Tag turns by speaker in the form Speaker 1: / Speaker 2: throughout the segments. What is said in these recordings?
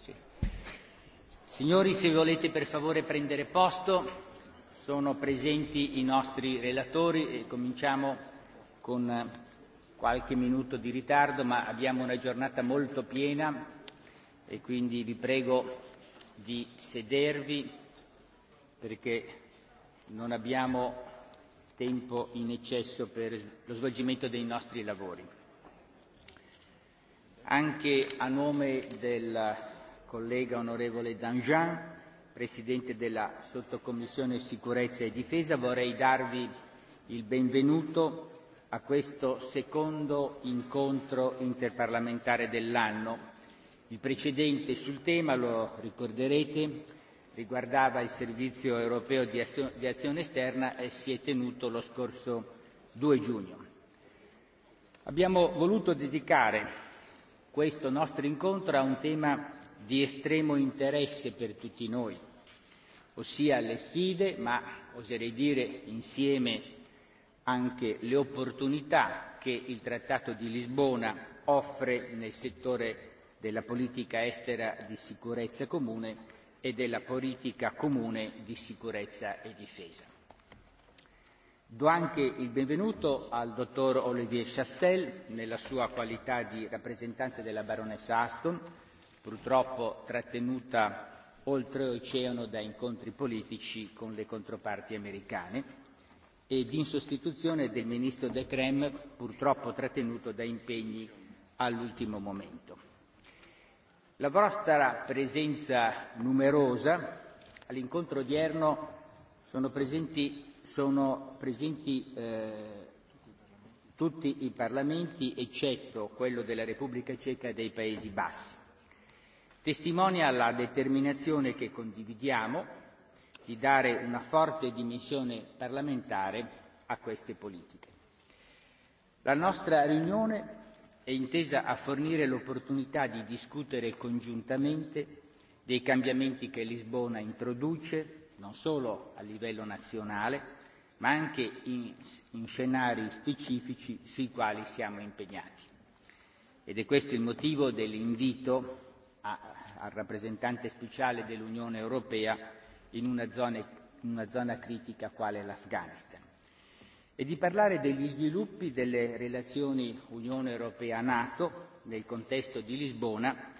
Speaker 1: Sì. Signori, se volete per favore prendere posto, sono presenti i nostri relatori e cominciamo con eh, qualche minuto di ritardo, ma abbiamo una giornata molto piena e quindi vi prego di sedervi perché non abbiamo tempo in eccesso per lo svolgimento dei nostri lavori. Anche a nome del collega onorevole Danjean, Presidente della Sottocommissione Sicurezza e Difesa, vorrei darvi il benvenuto a questo secondo incontro interparlamentare dell'anno. Il precedente sul tema, lo ricorderete, riguardava il Servizio europeo di, azio di azione esterna e si è tenuto lo scorso 2 giugno. Abbiamo voluto dedicare Questo nostro incontro ha un tema di estremo interesse per tutti noi, ossia le sfide, ma oserei dire insieme anche le opportunità che il Trattato di Lisbona offre nel settore della politica estera di sicurezza comune e della politica comune di sicurezza e difesa. Do anche il benvenuto al dottor Olivier Chastel nella sua qualità di rappresentante della baronessa Aston, purtroppo trattenuta oltreoceano da incontri politici con le controparti americane, ed in sostituzione del ministro De Crem, purtroppo trattenuto da impegni all'ultimo momento. La vostra presenza numerosa all'incontro odierno sono presenti sono presenti eh, tutti i parlamenti eccetto quello della Repubblica Ceca e dei Paesi Bassi. Testimonia la determinazione che condividiamo di dare una forte dimensione parlamentare a queste politiche. La nostra riunione è intesa a fornire l'opportunità di discutere congiuntamente dei cambiamenti che Lisbona introduce, non solo a livello nazionale, ma anche in, in scenari specifici sui quali siamo impegnati. Ed è questo il motivo dell'invito a, al rappresentante speciale dell'Unione Europea in una zona, in una zona critica quale l'Afghanistan e di parlare degli sviluppi delle relazioni Unione Europea-Nato nel contesto di Lisbona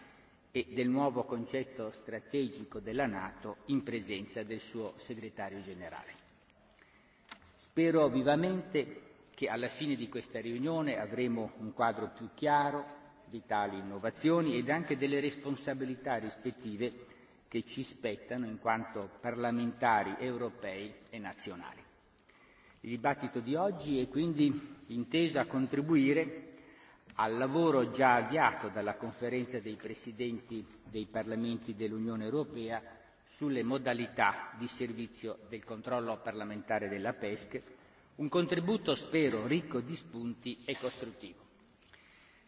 Speaker 1: e del nuovo concetto strategico della Nato in presenza del suo segretario generale. Spero vivamente che alla fine di questa riunione avremo un quadro più chiaro di tali innovazioni ed anche delle responsabilità rispettive che ci spettano in quanto parlamentari europei e nazionali. Il dibattito di oggi è quindi inteso a contribuire al lavoro già avviato dalla conferenza dei presidenti dei parlamenti dell'Unione Europea sulle modalità di servizio del controllo parlamentare della PESC, un contributo spero ricco di spunti e costruttivo.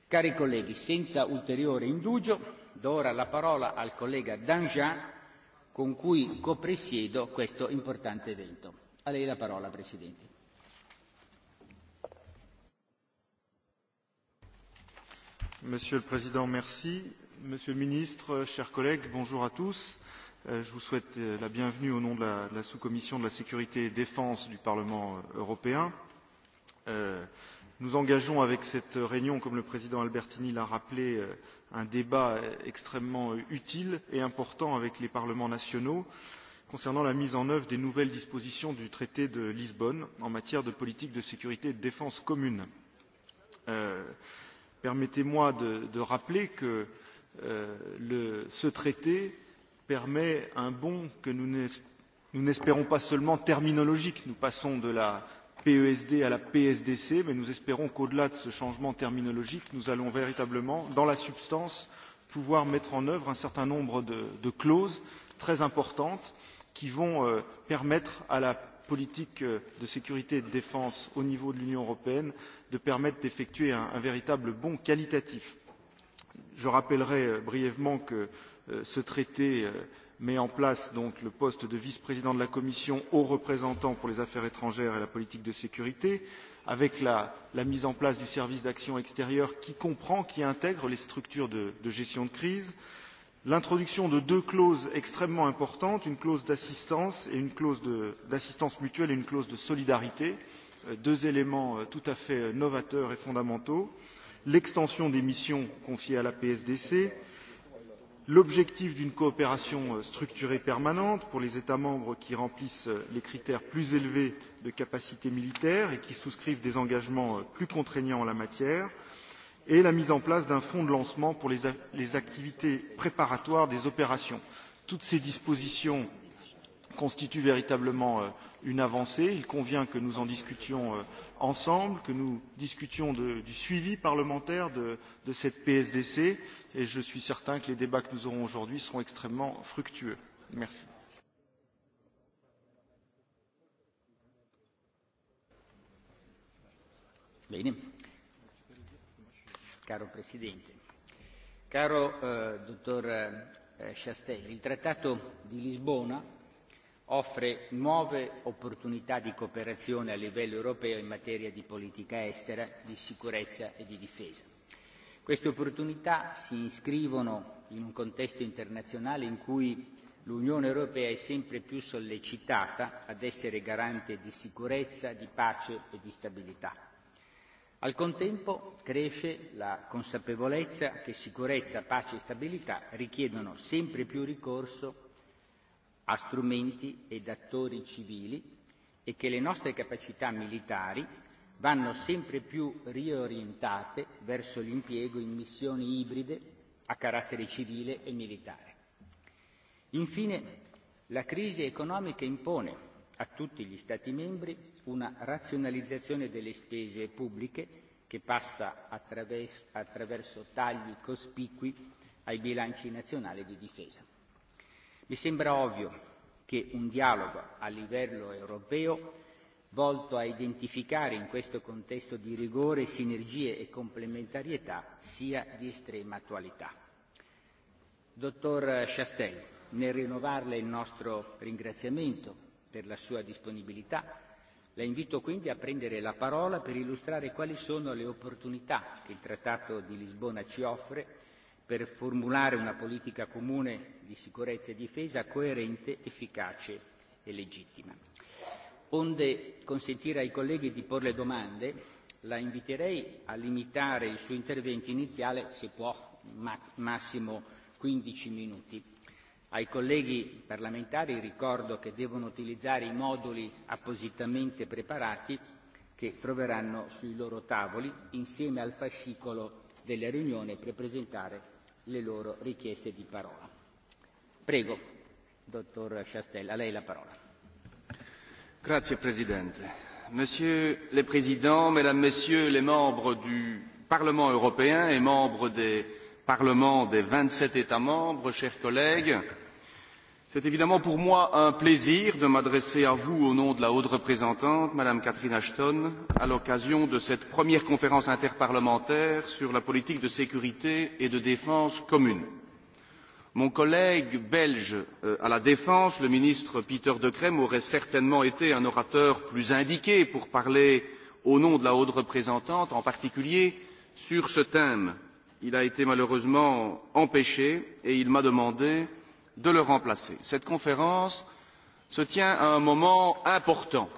Speaker 1: Cari colleghi, senza ulteriore indugio, do ora la parola al collega Danjean con cui copresiedo questo importante evento. A lei la parola, Presidente.
Speaker 2: Monsieur le Président, merci. Monsieur le Ministre, chers collègues, bonjour à tous. Euh, je vous souhaite euh, la bienvenue au nom de la, de la sous-commission de la sécurité et défense du Parlement euh, européen. Nous engageons avec cette réunion, comme le président Albertini l'a rappelé, un débat extrêmement utile et important avec les parlements nationaux concernant la mise en œuvre des nouvelles dispositions du traité de Lisbonne en matière de politique de sécurité et de défense commune. Euh, Permettez-moi de, de rappeler que euh, le, ce traité permet un bond que nous n'espérons pas seulement terminologique. Nous passons de la PESD à la PSDC, mais nous espérons qu'au-delà de ce changement terminologique, nous allons véritablement, dans la substance, pouvoir mettre en œuvre un certain nombre de, de clauses très importantes qui vont euh, permettre à la politique euh, de sécurité et de défense au niveau de l'Union européenne de permettre d'effectuer un, un véritable bond qualitatif. Je rappellerai euh, brièvement que Euh, ce traité euh, met en place donc le poste de vice-président de la Commission haut représentant pour les affaires étrangères et la politique de sécurité, avec la, la mise en place du service d'action extérieure qui comprend, qui intègre les structures de, de gestion de crise, l'introduction de deux clauses extrêmement importantes, une clause d'assistance et une clause d'assistance mutuelle et une clause de solidarité, euh, deux éléments tout à fait novateurs et fondamentaux, l'extension des missions confiées à la PSDC, l'objectif d'une coopération euh, structurée permanente pour les États membres qui remplissent euh, les critères plus élevés de capacité militaire et qui souscrivent des engagements euh, plus contraignants en la matière, et la mise en place d'un fonds de lancement pour les, les activités préparatoires des opérations. Toutes ces dispositions constituent véritablement une avancée. Il convient que nous en discutions ensemble, que nous discutions de, du suivi parlementaire de, de cette PSDC et je suis certain que les débats que nous aurons aujourd'hui seront extrêmement fructueux. Merci.
Speaker 1: Bene. Caro Presidente, caro eh, Dottor eh, Chastel, il Trattato di Lisbona offre nuove opportunità di cooperazione a livello europeo in materia di politica estera, di sicurezza e di difesa. Queste opportunità si iscrivono in un contesto internazionale in cui l'Unione Europea è sempre più sollecitata ad essere garante di sicurezza, di pace e di stabilità. Al contempo cresce la consapevolezza che sicurezza, pace e stabilità richiedono sempre più ricorso a strumenti ed attori civili e che le nostre capacità militari vanno sempre più riorientate verso l'impiego in missioni ibride a carattere civile e militare. Infine, la crisi economica impone a tutti gli Stati membri una razionalizzazione delle spese pubbliche che passa attraverso, attraverso tagli cospicui ai bilanci nazionali di difesa. Mi sembra ovvio che un dialogo a livello europeo volto a identificare in questo contesto di rigore sinergie e complementarietà sia di estrema attualità. Dottor Chastel, nel rinnovarle il nostro ringraziamento per la sua disponibilità, la invito quindi a prendere la parola per illustrare quali sono le opportunità che il Trattato di Lisbona ci offre per formulare una politica comune di sicurezza e difesa coerente, efficace e legittima. Onde consentire ai colleghi di porre domande, la inviterei a limitare il suo intervento iniziale, se può, ma- massimo 15 minuti. Ai colleghi parlamentari ricordo che devono utilizzare i moduli appositamente preparati che troveranno sui loro tavoli insieme al fascicolo della riunione per presentare le loro richieste di parola. Prego, dottor Chastel, a lei la parola.
Speaker 3: Grazie Presidente. Monsieur le Président, Mesdames, Messieurs les membres du Parlement européen et membres des parlements des 27 États membres, chers collègues, C'est évidemment pour moi un plaisir de m'adresser à vous au nom de la haute représentante, Madame Catherine Ashton, à l'occasion de cette première conférence interparlementaire sur la politique de sécurité et de défense commune. Mon collègue belge euh, à la défense, le ministre Peter de Crème, aurait certainement été un orateur plus indiqué pour parler au nom de la haute représentante, en particulier sur ce thème. Il a été malheureusement empêché et il m'a demandé de le remplacer. Cette conférence se tient à un moment important.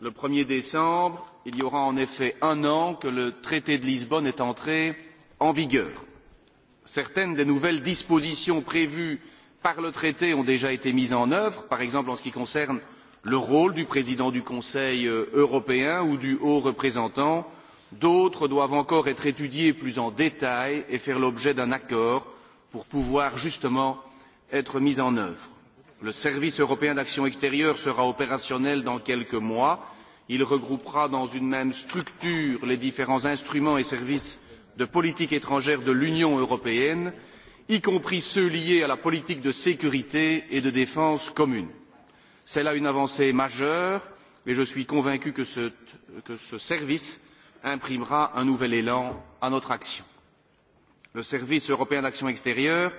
Speaker 3: Le 1er décembre, il y aura en effet un an que le traité de Lisbonne est entré en vigueur. Certaines des nouvelles dispositions prévues par le traité ont déjà été mises en œuvre, par exemple en ce qui concerne le rôle du président du Conseil euh, européen ou du haut représentant. D'autres doivent encore être étudiées plus en détail et faire l'objet d'un accord pour pouvoir justement être mis en œuvre. Le service européen d'action extérieure sera opérationnel dans quelques mois. Il regroupera dans une même structure les différents instruments et services de politique étrangère de l'Union européenne, y compris ceux liés à la politique de sécurité et de défense commune. C'est là une avancée majeure et je suis convaincu que ce, que ce service imprimera un nouvel élan à notre action. Le service européen d'action extérieure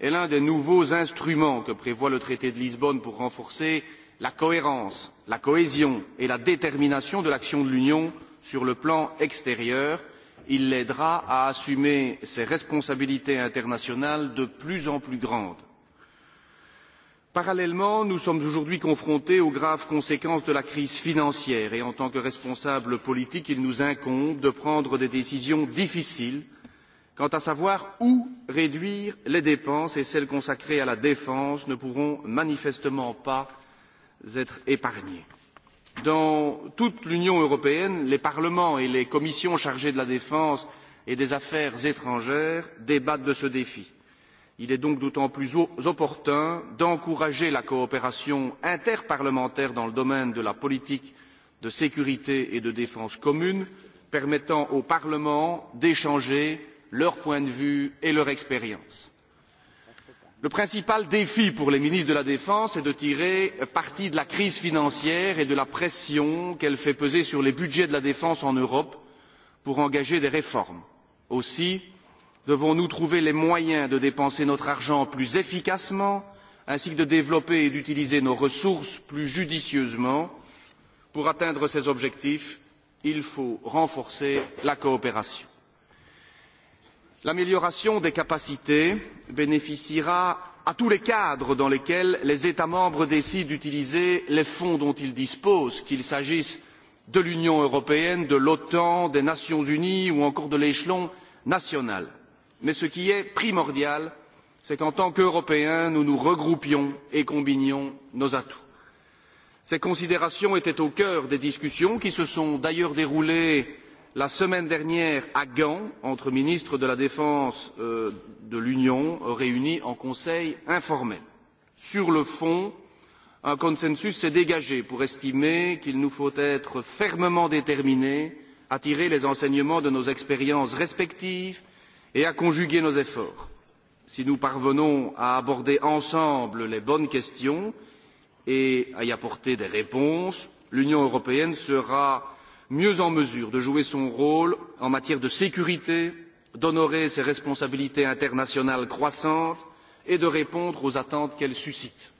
Speaker 3: est l'un des nouveaux instruments que prévoit le traité de Lisbonne pour renforcer la cohérence, la cohésion et la détermination de l'action de l'Union sur le plan extérieur. Il l'aidera à assumer ses responsabilités internationales de plus en plus grandes. Parallèlement, nous sommes aujourd'hui confrontés aux graves conséquences de la crise financière et en tant que responsables politiques, il nous incombe de prendre des décisions difficiles Quant à savoir où réduire les dépenses et celles consacrées à la défense ne pourront manifestement pas être épargnées. Dans toute l'Union européenne, les parlements et les commissions chargées de la défense et des affaires étrangères débattent de ce défi. Il est donc d'autant plus opportun d'encourager la coopération interparlementaire dans le domaine de la politique de sécurité et de défense commune, permettant au Parlement d'échanger leur point de vue et leur expérience. Le principal défi pour les ministres de la Défense est de tirer parti de la crise financière et de la pression qu'elle fait peser sur les budgets de la défense en Europe pour engager des réformes. Aussi devons-nous trouver les moyens de dépenser notre argent plus efficacement ainsi que de développer et d'utiliser nos ressources plus judicieusement. Pour atteindre ces objectifs, il faut renforcer la coopération. L'amélioration des capacités bénéficiera à tous les cadres dans lesquels les États membres décident d'utiliser les fonds dont ils disposent, qu'il s'agisse de l'Union européenne, de l'OTAN, des Nations unies ou encore de l'échelon national. Mais ce qui est primordial, c'est qu'en tant qu'Européens, nous nous regroupions et combinions nos atouts. Ces considérations étaient au cœur des discussions qui se sont d'ailleurs déroulées la semaine dernière à Gand entre ministres de la Défense euh, de l'Union réunis en conseil informel. Sur le fond, un consensus s'est dégagé pour estimer qu'il nous faut être fermement déterminés à tirer les enseignements de nos expériences respectives et à conjuguer nos efforts. Si nous parvenons à aborder ensemble les bonnes questions et à y apporter des réponses, l'Union européenne sera mieux en mesure de jouer son rôle en matière de sécurité, d'honorer ses responsabilités internationales croissantes et de répondre aux attentes qu'elle suscite.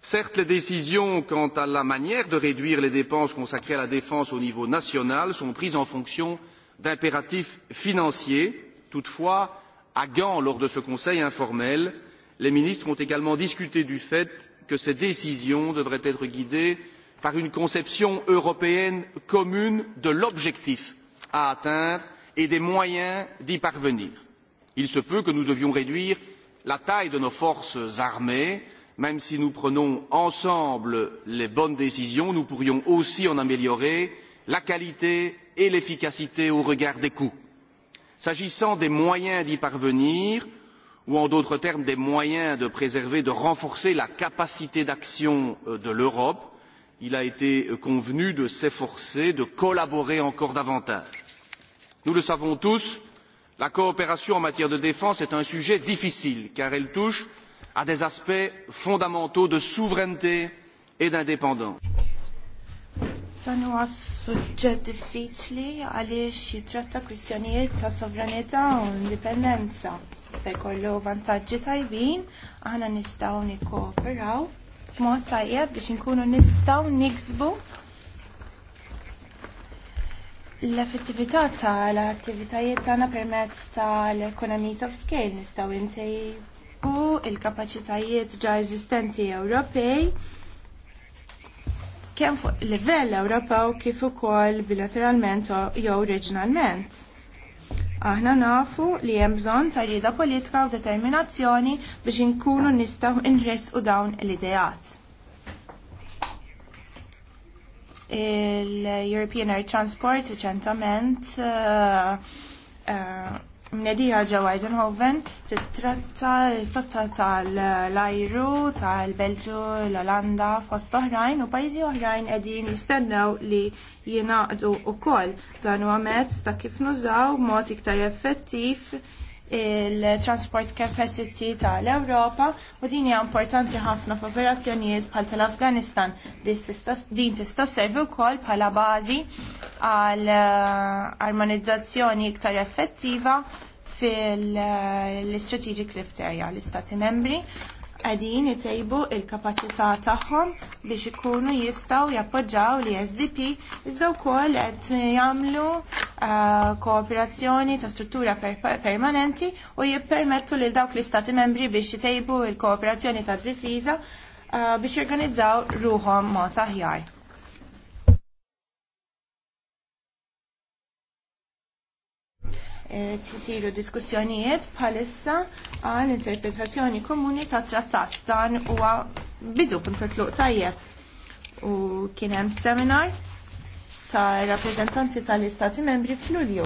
Speaker 3: Certes, les décisions quant à la manière de réduire les dépenses consacrées à la défense au niveau national sont prises en fonction d'impératifs financiers. Toutefois, à Gand, lors de ce conseil informel, les ministres ont également discuté du fait que ces décisions devraient être guidées par une conception européenne commune de l'objectif à atteindre et des moyens d'y parvenir. Il se peut que nous devions réduire la taille de nos forces armées, même si nous prenons ensemble les bonnes décisions, nous pourrions aussi en améliorer la qualité et l'efficacité au regard des coûts. S'agissant des moyens d'y parvenir, ou en d'autres termes des moyens de préserver, de renforcer la capacité d'action euh, de l'Europe, il a été euh, convenu de s'efforcer de collaborer encore davantage. Nous le savons tous, la coopération en matière de défense est un sujet difficile car elle touche à des aspects fondamentaux de souveraineté et d'indépendance.
Speaker 4: Dan huwa suġġett diffiċli għaliex jitratta kwistjonijiet ta' sovranità u indipendenza. Jista' jkollu vantaġġi tajbin, aħna nistgħu nikkooperaw b'mod tajjeb biex inkunu nistgħu niksbu l-effettività tal-attivitajiet tagħna permezz tal-economies of scale nistgħu insejbu il-kapaċitajiet ġa eżistenti Ewropej kemm fuq livell Ewropew kif ukoll bilateralment jew reġjonalment. Aħna nafu li hemm bżonn ta' politika u determinazzjoni biex inkunu nistgħu nresqu dawn l-ideat. Il-European Air Transport riċentament uh, uh, Nedija ġewa Edenhoven titratta l-flotta tal-ajru tal-Belġu, l-Olanda, fost oħrajn u pajjiżi oħrajn qegħdin jistennew li jingħaqdu wkoll dan huwa mezz ta' kif nużaw mod iktar effettiv il-transport capacity tal-Ewropa u din hija importanti ħafna f'operazzjonijiet bħal tal-Afganistan din tista' servi wkoll bħala bażi għal eh, armonizzazzjoni iktar effettiva fil-strategic eh, lift area l-Istati membri qegħdin itejbu il-kapaċità tagħhom biex ikunu jistgħu jappoġġaw li SDP iżda wkoll qed jagħmlu eh, kooperazzjoni ta' struttura permanenti u jippermettu lil dawk l-istati membri biex jitejbu il-kooperazzjoni tad difiża eh, biex jorganizzaw ruhom mod aħjar. tisiru diskussjonijiet bħalissa għal interpretazzjoni komuni ta' trattat dan huwa bidu punt tluq tajjeb u kien hemm seminar ta' rappreżentanti tal-istati membri f'Lulju.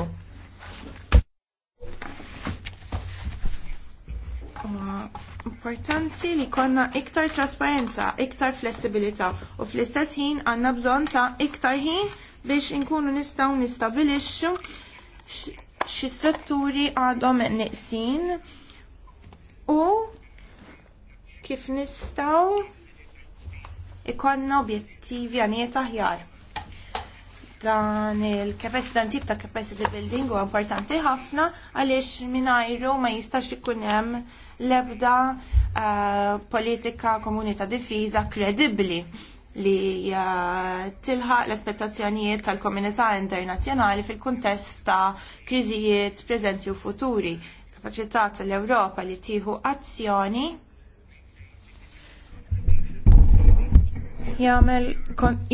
Speaker 4: Importanti li konna iktar trasparenza, iktar flessibilità u fl-istess ħin għandna bżonn ta' iktar ħin biex inkunu nistgħu nistabilixxu xi setturi għadhom neqsin u kif nistgħu ikonna objettivi għaniet aħjar. Dan il-capacity tip ta' capacity building huwa importanti ħafna għaliex mingħajru ma jistax ikun hemm l-ebda uh, politika komuni ta' difiża kredibbli li tilħaq l-aspettazzjonijiet tal-komunità internazzjonali fil-kuntest ta' kriżijiet preżenti u futuri. Kapaċità tal-Ewropa li tieħu azzjoni jagħmel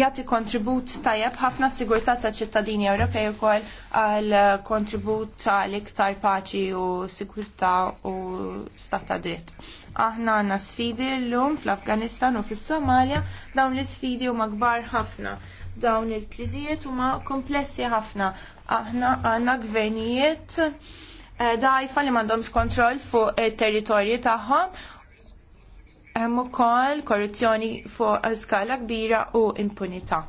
Speaker 4: jagħti kontribut tajjeb ħafna sigurtà tal-ċittadini Ewropej ukoll għal kontribut tal iktar paċi u sigurtà u stat ta' dritt aħna għandna sfidi llum fl-Afganistan u fis somalia dawn l-isfidi huma kbar ħafna. Dawn il-kriżijiet huma komplessi ħafna. Aħna għandna gvernijiet eh, dajfa li m'għandhomx kontroll fuq it-territorji tagħhom hemm ukoll korruzzjoni fuq skala kbira u impunità.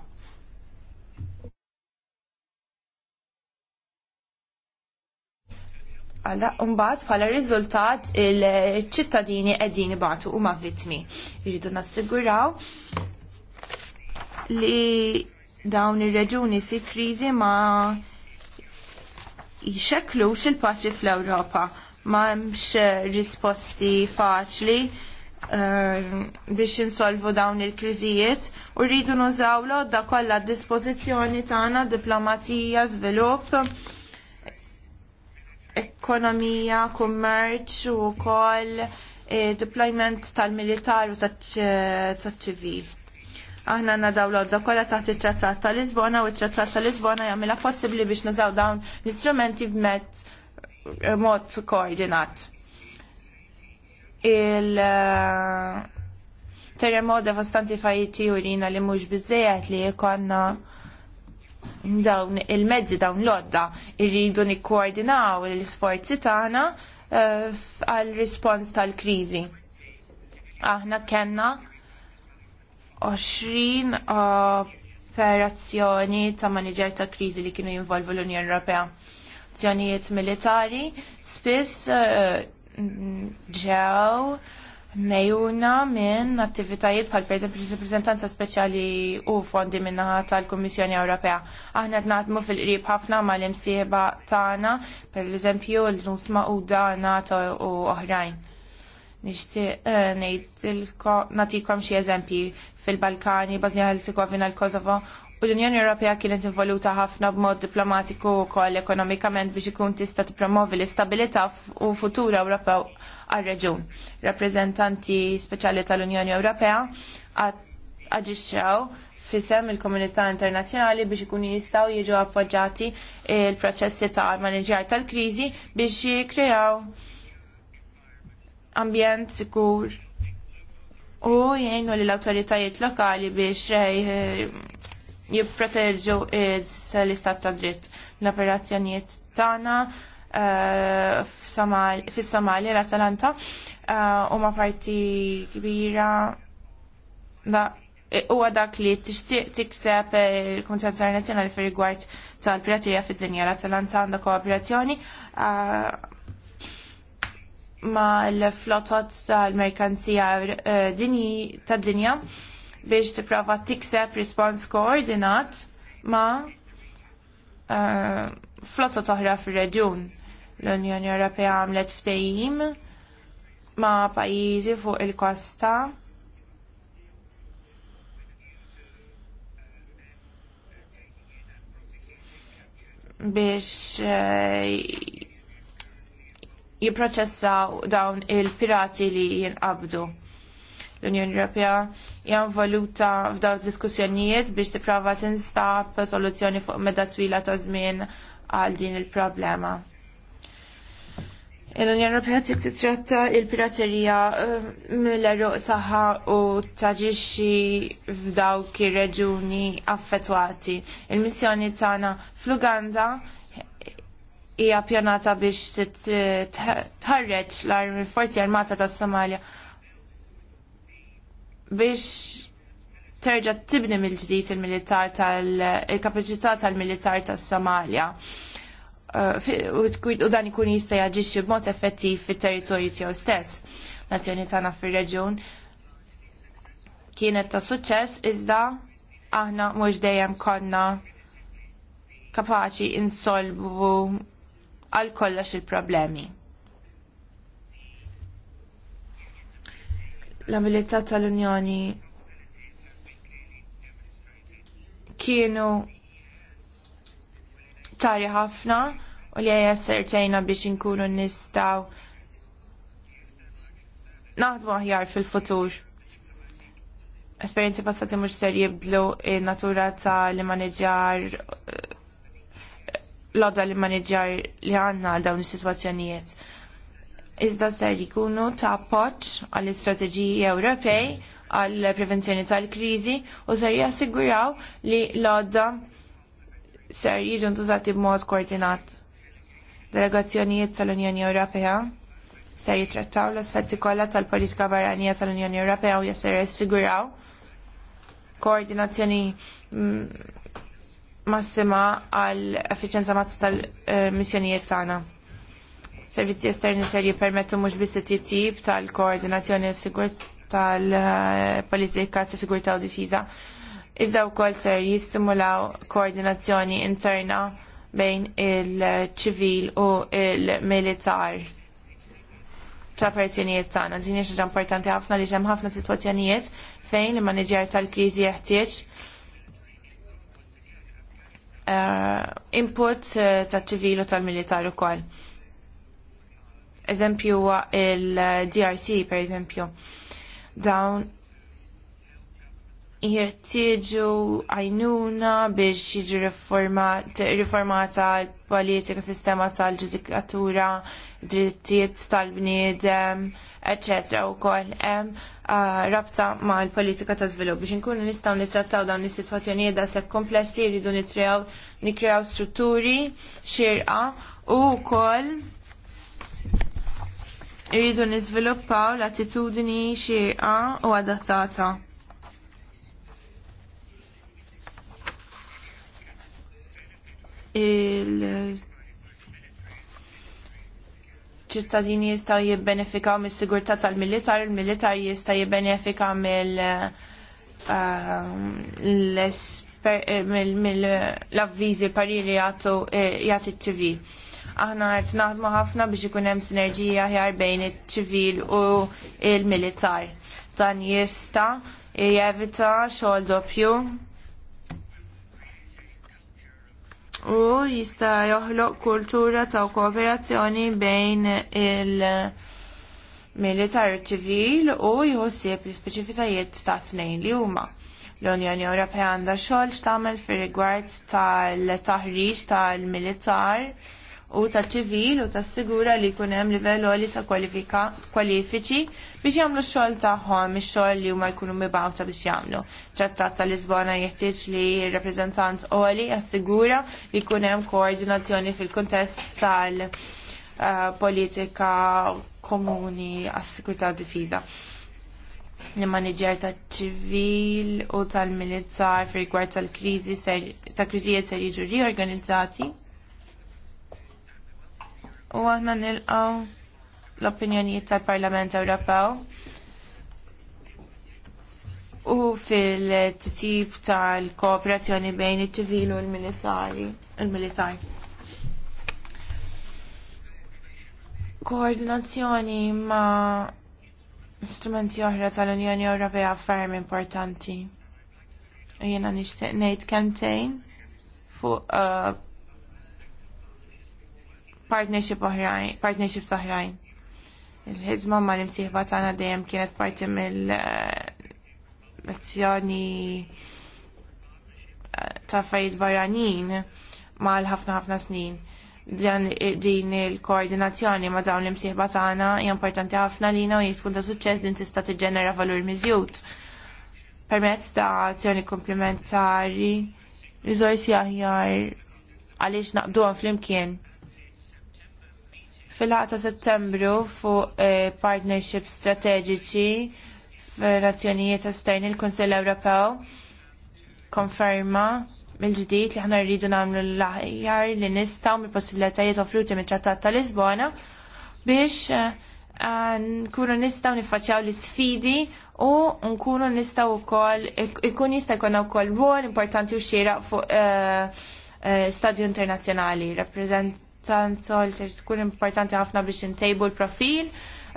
Speaker 4: għalla umbat bħala riżultat il-ċittadini qegħdin u huma vittmi. Jridu nassiguraw li dawn ir-reġuni fi kriżi ma jxekklux il-paċi fl-Ewropa. Ma mx risposti faċli eh, biex insolvu dawn il-kriżijiet u rridu nużaw l-odda kollha d-dispożizzjoni tagħna diplomazija, żvilupp ekonomija, kummerċ u kol e, deployment tal-militar u tal-ċivil. E, Aħna nadaw l-għodda kollha taħt it trattat ta' Lisbona u t trattat tal Lisbona jagħmilha possibbli biex nużaw dawn l-istrumenti b'met mod koordinat. Il e, terremot devastanti fajti u rina li mhux biżejjed li jkollna dawn il-mezzi dawn l-odda irridu nikkoordinaw l-isforzi tagħna eh, għal rispons tal-kriżi. Aħna kellna 20 operazzjoni ta' maniġer ta' kriżi li kienu jinvolvu l-Unjoni Ewropea. Azzjonijiet militari spiss eh, ġew mejuna minn attivitajiet bħal l rappreżentanza speċjali u fondi minnaħa tal-Kummissjoni Ewropea. Aħna qed naħdmu fil-qrib ħafna mal-imsieħba tagħna, pereżempju l-ġnus Mauda, NATO u oħrajn. Nixtieq eh, ngħid nagħtikom xi eżempji fil-Balkani, Bosnia Herzegovina, l-Kosovo U l-Unjoni Ewropea kienet involuta ħafna b'mod diplomatiku wkoll ekonomikament biex ikun tista' tippromovi l-istabilità u futur Ewropew għal-reġun. Rappreżentanti speċjali tal-Unjoni Ewropea aġixxew fisem il-komunità internazzjonali biex ikunu jistgħu jiġu appoġġati il-proċessi ta' maniġjar tal-kriżi biex jikrejaw ambjent sikur u jgħinu l awtoritajiet lokali biex eh, jipproteġu l-istat ta' dritt l-operazzjonijiet tagħna fis-Somalia l-Atalanta eh, huma parti kbira da huwa dak li tixtieq tikseb il-Kumitat Internazzjonali fir rigward tal-piraterija fid-dinja l-Atalanta għandha kooperazzjoni eh, ma l-flotot tal-merkanzija eh, dinji tad-dinja biex tipprova tikseb rispons koordinat ma flotta oħra fir-reġjun l-Unjoni Ewropea għamlet ftehim ma' pajjiżi fuq il-kosta. biex eh, jipproċessaw dawn il-pirati li jinqabdu l-Unjoni Ewropea jgħan involuta f'daw diskussjonijiet biex tipprova tinstab soluzzjoni fuq meta twila ta' żmien għal din il-problema il unjoni Ewropea titratta il-piraterija eh, mill-eruq tagħha u taġixxi f'dawk ir-reġuni affettwati. Il-missjoni tagħna fl-Uganda hija pjanata biex tħarreġ l-armi forzi armata tas Somalia biex terġa' tibni mill-ġdid il-militar tal-kapaċità tal-militar tas Somalia u dan ikun jista' jaġixxi b'mod effettiv fit-territorju tiegħu stess. Nazzjoni tagħna fir-reġjun kienet ta' suċċess iżda aħna mhux dejjem konna kapaċi insolvu għal kollox il-problemi. L-abilità tal-Unjoni kienu ċari ħafna u li għaja sertejna biex inkunu nistaw naħdmu aħjar fil-futur. Esperienzi passati mux ser jibdlu natura ta' li maneġar l-oda li maneġar li għanna għal dawn is-sitwazzjonijiet. Iżda ser jkunu ta' poċ għall-istrateġiji Ewropej għall prevenzjoni tal-kriżi u ser jassiguraw li l-odda ser jiġu ntużati b'mod koordinat. Delegazzjonijiet tal-Unjoni Ewropea ser jitrattaw l-aspetti kollha tal-politika barranija tal-Unjoni Ewropea u jesser jassiguraw koordinazzjoni mm, massima għal effiċenza mazza tal-missjonijiet tagħna. Servizzi esterni ser jippermettu mhux biss titjib tal-koordinazzjoni tal-politika eh, ta' sigurtà u difiża iżda wkoll ser jistimulaw koordinazzjoni interna bejn il-ċivil u il-militar ta' personijiet tagħna. Din hija xi importanti ħafna li hemm ħafna sitwazzjonijiet fejn il maniġer tal-kriżi jeħtieġ uh, input eh, ta' ċivil u tal-militar ukoll. Eżempju huwa il-DRC per eżempju. Dawn jirtieġu għajnuna biex jiġu riformata l-politika, sistema tal-ġudikatura, drittijiet tal-bniedem, etc. u koll rabta ma l-politika ta' zvilup biex inkunu nistgħu nittrattaw dawn is-sitwazzjonijiet da' sepp komplessi jridu nikrew strutturi xirqa u koll jridu niżviluppaw l attitudni xirqa u adattata il- ċittadini jistaw jibbenefikaw mis sigurtà tal-militar, il-militar jista' jibbenefika mill-avvizi um, pariri eh, jagħti jgħati ċivil. Aħna qed naħdmu ħafna biex ikun hemm sinerġija ħjar bejn iċ-ċivil u l-militar. Dan jista' jevita xogħol doppju u jista joħloq kultura ta' kooperazzjoni bejn il- militar ċivil u jħossieb l-speċifitajiet ta' tnejn li huma. L-Unjoni Ewropea għandha xogħol x'tagħmel fir-rigward tal-taħriġ tal-militar u ta' ċivil u ta' sigura li jkun hemm livell għoli ta' kwalifiċi biex jagħmlu x-xogħol tagħhom ix-xogħol li huma jkunu mibgħuta biex jagħmlu. Ċattat ta' Lisbona jeħtieġ li r-rappreżentant għoli assigura li jkun hemm koordinazzjoni fil-kuntest tal-politika eh, komuni għas-sikurtà difiża li maniġer ta' ċivil u tal-milizzar fir-rigward tal-krizi ta' kriżijiet ser jiġu riorganizzati u aħna nilqaw l-opinjonijiet tal-Parlament Ewropew u fil-tip tal-kooperazzjoni bejn iċ ċivil u l-militari. Il-militar. Koordinazzjoni ma' strumenti oħra tal-Unjoni Ewropea ferm importanti. U jena nixtieq ngħid kemtejn fuq uh, partnership oħrajn, partnership oħrajn. Il-ħidma ma l-imsieħba tagħna dejjem kienet parti mill-azzjoni eh, eh, ta' fajt barranin mal ħafna ħafna snin. Din il-koordinazzjoni ma dawn l-imsieħba tagħna hija importanti ħafna li u jekk tkun ta' suċċess din tista' tiġġenera valur miżjud permezz ta' azzjoni komplementari, riżorsi aħjar għaliex naqduhom flimkien fil-ħata settembru fuq eh, partnership strategiċi f'Nazzjonijiet Esterni il kunsell Ewropew konferma mill-ġdid li ħna rridu nagħmlu l-aħjar li nistgħu mill-possibilitajiet offruti mit-Trattat ta' Lisbona biex eh, nkunu nistaw niffaċċjaw l-isfidi u nkunu u kol, ikun jista' u kol ruol importanti u xieraq fuq eh, stadju internazzjonali. Rappreżent Tant sol se tkun importanti ħafna biex intejbu l-profil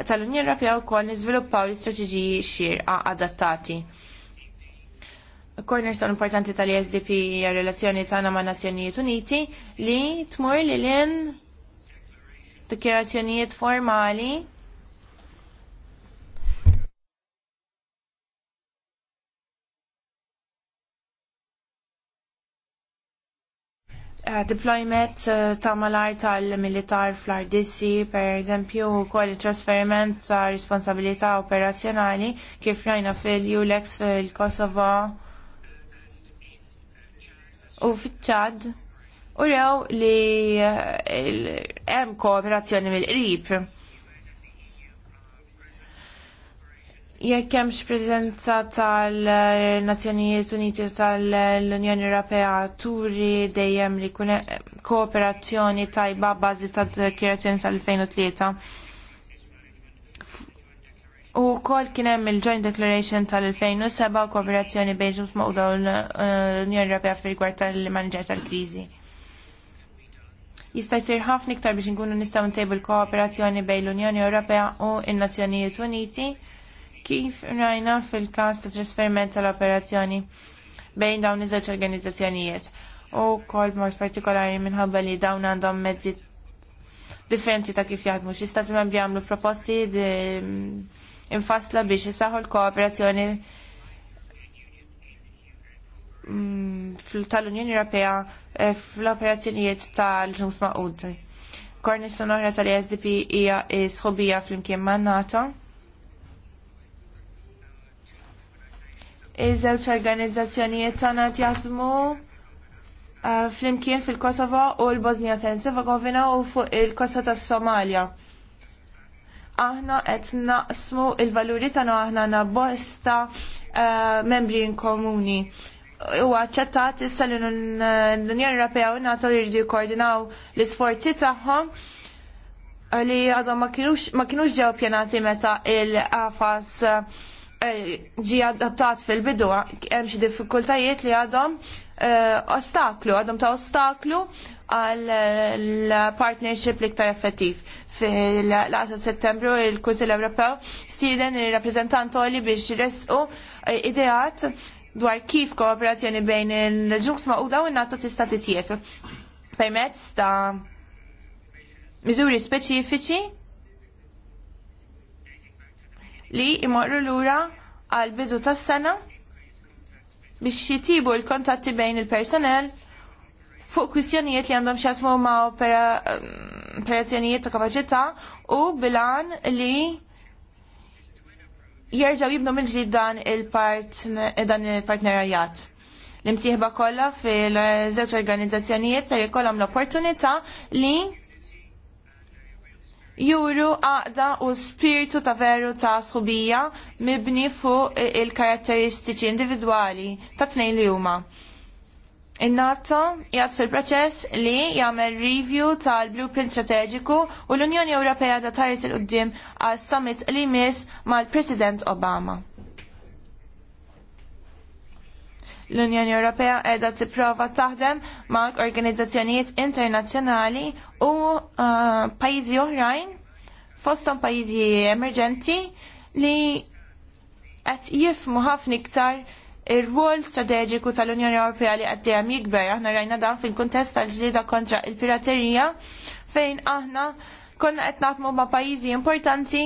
Speaker 4: tal-Unjoni Ewropea wkoll niżviluppaw l-istrateġiji xierqa adattati. Cornerstone importanti tal-ISDP hija relazzjoni tagħna ma' Nazzjonijiet Uniti li tmur lil hinn dikjarazzjonijiet formali Eh, deployment eh, ta' malar tal-militar fl-Ardissi, per eżempju, u koll trasferiment ta' responsabilità operazzjonali kif rajna fil-ULEX fil-Kosovo u fil-ċad. U rew li eh, hemm kooperazzjoni mill-qrib jekk hemmx preżenza tal-Nazzjonijiet Uniti tal-Unjoni Ewropea turi dejjem li kun kooperazzjoni tajba bażi ta' dekjerazzjoni tal-2003. U kol kien hemm il-Joint Declaration tal-2007 u kooperazzjoni bejn ġus maqda l-Unjoni Ewropea fil-rigward tal-manager tal-kriżi. Jista' jsir ħafna iktar biex inkunu nistgħu ntejbu l-kooperazzjoni bejn l-Unjoni Ewropea u n-Nazzjonijiet Uniti kif rajna fil-kas ta' trasferiment tal-operazzjoni bejn dawn iż-żewġ organizzazzjonijiet u kol mod partikolari minħabba li dawn għandhom mezzi differenti ta' kif jaħdmu. Xi stati membri għamlu proposti infasla biex isaħħu l-kooperazzjoni mm, tal-Unjoni Ewropea eh, fl-operazzjonijiet tal-ġnus maqud. Korniston oħra tal-SDP hija sħobija fl-imkien ma' NATO. Iż-żewġ organizzazzjonijiet tagħna jaħdmu uh, flimkien fil-Kosovo u l-Bosnia Herzegovina u fuq il-Kosta tas-Somalja. Aħna qed naqsmu il-valuri tagħna aħna na bosta uh, membri komuni. U aċċettat issa l-Unjoni Ewropea u NATO jridu jkoordinaw l-isforzi tagħhom uh, li għadhom ma kienux ġew ppjanati meta il afas Eh, ġi adattat fil-bidu, hemm xi diffikultajiet li għadhom eh, ostaklu, għadhom ta' ostaklu għal-partnership eh, ktar effettiv. fil ta' settembru il-Kunsil Ewropew stieden il-rappresentant li biex resqu ideat dwar kif kooperazzjoni bejn il-ġuks ma' u daw il-NATO tista' titjieb permezz ta' miżuri speċifiċi li imorru lura għal bidu tas-sena biex jitibu l-kontatti bejn il-personel fuq kwistjonijiet li għandhom xasmu ma' mm, operazzjonijiet ta' kapacità u bilan li jerġaw jibnu mill-ġdid dan il-partnerjat. L-imsieħba kollha fil-żewġ organizzazzjonijiet ser jkollhom l-opportunità li juru għaqda u spiritu ta' veru ta' sħubija mibni fuq il-karatteristiċi individwali ta' tnejn li huma. In-NATO jgħat fil-proċess li jagħmel review tal-blueprint strateġiku u l-Unjoni Ewropea da tajis il-qoddim għal summit li jmiss mal-President Obama. l-Unjoni Ewropea qiegħda tipprova taħdem ma' organizzazzjonijiet internazzjonali u uh, pajjiżi oħrajn fosthom pajjiżi emerġenti li qed jifmu ħafna iktar ir-rwol strateġiku tal-Unjoni Ewropea li qed dejjem jikber. Aħna rajna dan fil-kuntest tal-ġlieda kontra il-piraterija fejn aħna konna qed naħdmu ma' pajjiżi importanti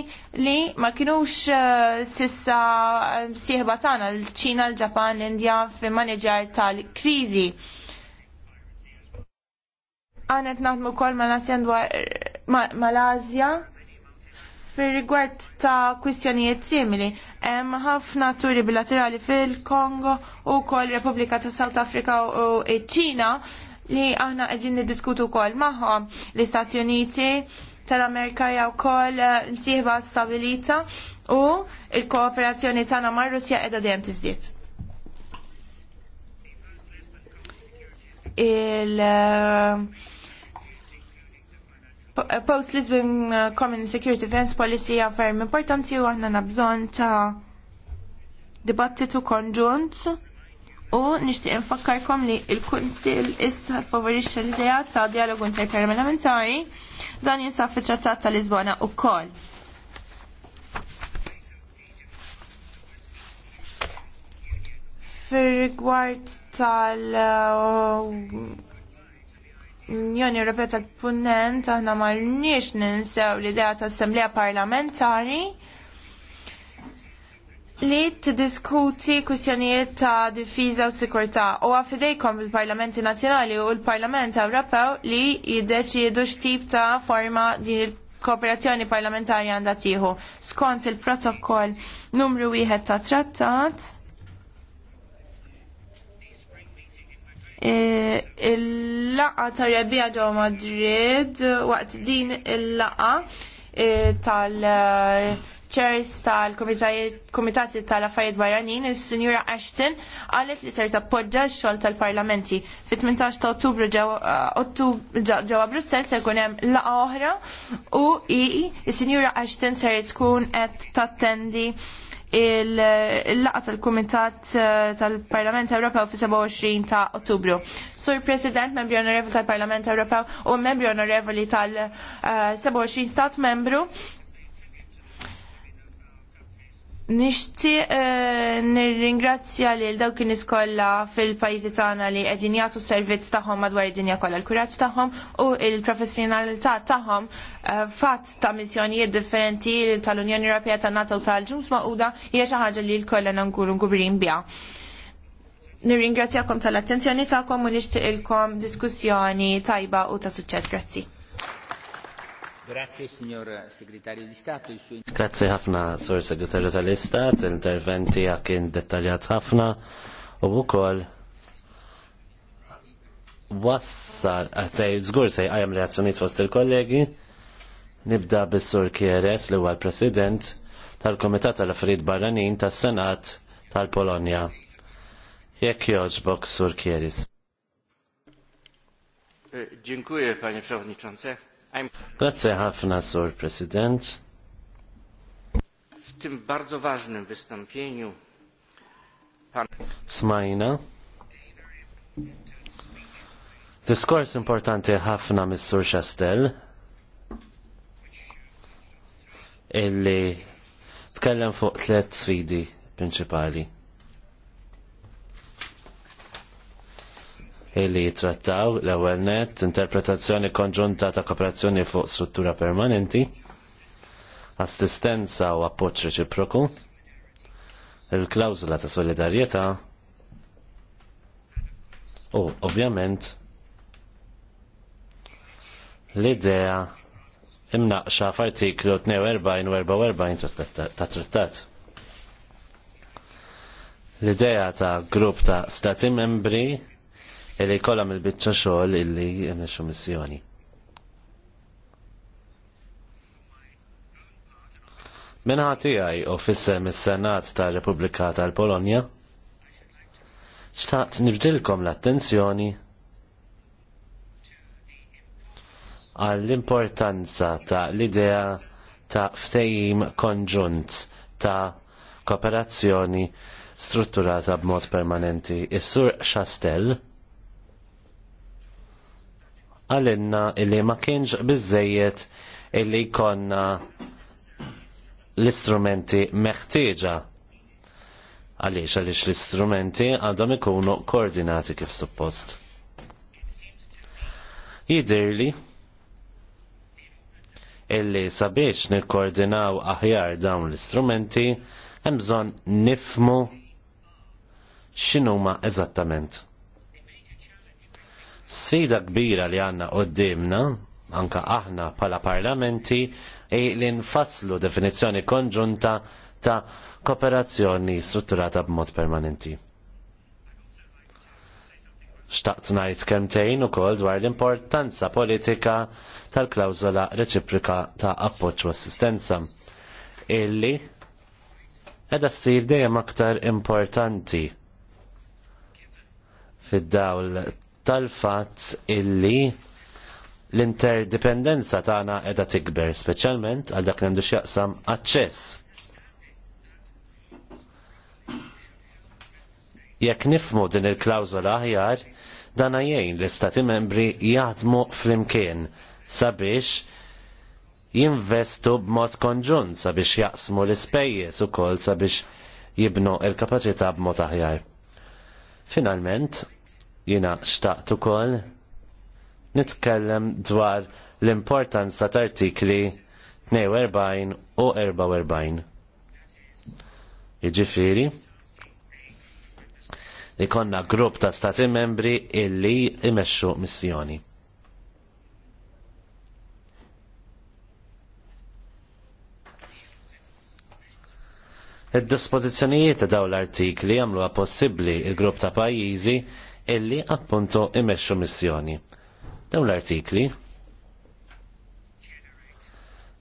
Speaker 4: li ma kinux eh, sissa eh, sieħba tagħna l-Ċina, l-Ġapan, l-Indja fi maneġar tal-kriżi. Għan qed naħdmu wkoll ma' nasjan mal-Asja fir rigward ta' kwistjonijiet simili. Hemm ħafna turi bilaterali fil-Kongo u kol Repubblika ta' South Africa u ċ-Ċina li aħna qegħdin niddiskutu wkoll magħhom l-Istati Uniti tal-Amerika hija wkoll eh, nsieħba stabilita u l kooperazzjoni tagħna mar-Russja qiegħda dejjem tiżdied. il eh, eh, Post-Lisbon Common Security Defense Policy hija ferm importanti u aħna nabżon ta' dibattitu konġunt u nixtieq infakkarkom li l kunsill issa favorixxa l-idea ta' dialogu interparlamentari Dan jinsab fi trattat ta' Lisbona u kol. Fir-rigward tal- uh, Unjoni Ewropea tal-Punent aħna ma rniex ninsew l-idea ta' Assemblea Parlamentari li t-diskuti kwistjonijiet ta' difiża u sikurtà u għafidejkom il-Parlamenti Nazzjonali u l-Parlament Ewropew li jiddeċiedu x'tip ta' forma din il-kooperazzjoni parlamentarja għandha tieħu skont il-protokoll numru wieħed ta' trattat. E, il-laqa ta' Rebija ġo Madrid waqt din il-laqa e, tal- Chairs tal-Komitati tal-Affarijiet Barranin, il-Sinjura Ashton, għalet li ser tappoġġa x-xogħol tal-Parlamenti. Fit-18 ta' Ottubru ġewwa eh, Brussels se jkun hemm laqgħa oħra u il-Sinjura Ashton ser tkun qed tattendi il laqgħa tal-Kumitat eh, tal-Parlament Ewropew fi 27 ta' Ottubru. Sur President, membri onorevoli tal-Parlament Ewropew u membri onorevoli tal-27 eh, stat membru Nixtieq eh, nirringrazzja lil dawk kien iskolla fil-pajjiżi tagħna li qegħdin jagħtu servizz tagħhom madwar id-dinja kollha l-kuraġġ tagħhom u l-professjonalità tagħhom eh, fatt ta' missjonijiet differenti tal-Unjoni Ewropea tan-NATO tal-Ġums Magħquda hija xi ħaġa li l-kollha nkunu bja. biha. Nirringrazzjakom tal-attenzjoni tagħkom u nixtieq ilkom diskussjoni tajba u ta' suċċess. Grazzi.
Speaker 1: Grazie signor segretario di Stato. Il suo...
Speaker 5: Grazie ħafna, sur segretario tal-Istat, interventi kien dettaljat ħafna u wkoll wassal, għataj, eh, zgur sej għajam reazzjoniet fost il-kollegi, nibda bis-sur Kieres li huwa l-President tal-Komitat tal-Affarijiet Barranin tas-Senat tal-Polonja. Jekk joġbok sur Kieres.
Speaker 3: E, dziękuję, panie przewodniczący.
Speaker 5: Grazie ħafna, Sur President.
Speaker 3: W tym bardzo ważnym wystąpieniu pan...
Speaker 5: Smajna. Diskors importanti ħafna mis-Sur Chastel illi tkellem fuq tliet sfidi prinċipali. li jitrattaw l-ewwel net interpretazzjoni konġunta ta' kooperazzjoni fuq struttura permanenti, assistenza u appoġġ reċiproku, il klawzula ta' solidarjetà u ovvjament l-idea imnaqxa f'artiklu 42 44 ta' trattat. L-idea ta' grupp ta' stati membri illi kollha il-biċċa xogħol illi jemmexxu missjoni. Minħa tiegħi u fissem is-Senat tar-Repubblika tal-Polonja, xtaqt nibdilkom l-attenzjoni għall-importanza ta' l-idea ta' ftejim konġunt ta' kooperazzjoni strutturata b'mod permanenti. Is-sur Chastel għalinna illi ma kienx bizzejiet illi konna l-istrumenti meħtieġa għaliex għaliex l-istrumenti għadhom ikunu koordinati kif suppost. Jidirli illi sabiex nikkoordinaw aħjar dawn l-istrumenti hemm bżonn nifmu x'inhuma eżattament. Sfida kbira li għanna għoddimna, anka aħna pala parlamenti, e li nfasslu definizzjoni konġunta ta' kooperazzjoni strutturata b'mod permanenti. Xtaqt najt kemtejn u kol dwar l-importanza politika tal-klawzola reċiprika ta' appoċ u assistenza illi edha s-sir dejjem aktar importanti fid-dawl tal-fatt illi l-interdipendenza tagħna qiegħda tikber, speċjalment għal dak li għandu x'jaqsam aċċess. Jekk nifmu din il-klawżola aħjar, dan jgħin l-istati membri jaħdmu flimkien sabiex jinvestu b'mod konġun sabiex jaqsmu l-ispejjeż ukoll sabiex jibnu l kapaċità b'mod aħjar. Finalment, Jina xtaqt ukoll nitkellem dwar l-importanza ta' artikli 42 u 44. Jiġifieri li konna grupp ta' stati membri illi imexxu missjoni. Id-dispożizzjonijiet ta' dawn l-artikli għamluha possibbli il-grupp ta' pajjiżi illi appunto imexxu missjoni. Dawn l-artikli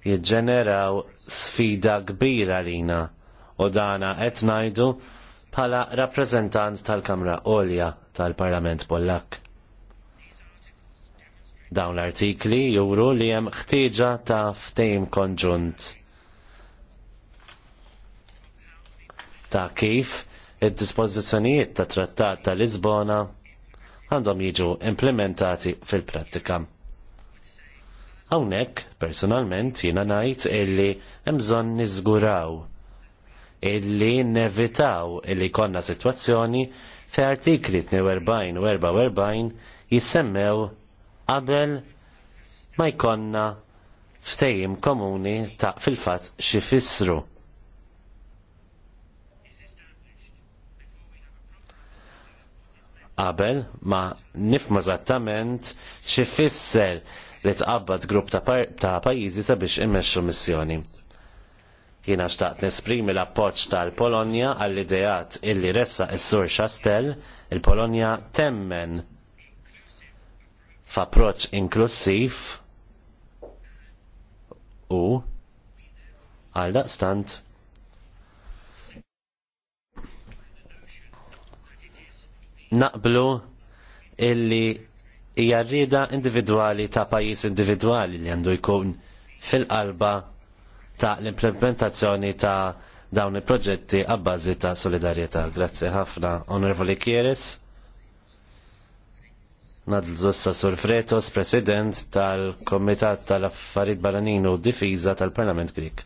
Speaker 5: jiġġeneraw sfida kbira lina u dana qed ngħidu bħala rappreżentant tal-Kamra Olja tal-Parlament Pollak. Dawn l-artikli juru li hemm ħtieġa ta' ftehim konġunt ta' kif id-dispożizzjonijiet ta' Trattat ta' Lisbona għandhom jiġu implementati fil-prattika. Hawnhekk, personalment, jiena ngħid illi hemm bżonn niżguraw illi nevitaw illi konna sitwazzjoni fe artikli 42 44 jissemmew qabel ma jkonna ftejim komuni ta' fil-fat xifissru. qabel ma nifma zattament xifisser li tqabbad grupp ta' pajjiżi sabiex immexxu missjoni. Jiena xtaqt nesprimi l-appoġġ tal-Polonja għall-ideat illi ressa s-sur Chastel, il-Polonja temmen f'approċċ inklusiv u għal daqstant naqblu illi hija rrida individwali ta' pajjiż individwali li għandu jkun fil-qalba ta' l-implementazzjoni ta' dawn il-proġetti għabbażi ta' solidarieta. Grazzi ħafna, Onorevoli Kieris. Nadlżu sa' Sur Fretos, President tal-Komitat tal-Affarid Baraninu Difiża tal-Parlament Grik.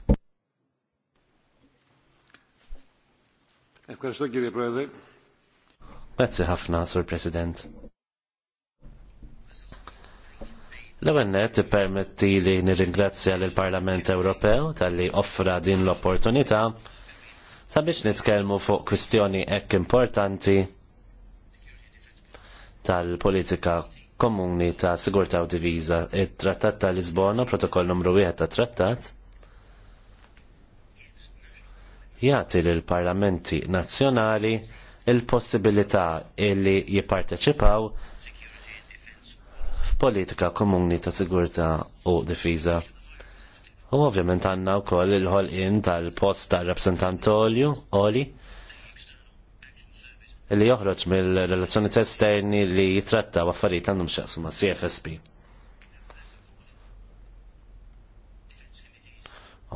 Speaker 5: Efkarstu, Giri President. Grazzi ħafna, Sur President. L-għennet permetti li nirringrazzja l-Parlament Ewropew tal-li offra din l-opportunità sabiex nitkellmu fuq kwistjoni ek importanti tal-politika komuni ta' sigurta u diviża. Il-Trattat ta' Lisbona, protokoll numru 1 ta' trattat, jgħati lill parlamenti nazzjonali il-possibilità illi jipparteċipaw f'politika komuni ta' sigurtà u difiża. U ovvjament għandna wkoll il-ħolqien tal-post tal-rappresentant Oli li joħroġ mill-relazzjoni esterni li jitrattaw affarijiet għandhom xaqsu ma' CFSP.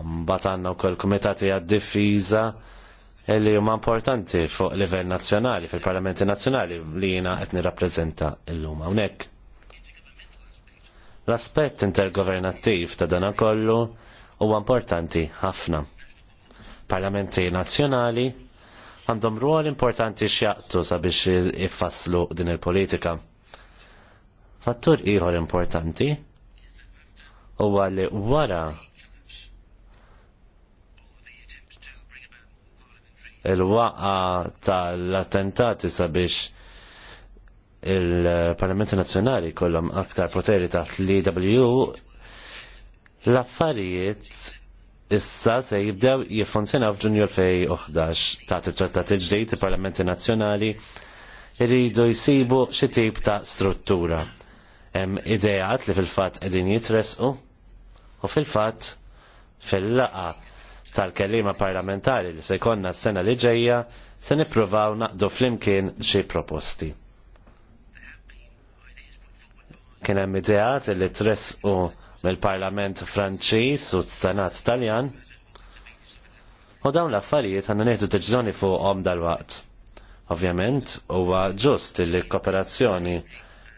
Speaker 5: Mbagħad għandna wkoll kumitati għad difiża li huma importanti fuq livell nazzjonali fil-Parlamenti Nazzjonali li jiena qed nirrappreżenta llum hawnhekk. L-aspett intergovernattiv ta' dan kollu huwa importanti ħafna. Parlamenti nazzjonali għandhom rwol importanti x'jaqtu sabiex ifasslu din il-politika. Fattur ieħor importanti huwa li wara il-waqa tal-attentati sabiex il-Parlamenti Nazzjonali kollom aktar poteri taħt l-EW l-affarijiet issa se jibdew jiffunzjonaw f'Ġunju 2011 ta' it-Trattat il-ġdejt il-Parlamenti Nazzjonali jridu jsibu xi tip ta' struttura. Hemm ideat li fil-fatt qegħdin jitresqu u fil-fatt fil-laqa' tal kelliema parlamentari li se jkollna s-sena li ġejja se nippruvaw naqdu flimkien xi proposti. Kien hemm ideat li tresqu mill-Parlament Franċiż u s-Senat Taljan u dawn l-affarijiet għandna nieħdu deċiżjoni fuqhom dal-waqt. Ovvjament, huwa ġust li kooperazzjoni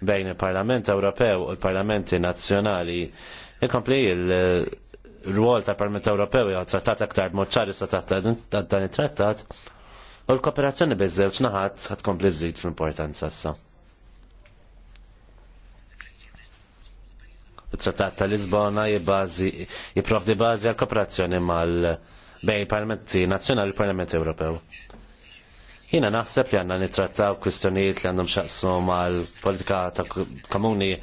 Speaker 5: bejn il-Parlament Ewropew u l-Parlamenti Nazzjonali ikompli il r rwol ta' Parlament Ewropew jew trattat aktar moċċari sa ta' dan it-trattat, u l-kooperazzjoni biżewġ naħat ħad kompli żid fl-importanza issa. Il-trattat ta' Lisbona jipprovdi bażi għal kooperazzjoni mal bej parlamenti nazzjonali u parlament Ewropew. Jina naħseb li għanna nitrattaw kwistjonijiet li għandhom xaqsu mal politika ta' komuni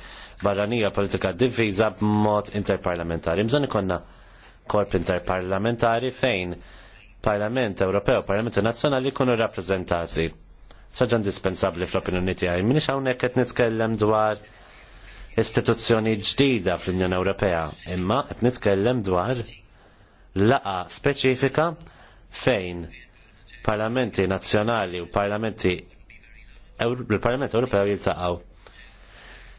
Speaker 5: barranija politika diviża b'mod interparlamentari. Mżon ikonna korp interparlamentari fejn Parlament Ewropew, Parlament Nazzjonali jkunu rappresentati. Saġan indispensabbli fl-opinjoni tiegħi. Minix hawnhekk qed nitkellem dwar istituzzjoni ġdida fl-Unjoni Ewropea, imma qed nitkellem dwar laqa speċifika fejn parlamenti nazzjonali u parlamenti l-Parlament Ewropew jiltaqgħu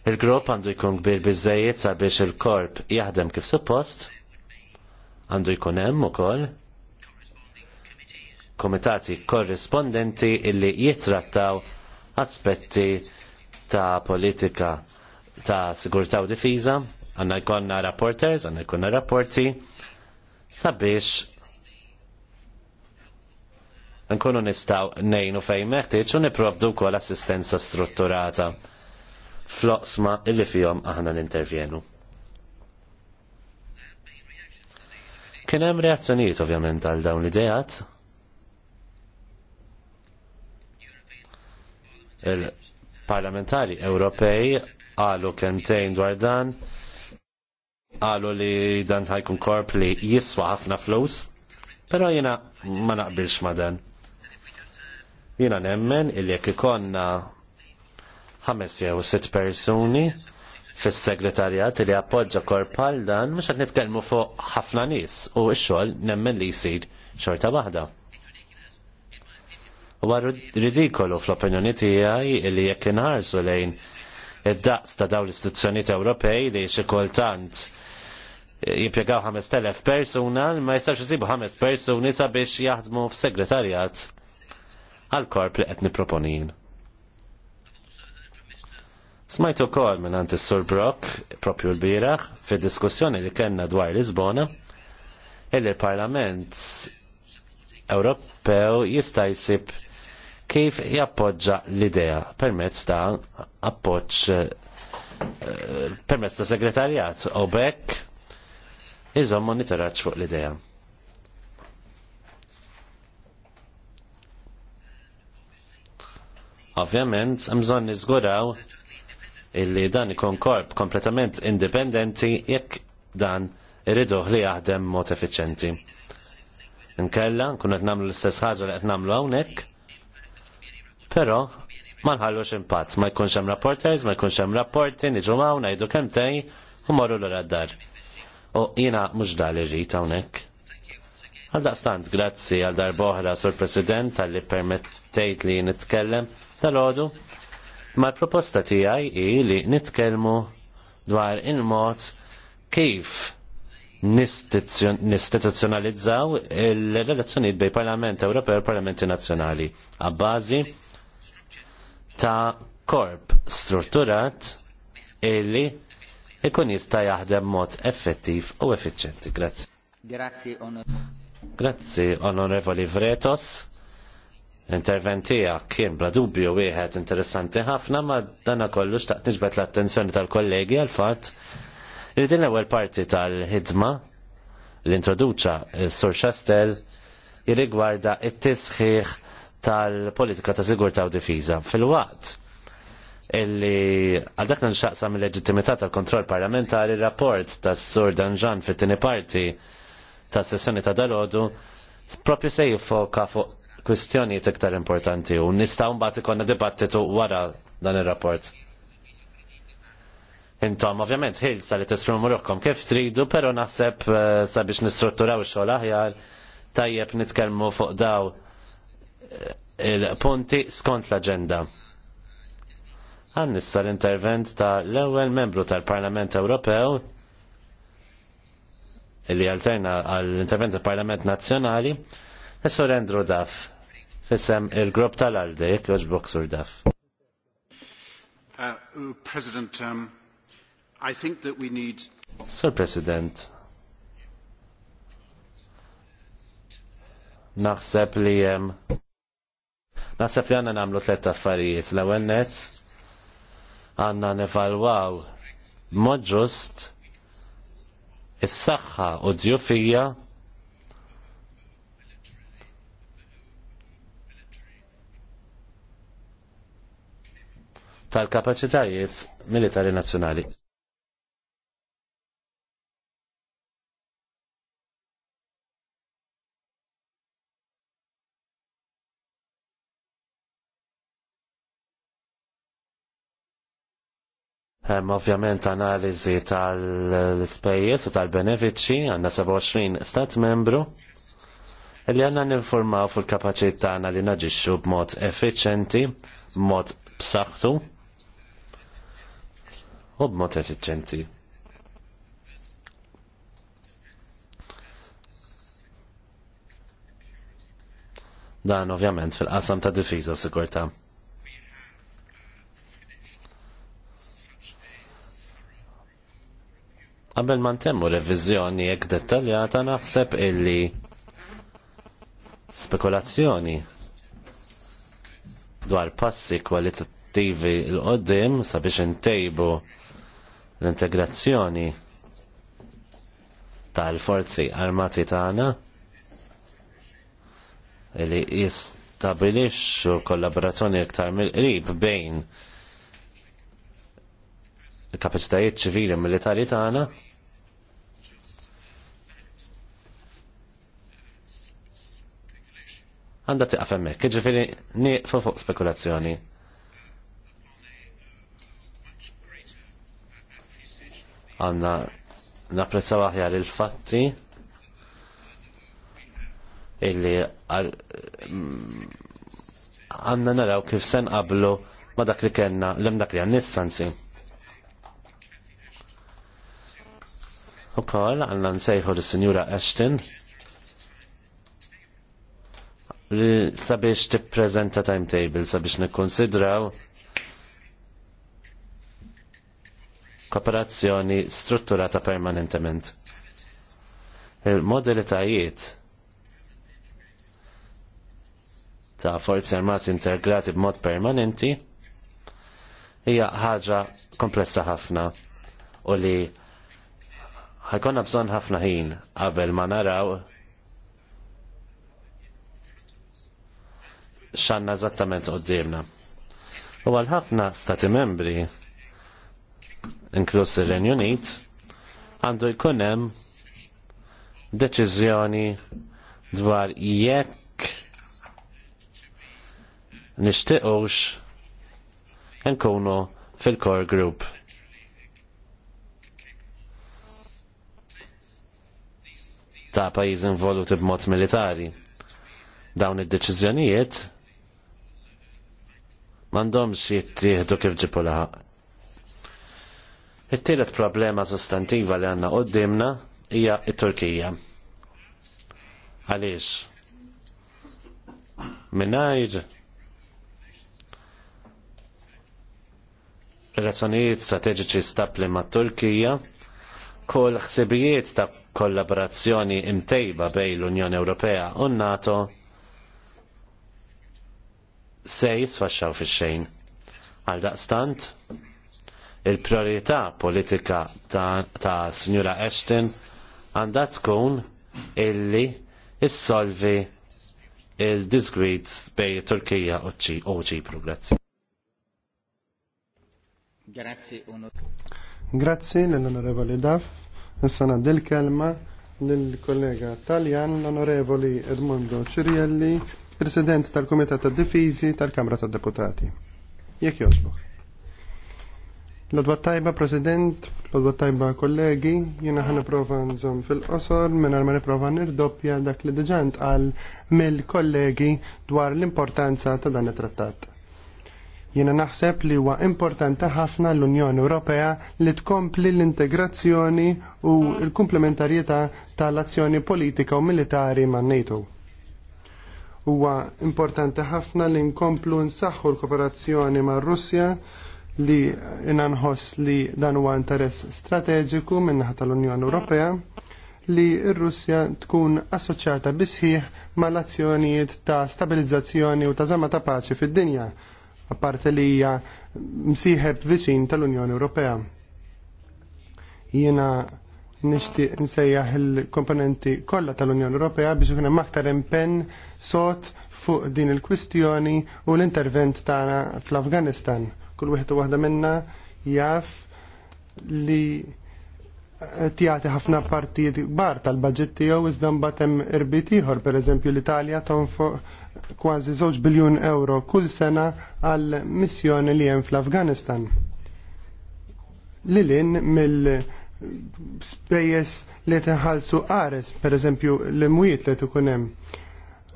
Speaker 5: Il-grupp għandu jkun kbir bizzejiet sabiex il-korp jaħdem kif suppost, għandu jkun hemm ukoll komitati korrispondenti illi jitrattaw aspetti ta' politika ta' sigurtà u difiża, għandna jkollna rapporters, għandna jkollna rapporti sabiex nkunu nistaw nejnu fejn meħtieġ u niprovdu wkoll assistenza strutturata fl-oqsma illi fihom aħna nintervjenu. Kien hemm reazzjonijiet ovvjament għal dawn l-idejat. Il-parlamentari Ewropej qalu kentejn dwar dan qalu li dan ħajkun korp li jiswa ħafna flus, però jiena ma naqbilx ma dan. Jiena nemmen illi jekk ikonna ħames jew sitt persuni fis-segretarjat li appoġġa korpal dan mhux qed nitkellmu fuq ħafna nies u x-xogħol nemmen li jsir xorta waħda. Huwa ridikolu fl-opinjoni tiegħi li jekk inħarsu lejn id-daqs ta' dawn l-istituzzjonijiet Ewropej li xi kultant jimpjegaw 5000 persuna ma jistax isibu 5 persuni sabiex jaħdmu f'segretarjat għal-korp li qed nipproponin. Smajtu kol minn għant sur Brock, propju l-biraħ, fi diskussjoni li kena dwar Lisbona, l parlament Ewropew jista' jsib kif jappoġġa l-idea permezz ta' appoġġ eh, permezz ta' segretarjat u bekk iżom monitoraġġ fuq l-idea. Ovvjament, mżon niżguraw illi dan ikun korp kompletament indipendenti jekk dan irridu li jaħdem mod effiċenti. Nkella, nkun qed nagħmlu l-istess ħaġa li qed nagħmlu hawnhekk, però ma nħallux impatt, ma jkunx hemm rapporters, ma jkunx hemm rapporti, niġu hawn ngħidu kemm tej u morru lura d-dar. U jiena mhux da li ġid hawnhekk. Għaldaqstant, grazzi għal darboħra, Sur President, tal-li permettejt li nitkellem tal-ħodu. Ma proposta tiegħi hi li nitkellmu dwar il-mod kif nistituzzjonalizzaw il-relazzjonijiet bej Parlament Ewropew u Parlamenti Nazzjonali għabbażi ta' korp strutturat illi ikun jista' jaħdem mod effettiv u effiċjenti. Grazzi, Grazzi, Onorevoli Vretos. L-intervent tiegħek kien bla dubju wieħed interessanti ħafna ma dana kollu xtaqt nisbet l-attenzjoni tal-kollegi għal fatt li din l-ewwel parti tal-ħidma li introduċa s-Sur Chastel jirrigwarda it-tisħiħ tal-politika ta' sigurtà u difiża. Fil-waqt illi għadak nxaqsam il-leġittimità tal-kontroll parlamentari rapport ta' Sur Danġan fit-tini parti ta' sessjoni ta' dalodu propju se jiffoka fuq kwestjoni iktar importanti u nistaw mbagħad ikonna dibattitu wara dan ir-rapport. Intom, ovvjament, ħilsa li tesprimu ruħkom kif tridu, pero naħseb eh, sabiex nistrutturaw xogħol aħjar, tajjeb nitkellmu fuq daw eh, il-punti skont l-agenda. Għannissa l-intervent ta' l-ewel membru tal-Parlament Ewropew li alterna għall-intervent tal-Parlament Nazzjonali, Essor Rendru Daf, fissem il grob tal-għalde, jek joġbok surdaf.
Speaker 3: Uh, President, um, I think that we need...
Speaker 5: Sir President, naħseb li jem um, naħseb li għanna namlu tlet affarijiet l għennet għanna nevalwaw mod ġust is-saħħa u djufija tal-kapacitajiet militari nazzjonali. Hemm ovvjament analiżi tal-spejjeż u tal-benefiċċji għandna 27 stat membru li għandna ninformaw fuq il-kapaċità tagħna li naġixxu b'mod effiċjenti, b'mod b'saħħtu u b'mod effiċenti. Dan ovvjament fil-qasam ta' difiża u sigurtà. Qabel ma ntemmu revizjoni jekk dettaljata naħseb illi spekulazzjoni dwar passi kwalitat attivi l-qoddim sabiex intejbu l-integrazzjoni tal-forzi armati tagħna li jistabilixxu kollaborazzjoni iktar mill-qrib bejn il-kapaċitajiet ċivili militari tagħna għandha tiqaf hemmhekk, jiġifieri nieqfu fuq spekulazzjoni. għanna napprezzaw aħjar il-fatti illi għanna naraw kif sen qablu ma dak li kena lem dak li għannissansi. U kol għanna nsejħu l-Sinjura Ashton sabiex tippreżenta timetable sabiex nikkonsidraw kooperazzjoni strutturata permanentement. Il-modalitajiet ta' forzi armati integrati b'mod permanenti hija ħaġa komplessa ħafna u li ħajkonna bżonn ħafna ħin qabel ma naraw x'għandna eżattament qudiemna. U għal ħafna stati membri inkluż ir-Renju Unit, għandu jkun hemm deċiżjoni dwar jekk nixtiequx nkunu fil-core group. ta' pajiz involuti b'mod militari. Dawn id-deċiżjonijiet m'għandhomx jittieħdu kif ġipu laħaq. It-tielet problema sostantiva li għanna għoddimna hija il turkija Għaliex? Minajr relazzjonijiet strateġiċi stapli ma' Turkija, kol ħsibijiet ta' kollaborazzjoni imtejba bej l-Unjoni Ewropea u NATO se jisfaxxaw fix xejn. Għal daqstant, Il-priorità politika ta', ta Signora Ashton għandha tkun illi issolvi il-disgrid bej Turkija u Ċipru. Grazie
Speaker 1: Grazie,
Speaker 6: Grazie l-Onorevoli Daf. Issa naddi kelma lill-kollega Taljan l-Onorevoli Edmondo Cirielli, President tal-Komitat tad-Difiżi tal-Kamra tad-Deputati. Jekk jogħġbok l tajba, President, l tajba, kollegi, jina ħana prova nżom fil-qosor, minna ma niprofa nirdoppja dak li diġant għal mill-kollegi dwar l-importanza ta' dan it-trattat. Jina naħseb li huwa importanti ħafna l-Unjoni Ewropea li tkompli l-integrazzjoni u l-komplementarjetà tal-azzjoni politika u militari man NATO. Huwa importanti ħafna li nkomplu nsaħħu l-kooperazzjoni mar-Russja li inanħoss li dan huwa interess strateġiku minnaħa tal-Unjoni Ewropea li r-Russja tkun assoċjata bisħiħ mal-azzjonijiet ta' stabilizzazzjoni u ta' zama ta' paċi fid-dinja, apparti li hija msieħeb viċin tal-Unjoni Ewropea. Jiena nixtieq nsejjaħ il-komponenti kollha tal-Unjoni Ewropea biex ikun hemm aktar impenn sod fuq din il-kwistjoni u l-intervent tagħna fl-Afganistan kull wieħed u waħda minna jaf li tjati ħafna partijiet kbar tal-budget tiegħu iżda mbagħad hemm irbit ieħor, pereżempju l-Italja tonfoq kważi żewġ biljun euro kull sena għal missjoni li hemm fl-Afganistan. Lilin mill spejjeż li tinħallsu qares, pereżempju l-imwiet li tkun hemm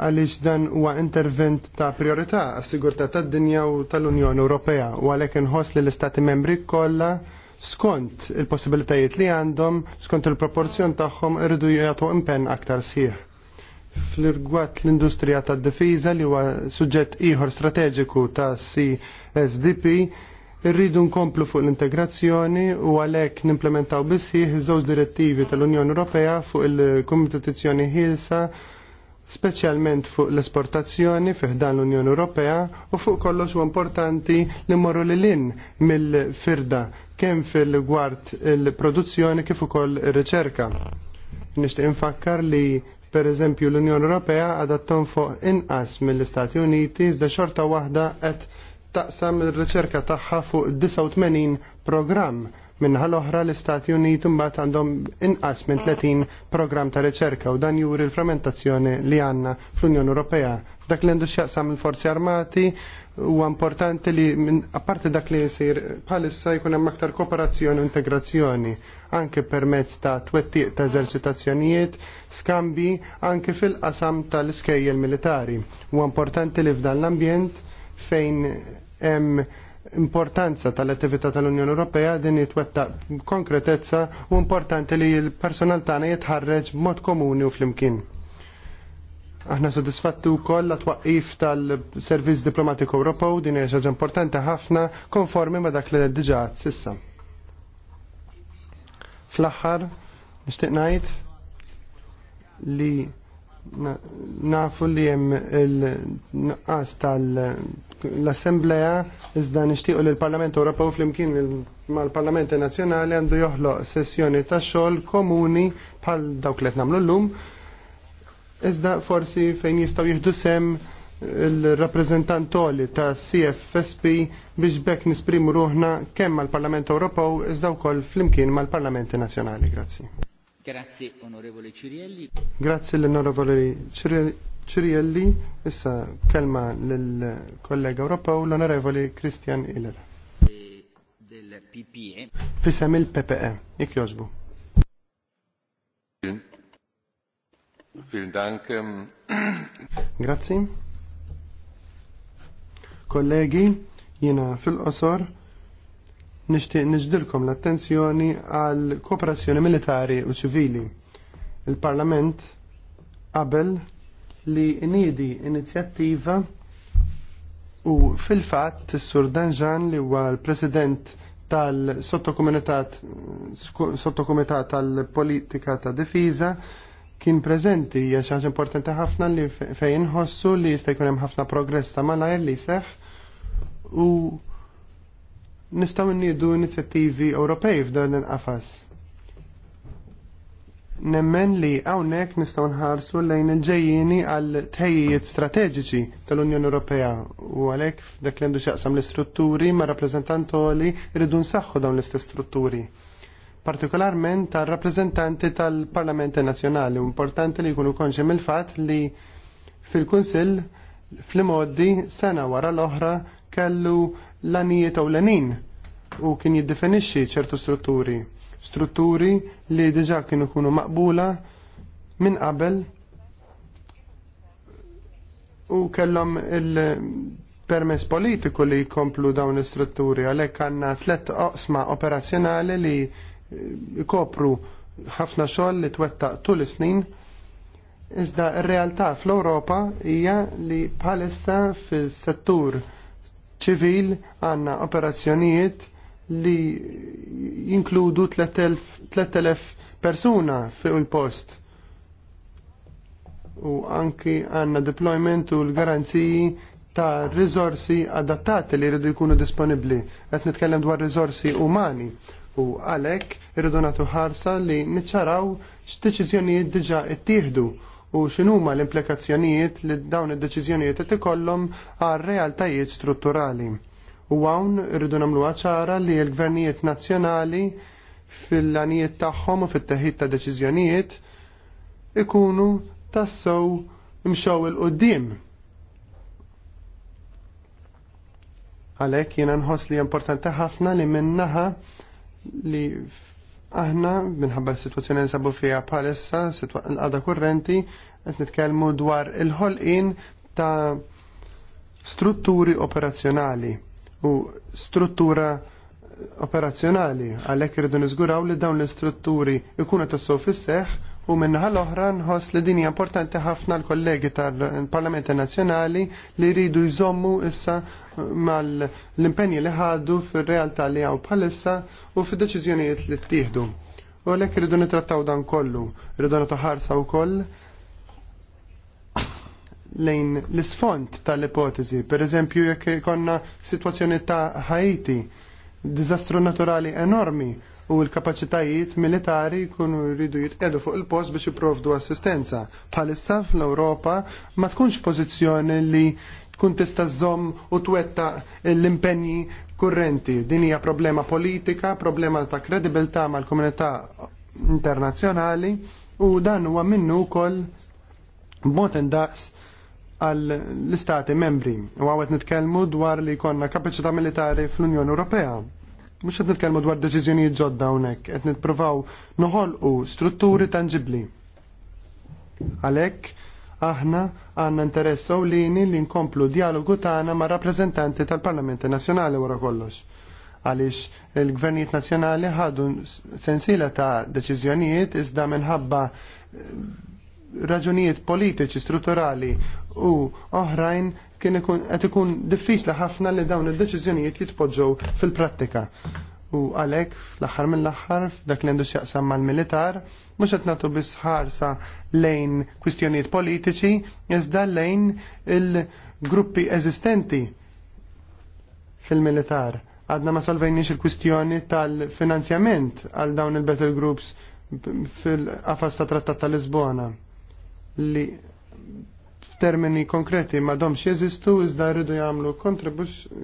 Speaker 6: għaliex dan huwa intervent ta' priorità għas-sigurtà tad-dinja u tal-Unjoni Ewropea u għalhekk inħoss li l-Istati membri kollha skont il-possibilitajiet li għandhom, skont il-proporzjon tagħhom irridu jagħtu impenn aktar sħiħ. Fl-irgwat l-industrija tad-difiża li huwa suġġett ieħor strateġiku ta' CSDP, irridu nkomplu fuq l-integrazzjoni u għalhekk nimplementaw bisħiħ iż-żewġ direttivi tal-Unjoni Ewropea fuq il-kompetizzjoni ħielsa speċjalment fuq l-esportazzjoni fih dan l-Unjoni Ewropea u fuq kollox u importanti li morru li lin mill-firda kemm fil-gwart il-produzzjoni kif ukoll ir-riċerka. Nixtieq infakkar li per eżempju l-Unjoni Ewropea għadha tonfoq inqas mill-Istati Uniti iżda xorta waħda qed taqsam ir-riċerka tagħha fuq 89 programm Minnaħa l-oħra l-Istati Uniti mbagħad għandhom inqas minn 30 programm ta' riċerka u dan juri l frammentazzjoni li għandna fl-Unjoni Ewropea. Dak li għandu x'jaqsam il-Forzi Armati huwa importanti li apparti dak li jsir bħalissa jkun hemm aktar kooperazzjoni u integrazzjoni anke permezz ta' twettiq ta' eżerċitazzjonijiet, skambi anke fil-qasam tal-iskejjel militari. Huwa importanti li f'dan l-ambjent fejn hemm importanza tal-attività tal-Unjoni Ewropea din jitwetta konkretezza u importanti li l-personal tagħna jitħarreġ b'mod komuni u flimkien. Aħna sodisfatti wkoll la twaqqif tal-Servizz Diplomatiku Ewropew din hija ħaġa importanti ħafna konformi ma' dak li diġà sissa. Fl-aħħar nixtieq ngħid li nafu li jem il-naqas tal-Assembleja iżda nishtiqu li l-Parlament Ewropew flimkien ma l-Parlament Nazzjonali għandu joħloq sessjoni ta' xogħol komuni bħal dawk li qed nagħmlu llum. Iżda forsi fejn jistgħu jieħdu sem il-rappreżentantoli ta' CFSP biex bekk nisprimu ruħna kemm mal-Parlament Ewropew iżda wkoll flimkien mal-Parlamenti Nazzjonali. Grazzi.
Speaker 1: Grazie onorevole Cirielli.
Speaker 6: Grazie l'onorevole Cirielli. Issa kelma l-kollega Ewropew l-onorevole Christian Iller.
Speaker 1: Del PPE.
Speaker 6: Fisem il-PPE. Ik jozbu.
Speaker 5: Vielen Dank. Ehm,
Speaker 6: Grazie. Kollegi, jina fil-qosor nixtieq niġdilkom l-attenzjoni għal kooperazzjoni militari u ċivili. Il-Parlament qabel li niedi inizjattiva u fil-fatt is-Sur Danjan li huwa l-President tal-Sottokumitat sottokomitat tal-Politika ta' Difiża kien preżenti hija xi importanti ħafna li fejn ħossu li jista' jkun hemm ħafna progress ta' malajr li seħħ u nistaw nniedu inizjattivi Ewropej f'dan il-qafas. Nemmen li hawnhekk nistgħu nħarsu lejn il-ġejjini għal tħejjiet strateġiċi tal-Unjoni Ewropea u għalhekk f'dak li għandu xaqsam l-istrutturi ma' rappreżentantoli rridu nsaħħu dawn l-istess strutturi partikolarment tal rappreżentanti tal-Parlamenti Nazzjonali. Importanti li jkunu konxi mill fatt li fil-Kunsill fl-modi sena wara l-oħra kellu l-anijiet ewlenin u kien jiddefinixxi ċertu strutturi, strutturi li diġà kienu kunu maqbula minn qabel u kellhom il-permess politiku li jkomplu dawn l-istrutturi għalhekk għandna tliet oqsma operazzjonali li jkopru ħafna xogħol li twettaq tul is-snin. Iżda r-realtà fl-Ewropa hija li bħalissa fis-settur ċivil għandna operazzjonijiet li jinkludu 3000 persuna fi il-post. U anki għandna deployment u l-garanziji ta' rizorsi adattati li jridu jkunu disponibbli. Qed nitkellem dwar rizorsi umani u għalhekk irridu nagħtu ħarsa li niċċaraw x'deċiżjonijiet diġà ttieħdu u x'inhuma l-implikazzjonijiet li dawn id-deċiżjonijiet qed ikollhom għal realtajiet strutturali. U hawn irridu nagħmluha ċara li l-gvernijiet nazzjonali fil-għanijiet tagħhom u fit-teħid ta' deċiżjonijiet ikunu tassew imxew il-qoddim. Għalhekk jiena nħoss li importanti ħafna li minnaħa li Aħna minħabba s-situazzjoni nsabu fija palessa, l-qada kurrenti, qed nitkellmu dwar il-ħolqien ta' strutturi operazzjonali u struttura operazzjonali għalhekk irridu niżguraw li dawn l-istrutturi ikunu tassew fis-seħħ u minnaħa l-oħra nħoss li din hija importanti ħafna l-kollegi tal-Parlamenti Nazzjonali li jridu jżommu issa mal-impenji li ħadu fil-realtà li għaw bħalissa u fil-deċizjonijiet li t-tieħdu. U l rridu nitrattaw dan kollu, rridu nataħarsa u koll lejn l-sfont tal-ipotezi. Per eżempju, jekk konna situazzjoni ta' Haiti, dizastru naturali enormi u l-kapacitajiet militari kunu rridu jitqedu fuq il-post biex jiprovdu assistenza. Palissa fl-Europa ma tkunx pozizjoni li tkun tista' żomm u twetta' l-impenji kurrenti. Din hija problema politika, problema ta' kredibilità mal-komunità internazzjonali u dan huwa minnu wkoll b'mod indaqs għal l-istati membri. U għawet nitkellmu dwar li konna kapacità militari fl-Unjoni Ewropea. Mux għed nitkellmu dwar deċiżjonijiet ġodda hawnhekk, qed nippruvaw noħolqu strutturi tangibbli. Għalhekk Aħna għandna interess ewlieni li nkomplu dialogu tagħna ma' rappreżentanti tal-Parlamenti Nazzjonali wara kollox. Għaliex il-gvernijiet nazzjonali ħadu sensiela ta' deċiżjonijiet iżda minħabba eh, raġunijiet politiċi, strutturali u oħrajn kien ikun qed ikun diffiċli ħafna li dawn id-deċiżjonijiet jitpoġġew fil-prattika u għalek fl-axar mill-axar f'dak li għandu xaqsam mal-militar, mux għatnatu bisħarsa lejn kwistjoniet politiċi, jizda lejn il-gruppi eżistenti fil-militar. Għadna ma solvejniex il-kwistjoni tal-finanzjament għal dawn il-battle groups fil-qafas ta' trattat tal-Lisbona li f'termini konkreti ma domx jeżistu iżda rridu jagħmlu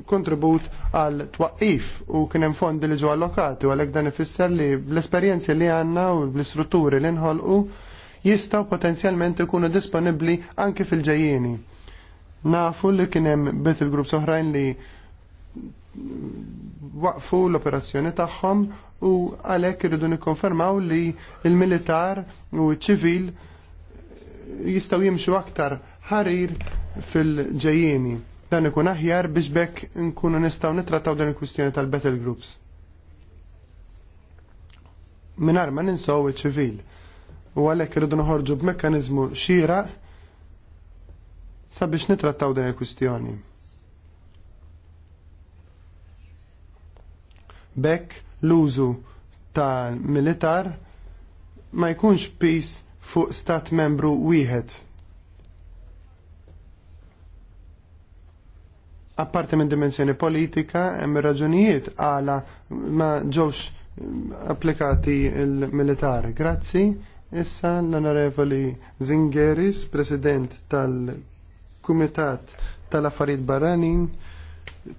Speaker 6: kontribut għal twaqqif u kien hemm fondi li ġew allokati u għalhekk dan ifisser li bl-esperjenzi li għandna u bl-istrutturi li nħolqu jistgħu potenzjalment ikunu disponibbli anke fil-ġejjieni. Nafu li kien hemm bit il-grupp oħrajn li waqfu l-operazzjoni tagħhom u għalhekk irridu nikkonfermaw li l-militar u ċ-ċivil jistaw jimxu aktar ħarir fil-ġejjieni. Dan ikun aħjar biex bekk nkunu nistgħu nittrattaw dan il-kwistjoni tal-battle groups. Minar ma ninsaw iċ-ċivil. U għalhekk irridu noħorġu b'mekkaniżmu xieraq sabiex nitrattaw dan il-kwistjoni. Bekk l-użu tal-militar ma jkunx pis fuq stat membru wieħed apparti minn dimensjoni politika, hemm raġunijiet għala ma ġewx applikati il-militari. Grazzi. Issa l-Onorevoli Zingeris, President tal-Kumitat tal-Affarijiet Barranin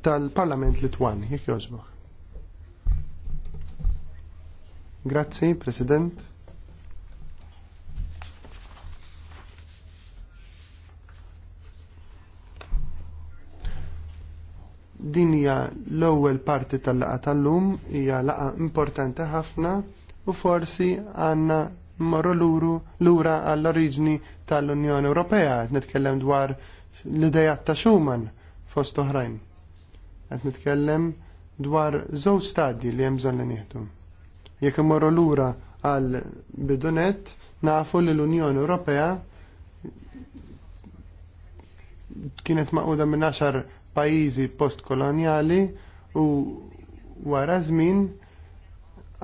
Speaker 6: tal-Parlament Litwan, jekk Grazzi, President. Din hija l-ewwel parti tal-laqa tal-lum hija laqa importanti ħafna u forsi għandna marru luru lura għall-oriġni tal-Unjoni Ewropea qed nitkellem dwar l-idejat ta' Schumann fost oħrajn. Qed nitkellem dwar żewġ stadji li hemm bżonn li nieħdu. Jekk imorru lura għal bidunet nafu li l-Unjoni Ewropea kienet maquda minn 10 pajjiżi postkoloniali u wara żmien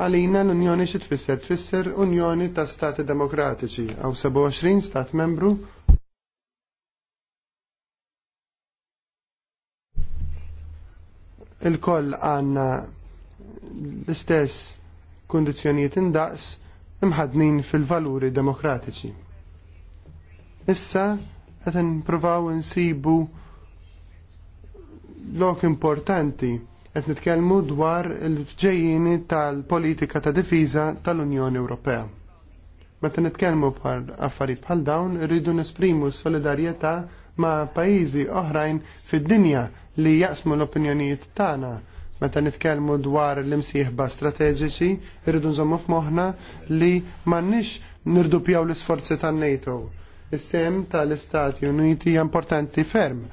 Speaker 6: għalina l-Unjoni xi tfisser tfisser Unjoni ta' Stati Demokratiċi għaw 27 stat membru il-koll għanna l-istess kondizjonijiet indaqs imħadnin fil-valuri demokratiċi. Issa qed provaw insibu lok importanti qed nitkellmu dwar il-ġejjini tal-politika ta' difiża tal-Unjoni Ewropea. Meta nitkellmu bħal affarijiet bħal dawn, irridu nesprimu solidarjetà ma' pajjiżi oħrajn fid-dinja li jaqsmu l-opinjonijiet tagħna. Meta nitkellmu dwar l-imsieħba strateġiċi, irridu nżommu f'moħħna li m'għandniex nirdupjaw l-isforzi tan-NATO. Is-sem tal-Istati Uniti hija importanti ferm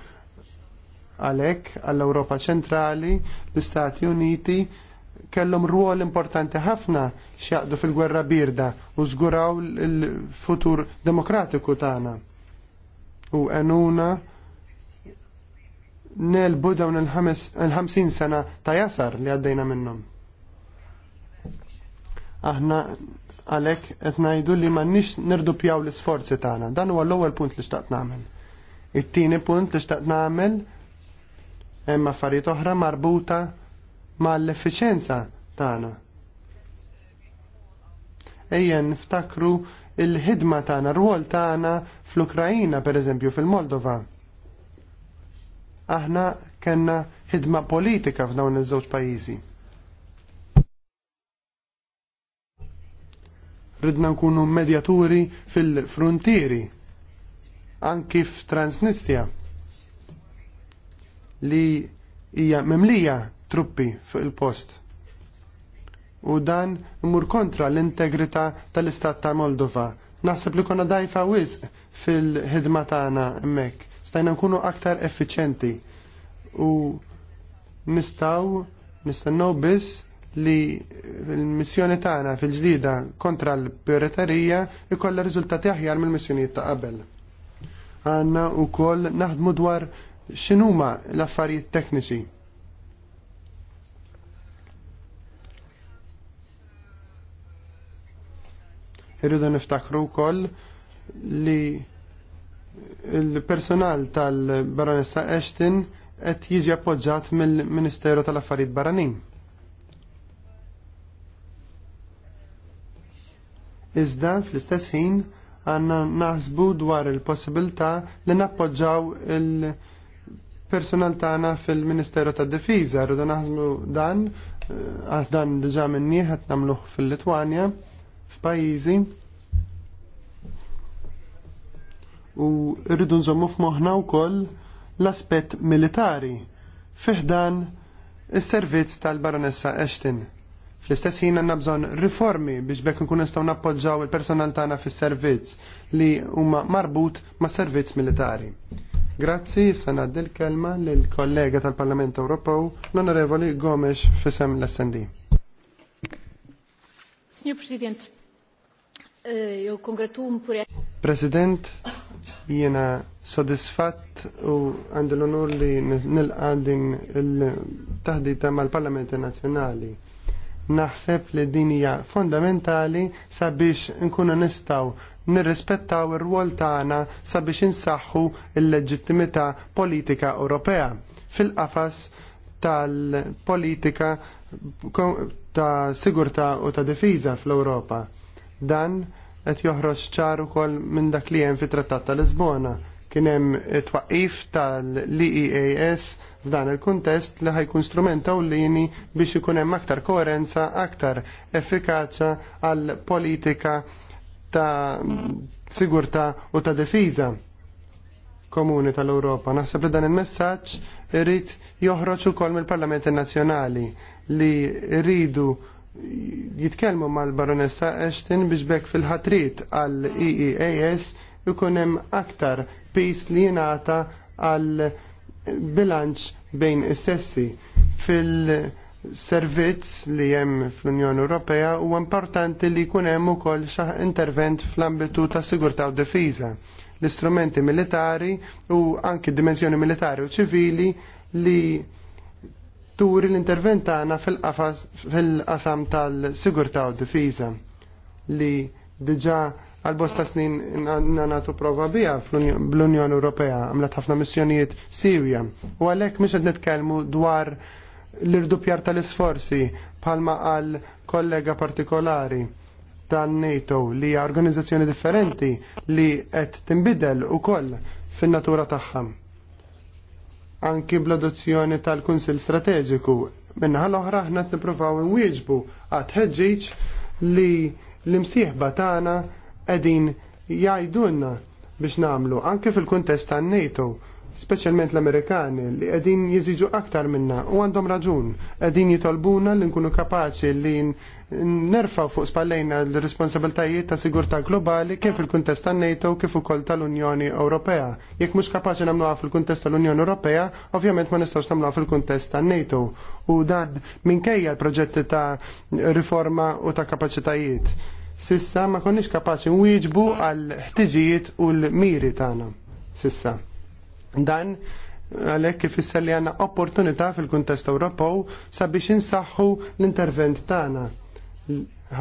Speaker 6: Għalhekk għall-Ewropa ċentrali l-Istati Uniti kellhom ruol importanti ħafna x'jaqdu fil-gwerra birda u żguraw il futur demokratiku tagħna. U għenuna nelbu dawn il-50 sena ta' jasar li għaddejna minnhom. Aħna għalek qed ngħidu li m'għandniex nirdupjaw l-isforzi tagħna. Dan huwa l-ewwel punt li xtaqt nagħmel. It-tieni punt li xtaqt nagħmel hemm affarijiet oħra marbuta mal-effiċenza tagħna. Ejja niftakru il-ħidma tagħna, r-rwol tagħna fl-Ukrajina pereżempju fil-Moldova. Aħna kellna ħidma politika f'dawn iż-żewġ pajjiżi. Ridna nkunu medjaturi fil-frontieri, anki f'Transnistja li hija memlija truppi fuq il-post. U dan imur kontra l-integrità tal-Istat ta' Moldova. Naħseb li konna dajfa wisq fil-ħidma tagħna hemmhekk. Stajna nkunu aktar effiċenti u nistaw nistennew biss li l-missjoni tagħna fil-ġdida kontra l-piraterija ikolla riżultati aħjar mill-missjonijiet ta' qabel. Għanna u koll naħdmu dwar x'inhuma l-affarijiet tekniċi irridu niftakru wkoll li l personal tal-Baronessa Ashton qed jiġi appoġġjat mill-Ministeru tal-Affarijiet Barranin. Iżda fl-istess ħin għandna naħsbu dwar il-possibilità li nappoġġaw il-, -il personal tagħna fil-Ministeru tad-Difiża rridu naħsmu dan eh, għal dan diġà minni qed nagħmluh fil-Litwanja f'pajjiżi. U rridu nżommu f'moħħna wkoll l-aspett militari fiħdan is-servizz tal-Baronessa Ashton. Fl-istess ħin għandna bżonn riformi biex bekk nkun nistgħu nappoġġaw il-personal tagħna fis-servizz li huma marbut mas servizz militari. Grazzi, Sena Del kelma lill-kollega tal-Parlament Ewropew, l-Onorevoli Gomes fisem l-SND.
Speaker 4: Signor President, jew eh, kongratum pure.
Speaker 6: President, jiena sodisfatt u għandil l-onur li nil-għandin il-taħdita mal-Parlamenti Nazzjonali Naħseb li din hija fondamentali sabiex nkunu nistgħu nirrispettaw ir-rwol tagħna sabiex insaħħu l-leġittimità politika Ewropea fil-qafas tal-politika ta' sigurtà u ta' difiża fl-Ewropa. Dan qed joħroġ ċar ukoll minn dak li hemm fit-Trattat ta' Lisbona Kien hemm eh, twaqif tal-EEAS f'dan il-kuntest li ħajkun strument ewlieni biex ikun hemm aktar koerenza, aktar effikaċa għal politika ta' sigurtà u ta' difiża komuni tal-Ewropa. Naħseb li dan il-messaġġ irid joħroġ ukoll mill-Parlamenti Nazzjonali li rridu jitkellmu mal-Baronessa Ashton biex bekk fil-ħatrit għall eeas ikun hemm aktar l li jenata għal bilanċ bejn is-sessi fil-servizz li hemm fl-Unjoni Ewropea huwa importanti li jkun hemm ukoll xi intervent fl-ambitu ta' sigurtà u difiża. L-istrumenti militari u anki dimensjoni militari u ċivili li turi l-intervent tagħna fil-qasam fil tal-sigurtà u difiża li diġà Għal-bosta snin nagħtu prova bija fl-Unjon Ewropea għamlet ħafna missjonijiet Sirja. U għalhekk mhux qed nitkellmu dwar l-irdupjar tal-isforzi bħalma għal kollega partikolari tan NATO li hija organizzazzjoni differenti li qed tinbidel ukoll fin-natura tagħha. Anki bl-adozzjoni tal-Kunsill Strateġiku minna l-oħra ħna t-niprofaw nwieġbu għad ħedġiċ li l-imsieħba tagħna qegħdin jgħidulna biex nagħmlu anke fil-kuntest tan-NATO speċjalment l-Amerikani li qegħdin jeżiġu aktar minna u għandhom raġun qegħdin jitolbuna li nkunu kapaċi li nerfa fuq spallejna l-responsabiltajiet ta' sigurtà globali kif fil-kuntest tan-NATO kif ukoll tal-Unjoni Ewropea. Jekk mhux kapaċi nagħmluha fil-kuntest tal-Unjoni Ewropea, ovvjament ma nistgħux nagħmluha fil-kuntest tan-NATO. U dan minkejja l-proġetti ta' riforma u ta' kapaċitajiet sissa ma konniex kapaċi nwieġbu għal ħtiġijiet u l-miri tagħna sissa. Dan għalhekk ifisser li għandna opportunità fil-kuntest Ewropew sabiex insaħħu l-intervent tagħna.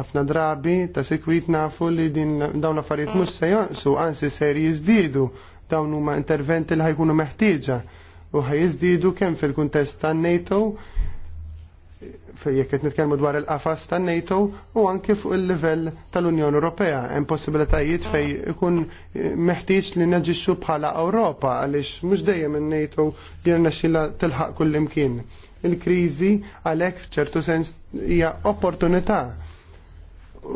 Speaker 6: Ħafna drabi ta' sikwit nafu li din dawn l-affarijiet mhux se jonqsu, anzi ser jiżdiedu dawn huma interventi li ħajkunu meħtieġa u ħajjiżdiedu kemm fil-kuntest tan NATO fejjek qed nitkellmu dwar il-qafas tan NATO u anke fuq il-livell tal-Unjoni Ewropea hemm possibilitajiet fej ikun eh, meħtieġ li naġixxu bħala Ewropa għaliex mhux dejjem in-NATO jirnexxilha tilħaq kullimkien. Il-kriżi għalhekk f'ċertu sens hija opportunità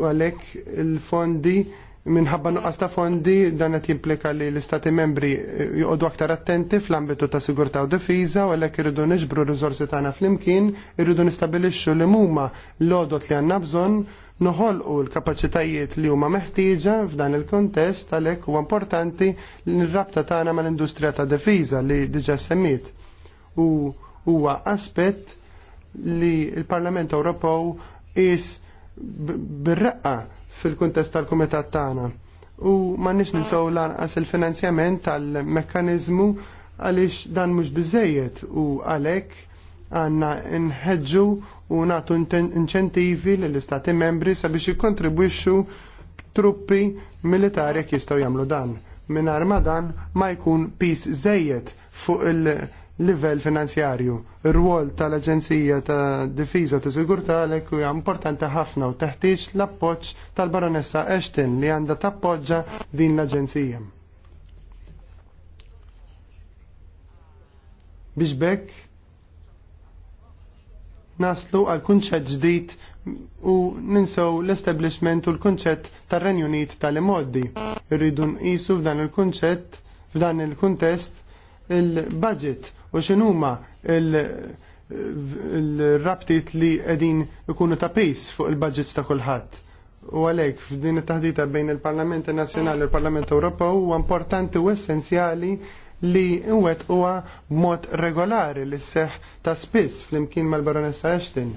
Speaker 6: u għalhekk il-fondi minħabba nuqqas ta' fondi dan qed jimplika li l-istati membri eh, joqogħdu aktar attenti fl-ambitu ta' sigurtà u difiża u għalhekk irridu niġbru r-riżorsi tagħna flimkien, irridu nistabilixxu li huma l-għodot li għandna bżonn noħolqu l-kapaċitajiet li huma meħtieġa f'dan il-kontest għalhekk huwa importanti l-rabta tagħna mal-industrija ta' difiża li diġà semmiet. U huwa aspett li l-Parlament Ewropew is bir-reqqa fil-kuntest tal-kumitat tagħna. U m'għandniex ninsew lanqas il-finanzjament tal-mekkaniżmu għaliex dan mhux biżejjed u għalhekk għandna nħeġġu u nagħtu inċentivi lill-istati membri sabiex jikkontribwixxu truppi militari jekk jistgħu jagħmlu dan. Mingħajr ma dan ma jkun pis żejjed fuq il- livell finanzjarju. Ir-rwol tal-Aġenzija ta' Difiża ta' Sigurtà għalhekk huwa importanti ħafna u teħtieġ l-appoġġ tal-Baronessa Ashton li għandha tappoġġa din l-Aġenzija. Biex bekk naslu għal kunċett ġdid u ninsew l-establishment u l-kunċett tar-Renju Unit tal-imoddi. Irridu nqisu f'dan il-kunċett, f'dan il-kuntest, il-budget u x'inhuma il-rabtiet li qegħdin ikunu ta' pejs fuq il-budgets ta' kulħadd. U għalek, f'din it-taħdita bejn il-Parlament Nazzjonali u l-Parlament Ewropew huwa importanti u essenzjali li nwet huwa mod regolari li seħ ta' spiss fl-imkien mal-Baronessa Ashton.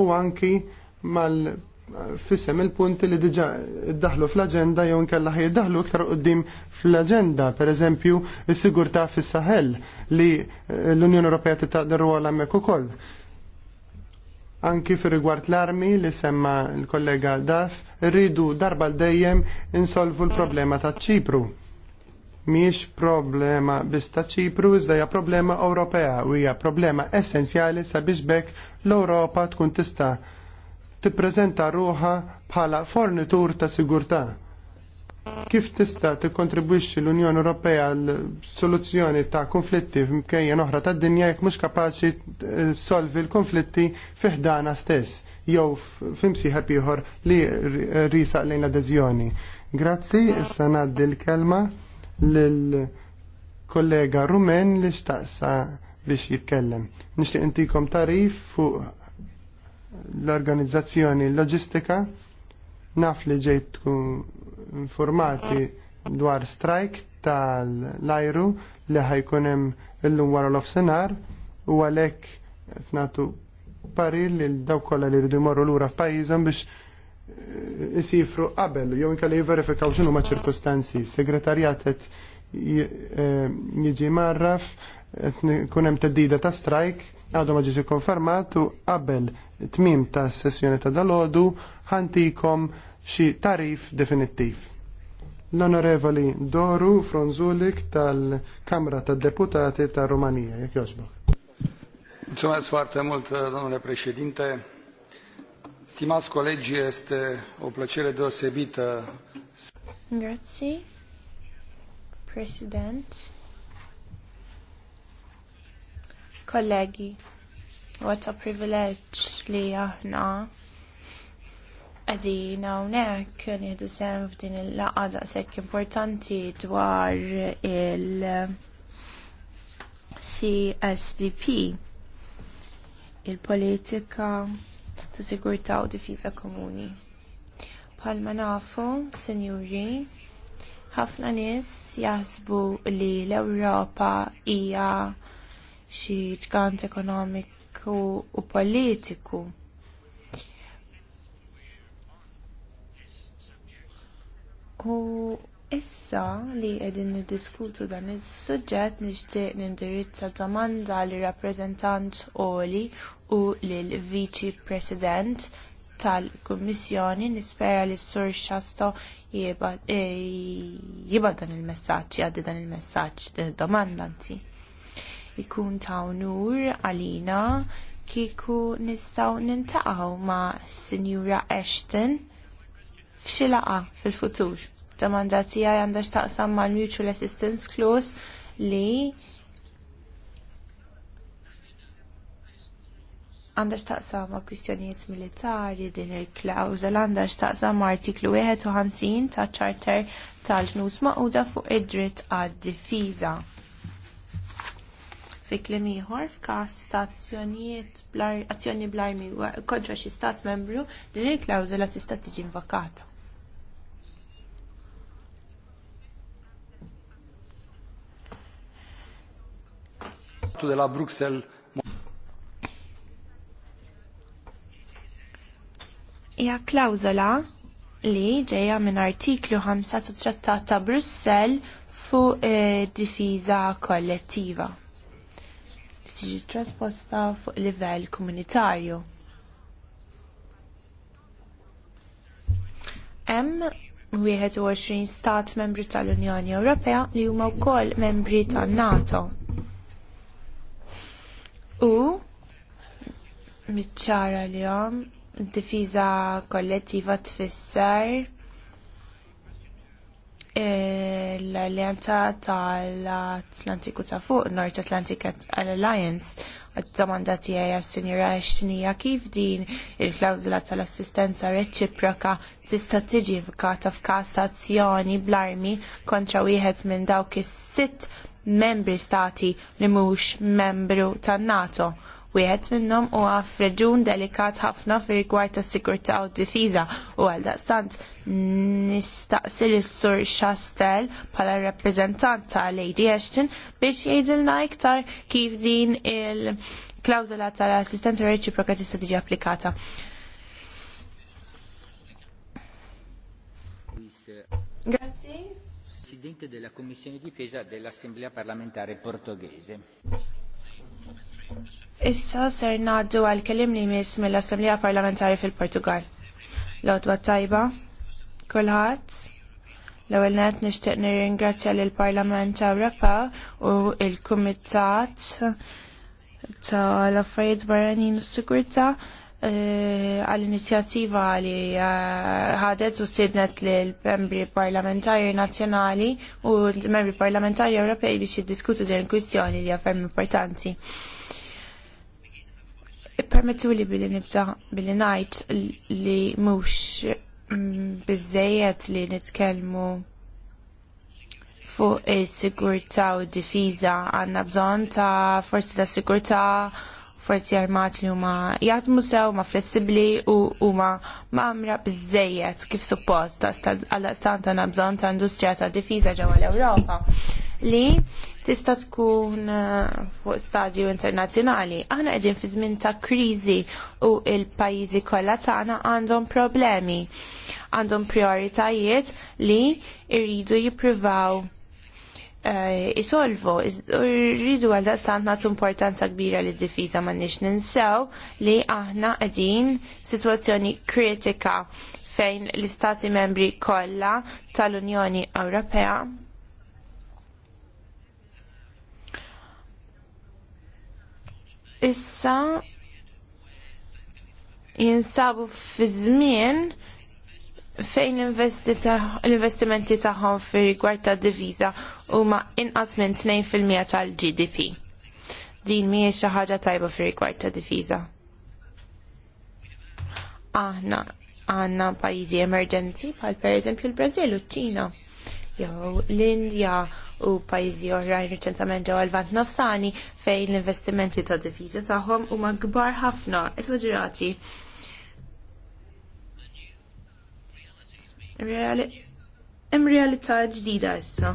Speaker 6: U anki mal fissem il-punti li diġa id-daħlu fl-agenda jew nkella daħlu iktar qoddim fl-agenda, per eżempju, is-sigurtà fis-Saħel li eh, l-Unjoni Ewropea titaqder rwol hemmhekk ukoll. Anki fir rigward l-armi li semma l-kollega Daf, rridu darba l-dejjem insolvu l-problema ta' ċipru. Miex problema biss ta' ċipru, iżda hija problema Ewropea u hija problema essenzjali sabiex bekk l-Ewropa tkun tista' tippreżenta ruħa bħala fornitur ta' sigurtà. Kif tista' tikkontribwixxi l-Unjoni Ewropea għal soluzzjoni ta' konflitti f'mkejja oħra tad-dinja jekk mhux kapaċi eh, solvi l-konflitti fiħdana stess jew f'imsieħeb ieħor li risaq lejn adeżjoni. Grazzi, issa ngħaddi l-kelma lill-kollega Rumen li xtaqsa biex jitkellem. Nixtieq intikom tarif fuq l-organizzazzjoni loġistika naf li ġejtku informati dwar strajk tal-ajru li ħajkun hemm illum wara l-offsenar u għalhekk qed nagħtu parir li dawk kollha li jridu jmorru lura f'pajjiżhom biex eh, isifru qabel jew inkella jiverifikaw x'inhu ma' ċirkostanzi. Segretarjat qed eh, jiġi marraf qed ikun hemm theddida ta' strajk għadu ma ġiġi konfermatu u qabel tmim ta' sessjoni ta' dal-ħodu ħantikom xi tarif definittiv. L-Onorevoli Doru Fronzulik tal-Kamra tad deputati ta' Rumanija, jek joġbok.
Speaker 1: Mulțumesc foarte mult, domnule președinte. Stimați colegi, este o do sebita.
Speaker 4: Grazie, Presidente. Kollegi, what a privilege li aħna għadina unek nieħdu sem f'din il-laqa daqshekk importanti dwar il-CSDP il-politika ta' sigurtà u difiza komuni. Palma nafu, senjuri, ħafna nies jasbu li l-Ewropa hija xi ġgant ekonomiku u politiku. U issa li qegħdin niddiskutu dan is-suġġett nixtieq nindirizza domanda li rappreżentant Oli u lil Viċi President tal-Kummissjoni nispera li s-sur xasto eh, jibad dan il-messagġ, jgħaddi dan il-messaġġ, domanda anzi ikun ta' unur għalina kieku nistgħu nintaqgħu ma' Sinjura Ashton f'xi laqgħa fil-futur. Domanda tiegħi għandha x'taqsam mal-Mutual Assistance Clause li għandax taqsam ma' kwistjonijiet militari din il-klawżel għandax taqsam ma' artiklu 51 ta' ċarter tal-ġnus maquda fuq id-dritt għad-difiża fi klim ieħor f'każ ta' azzjonijiet azzjoni blarmi kontra xi stat membru din il-klawżola tista' tiġi invokata.
Speaker 1: della Bruxelles
Speaker 4: hija klawżola li ġejja minn artiklu 5 trattat ta' Brussell fuq eh, difiża kollettiva tiġi trasposta fuq livell komunitarju. Hemm 21 stat membri tal-Unjoni Ewropea li huma wkoll membri tan-NATO. U miċċara li id difiża kollettiva tfisser l-Alleanza tal-Atlantiku ta' fuq, North Atlantic Alliance, għad-domanda tiegħi għas-Sinjura Xtinija kif din il-klawzula tal-assistenza reċiproka tista' tiġi vkata f'kassazzjoni bl-armi kontra wieħed minn dawk is-sitt membri stati li mhux membru tan-NATO wieħed minnhom huwa f'reġun delikat ħafna fir-rigward tas-sigurtà u d-difiża u għal daqstant nistaqsi lis-sur Chastel bħala rappreżentant ta' Lady Ashton biex jgħidilna iktar kif din il-klawżola tal-assistenza reċiproka tista' tiġi applikata. Grazie.
Speaker 1: Presidente della Commissione Difesa dell'Assemblea parlamentare portoghese.
Speaker 4: Issa ser naddu għal kelim li jmiss mill-Assemblea Parlamentari fil-Portugal. Lodwa tajba, kulħadd, l-ewwel net nixtieq nirringrazzja lill parlament Ewropa u l-Kumitat tal-Affarijiet Barranin u s-Sigurtà eh, għall-inizjattiva li eh, ħadet u stidnet lill membri parlamentari nazzjonali u l-membri parlamentari Ewropej biex jiddiskutu din kwistjoni li għafem importanti. Permettu li billi nibda billi najt li mux mm, biżżejjed li nitkelmu fuq is-sigurtà u d-difiża għandna bżonn ta' forsi ta' sigurtà forzi armat li huma jaħdmu sew ma flessibbli u huma mamra biżejjed kif suppost għal stant għandna bżonn ta' industrija ta' difiża ġewwa l-Ewropa li tista' tkun eh, fuq stadju internazzjonali. Aħna qegħdin fi żmien ta' kriżi u l-pajjiżi kollha tagħna għandhom problemi, għandhom prioritajiet li jridu jippruvaw jisolvu. Eh, rridu għal daqstant nagħtu importanza kbira li d difiza ma nix ninsew li aħna qegħdin situazzjoni kritika fejn l-istati membri kollha tal-Unjoni Ewropea issa jinsabu fi żmien fejn l-investimenti tagħhom fi rigward ta' u huma inqas minn 2% tal-GDP. Din mhijiex xi ħaġa tajba fi rigward ta' diviża. Aħna għandna pajjiżi emerġenti bħal pereżempju l-Brażil u ċ-Ċina jew l-Indja u pajjiżi oħrajn riċentament ġew għal-Vant Nofsani fejn l-investimenti ta' diviża tagħhom huma kbar ħafna, esaġerati Hemm realità ġdida issa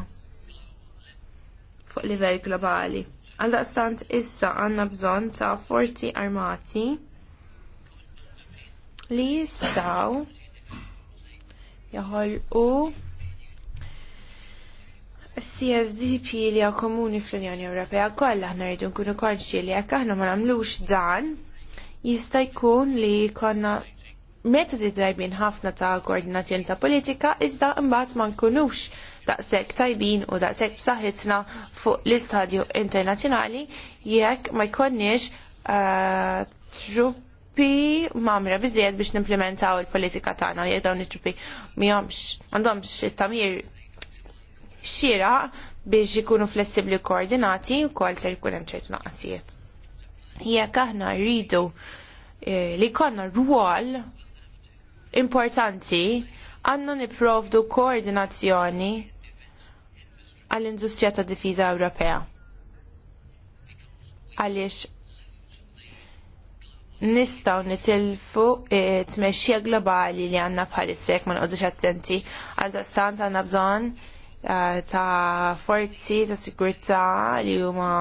Speaker 4: fuq livell globali. Għaldaqstant issa għandna bżonn ta' forti armati li jistgħu jaħolqu CSDP li għaw komuni fl-Unjoni Ewropea kollha aħna rridu nkunu konxi li jekk aħna ma nagħmlux dan jista' jkun li konna metodi tajbin ħafna ta' koordinazzjoni ta' politika iżda mbagħad ma nkunux daqshekk tajbin u daqshekk b'saħħitna fuq l-istadju internazzjonali jekk ma jkollniex truppi uh, mamra biżjed biex nimplementaw il-politika tagħna jekk dawn it-truppi mihomx m'għandhomx it-tamir xira biex ikunu flessibli koordinati u kol ser hemm ċertu naqasijiet. Jekk aħna rridu eh, li konna rwol importanti għandna nipprovdu koordinazzjoni għall-industrija ta' difiża Ewropea. Għaliex nistaw nitilfu t eh, tmexxija globali li għanna bħalissek ma nqodux attenti għal tastant għanna bżon eh, ta' forzi ta' sigurtà li huma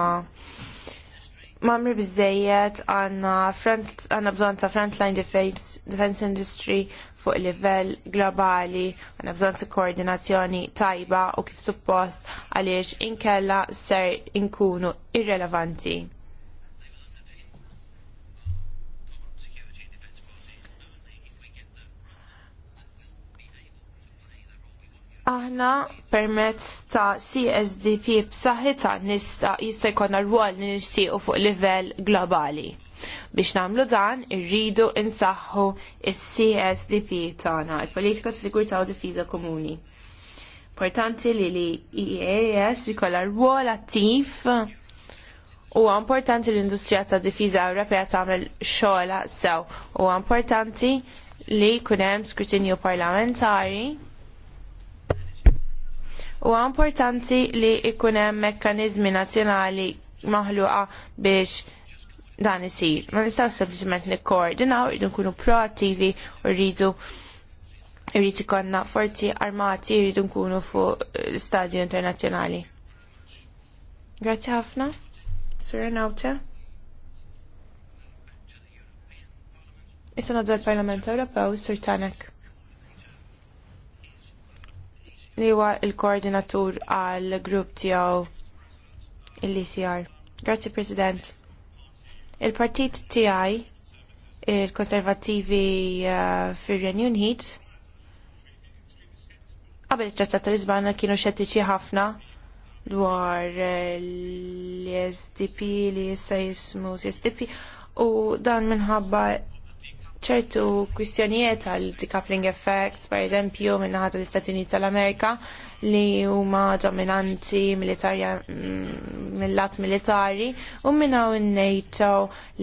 Speaker 4: mamri bizzejiet għanna bżon ta' frontline defense, defense industry fuq livell globali, għanna bżon ta' koordinazzjoni tajba u kif suppost għaliex inkella ser inkunu irrelevanti. Aħna permezz ta' CSDP b'saħħitha nista' jista' jkollna rwol li nixtiequ fuq livell globali. Biex nagħmlu dan irridu insaħħu is-CSDP tagħna, il-Politika ta' Sigurtà u Difiża Komuni. Importanti li li IAS jkollha rwol attiv Huwa importanti l-industrija ta' difiża Ewropea tagħmel xogħla sew. Huwa importanti li jkun hemm skrutinju parlamentari U importanti li ikun hemm mekkaniżmi nazzjonali maħluqa biex dan isir. Ma nistaw sempliciment nikkoordinaw, rridu nkunu proattivi u rridu konna forzi armati rridu nkunu fuq stadju internazzjonali. Grazzi ħafna. Sura Nauta. Issa nadu għal parlament Ewropew, Sur Tanek li huwa il-koordinatur għal grupp tiegħu l-ICR. Grazzi President. Il-partit tiegħi il-konservativi uh, fir-Renju Unit qabel it-Trattat ta' lisbana kienu xettiċi ħafna dwar uh, l-SDP li jissa jismu SDP u dan minħabba ċertu kwistjonijiet għal decoupling effects, per eżempju, minnaħat l-Istati Uniti tal-Amerika li huma dominanti militarja mm, mill-lat militari u minnaw il-NATO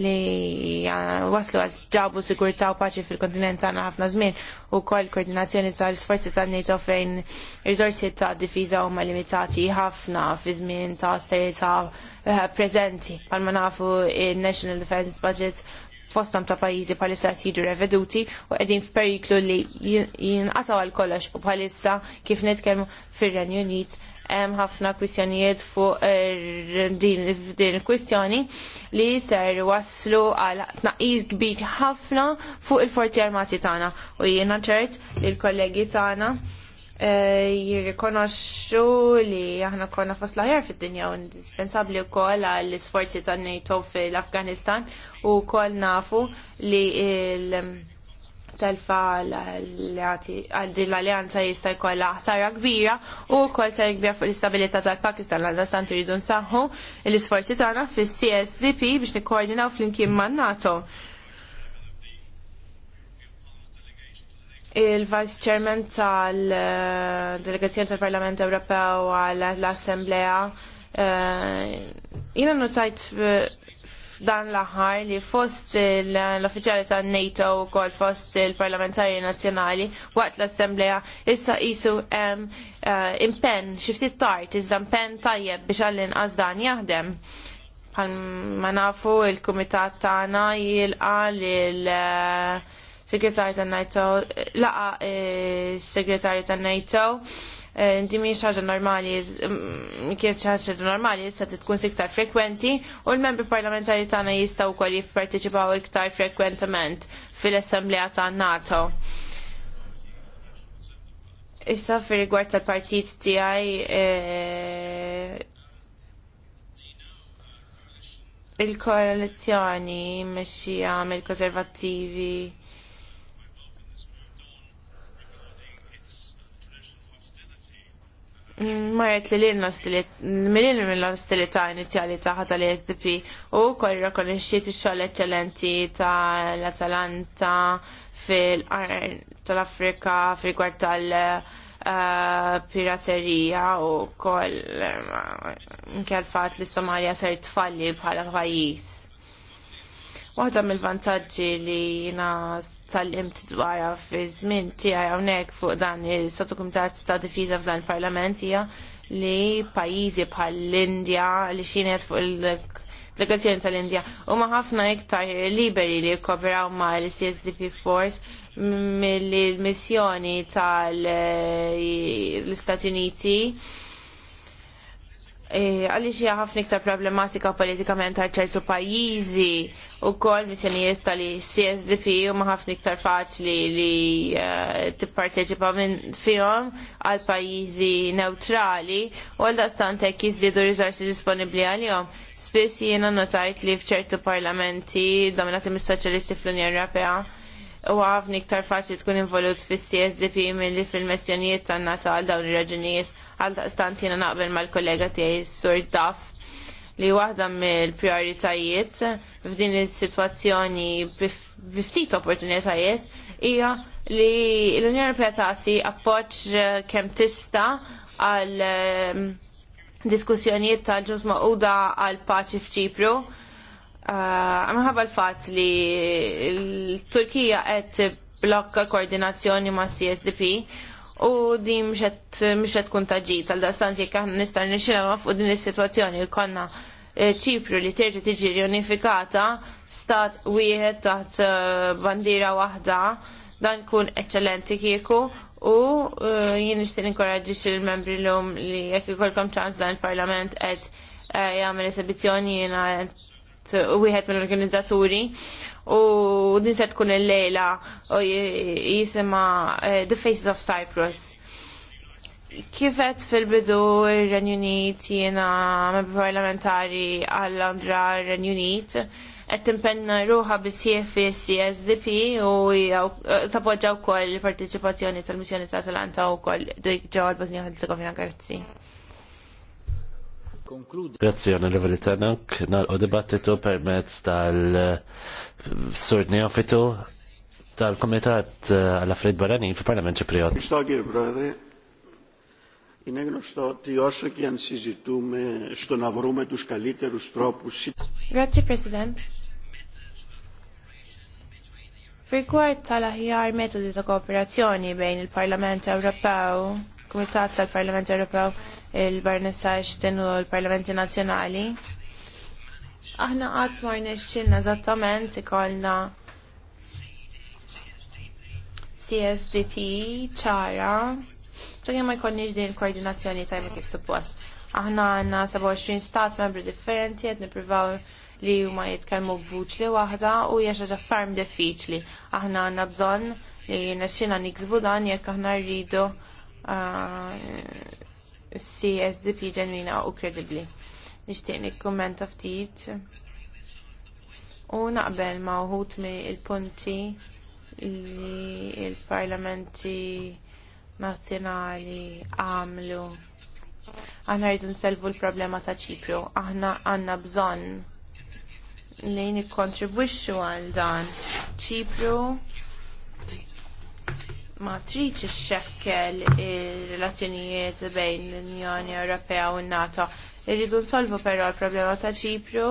Speaker 4: li waslu għal ġabu sigurta u paċi fil-kontinent għana ħafna żmien u koll koordinazzjoni tal-sforzi tal-NATO fejn riżorsi ta' difiża huma limitati ħafna fi żmien ta' austerità eh, preżenti. Palma nafu il-National Defense Budget fostom ta' pajjiżi bħalissa qed jiġu reveduti u qegħdin f'periklu li jinqataw għal kollox u bħalissa kif nitkellmu fir-Renju Unit hemm ħafna kwistjonijiet fuq er, din il-kwistjoni li ser waslu għal tnaqqis kbir ħafna fuq il-forti armati tagħna u jiena ċert li l-kollegi tagħna E, jirrikonoxxu li aħna konna fost laħjar fid-dinja u indispensabli wkoll għall isforzi tan NATO fil-Afganistan u wkoll nafu li l telfa għal din l aljanza jista' jkollha ħsara kbira u wkoll se kbira fuq l-istabilità tal-Pakistan għal dastant iridu nsaħħu l-isforzi tagħna fis-CSDP biex nikkoordinaw flimkien man-NATO. il-Vice Chairman tal-Delegazzjoni eh, tal-Parlament Ewropew għall-Assemblea eh, jina notajt eh, dan l-aħħar li fost l offiċjali ta' NATO u kol fost il-parlamentari nazjonali waqt l assemblea issa isu um, uh, impen xiftit tart iżda impen tajjeb biex għallin dan jaħdem. Bħal ma nafu il-Kumitat tagħna jilqa' lil segretarju tan NATO, laqa eh, segretarju tan NATO, inti eh, mi ħaġa normali, kienet ħaġa normali, issa tkun iktar frekwenti, u l-membri parlamentari tagħna jistgħu wkoll jipparteċipaw iktar frekwentament fil-Assemblea tan NATO. Issa fi rigward tal-partit tiegħi eh, il-koalizjoni għam mill-konservattivi Marret li l-ostilità inizjali ħata tal-SDP u koll rekonisċiet il-xol xogħol eċċellenti tal-Atalanta fil tal-Afrika fil-gwar tal-piraterija eh, u koll eh, nkjal fat li Somalia ser tfalli bħala pajjiż. Waħda mill-vantaġġi li jina tal-imt dwarha fi żmien tiegħi hawnhekk fuq dan il-sottokumitat ta' difiża f'dan il-Parlament hija li pajjiżi bħal l-Indja li xinet fuq il- delegazzjoni tal-Indja u maħafna ħafna iktar liberi li kopraw ma l-CSDP Force mill-missjoni tal-Istati Uniti E, għaliex hija ħafna iktar problematika politikament għal ċertu pajjiżi wkoll missjonijiet tal-CSDP huma ħafna iktar faċli li e, tipparteċipa minn fihom għal pajjiżi neutrali u għal dastant hekk rizorsi disponibli disponibbli jom Spiss jena notajt li f'ċertu parlamenti dominati mis-soċjalisti fl-Unjoni Ewropea u għafni iktar faċli tkun involut fis csdp minn li fil missjonijiet tan natal dawn ir raġunijiet għal daqstant jena naqbel mal-kollega tiegħi Sur Daf li waħda mill-prioritajiet f'din is-sitwazzjoni biftit opportunitajiet hija li l-Unjoni Ewropea tagħti appoġġ kemm tista' għal ehm, diskussjonijiet tal-ġus maquda għal paċi f'Ċipru. Għamħabba ah, l-fat li l-Turkija qed blokka koordinazzjoni ma' CSDP u di mxet tkun taġi tal-dastant jek aħna nistar nixina fuq din is-sitwazzjoni konna eh, ċipru li terġa tiġi riunifikata stat wieħed taħt eh, bandira waħda dan kun eċċellenti kieku u eh, jien nixtieq inkoraġi xil membri l-lum li jekk ikolkom ċans dan il-Parlament qed jagħmel esibizzjoni u wieħed mill-organizzaturi u din se tkun il-lejla u jisima eh, The Faces of Cyprus. Kifet fil-bidu il renju Unit jiena membri parlamentari għall-Andra Renjunit, renju Unit qed timpenna ruħa bis fi CSDP u tappoġġa wkoll il-partiċipazzjoni tal-missjoni ta' Atalanta wkoll dik ġewwa bosnia Herzegovina Grazzi.
Speaker 5: Grazzi onorevoli Tanok, nalqu dibattitu permezz tal-Sur Neofitu tal-Komitat eh, għal-Affarijiet Barani fil-Parlament Ċipriot.
Speaker 6: brother,
Speaker 4: Grazie, President. Frequart tal-aħjar metodi ta' kooperazzjoni bejn il-Parlament Ewropew Kumitat tal-Parlament Ewropew il-Barnessa Ashton l-Parlamenti Nazzjonali. Aħna qatt ma rnexxilna eżattament ikollna CSDP ċara. Ġekin ma jkollniex din il-koordinazzjoni tajma kif suppost. Aħna għandna 27 stat membri differenti qed nippruvaw li huma jitkellmu b'vuċli waħda u jaxa xi farm diffiċli. Aħna għandna bżonn li nexxina niksbu dan jekk aħna rridu CSDP ġenwina u kredibli. Nishtiq nikkummenta ftit u naqbel ma' uħut me il-punti li il-parlamenti nazzjonali għamlu. Aħna rridu nselvu l-problema ta' ċipru. Aħna għanna bżonn li nikkontribwixxu għal dan. ċipru ma trid ixxekkel ir-relazzjonijiet bejn l-Unjoni Ewropea u n-NATO. Irridu nsolvu però l-problema ta' Ċipru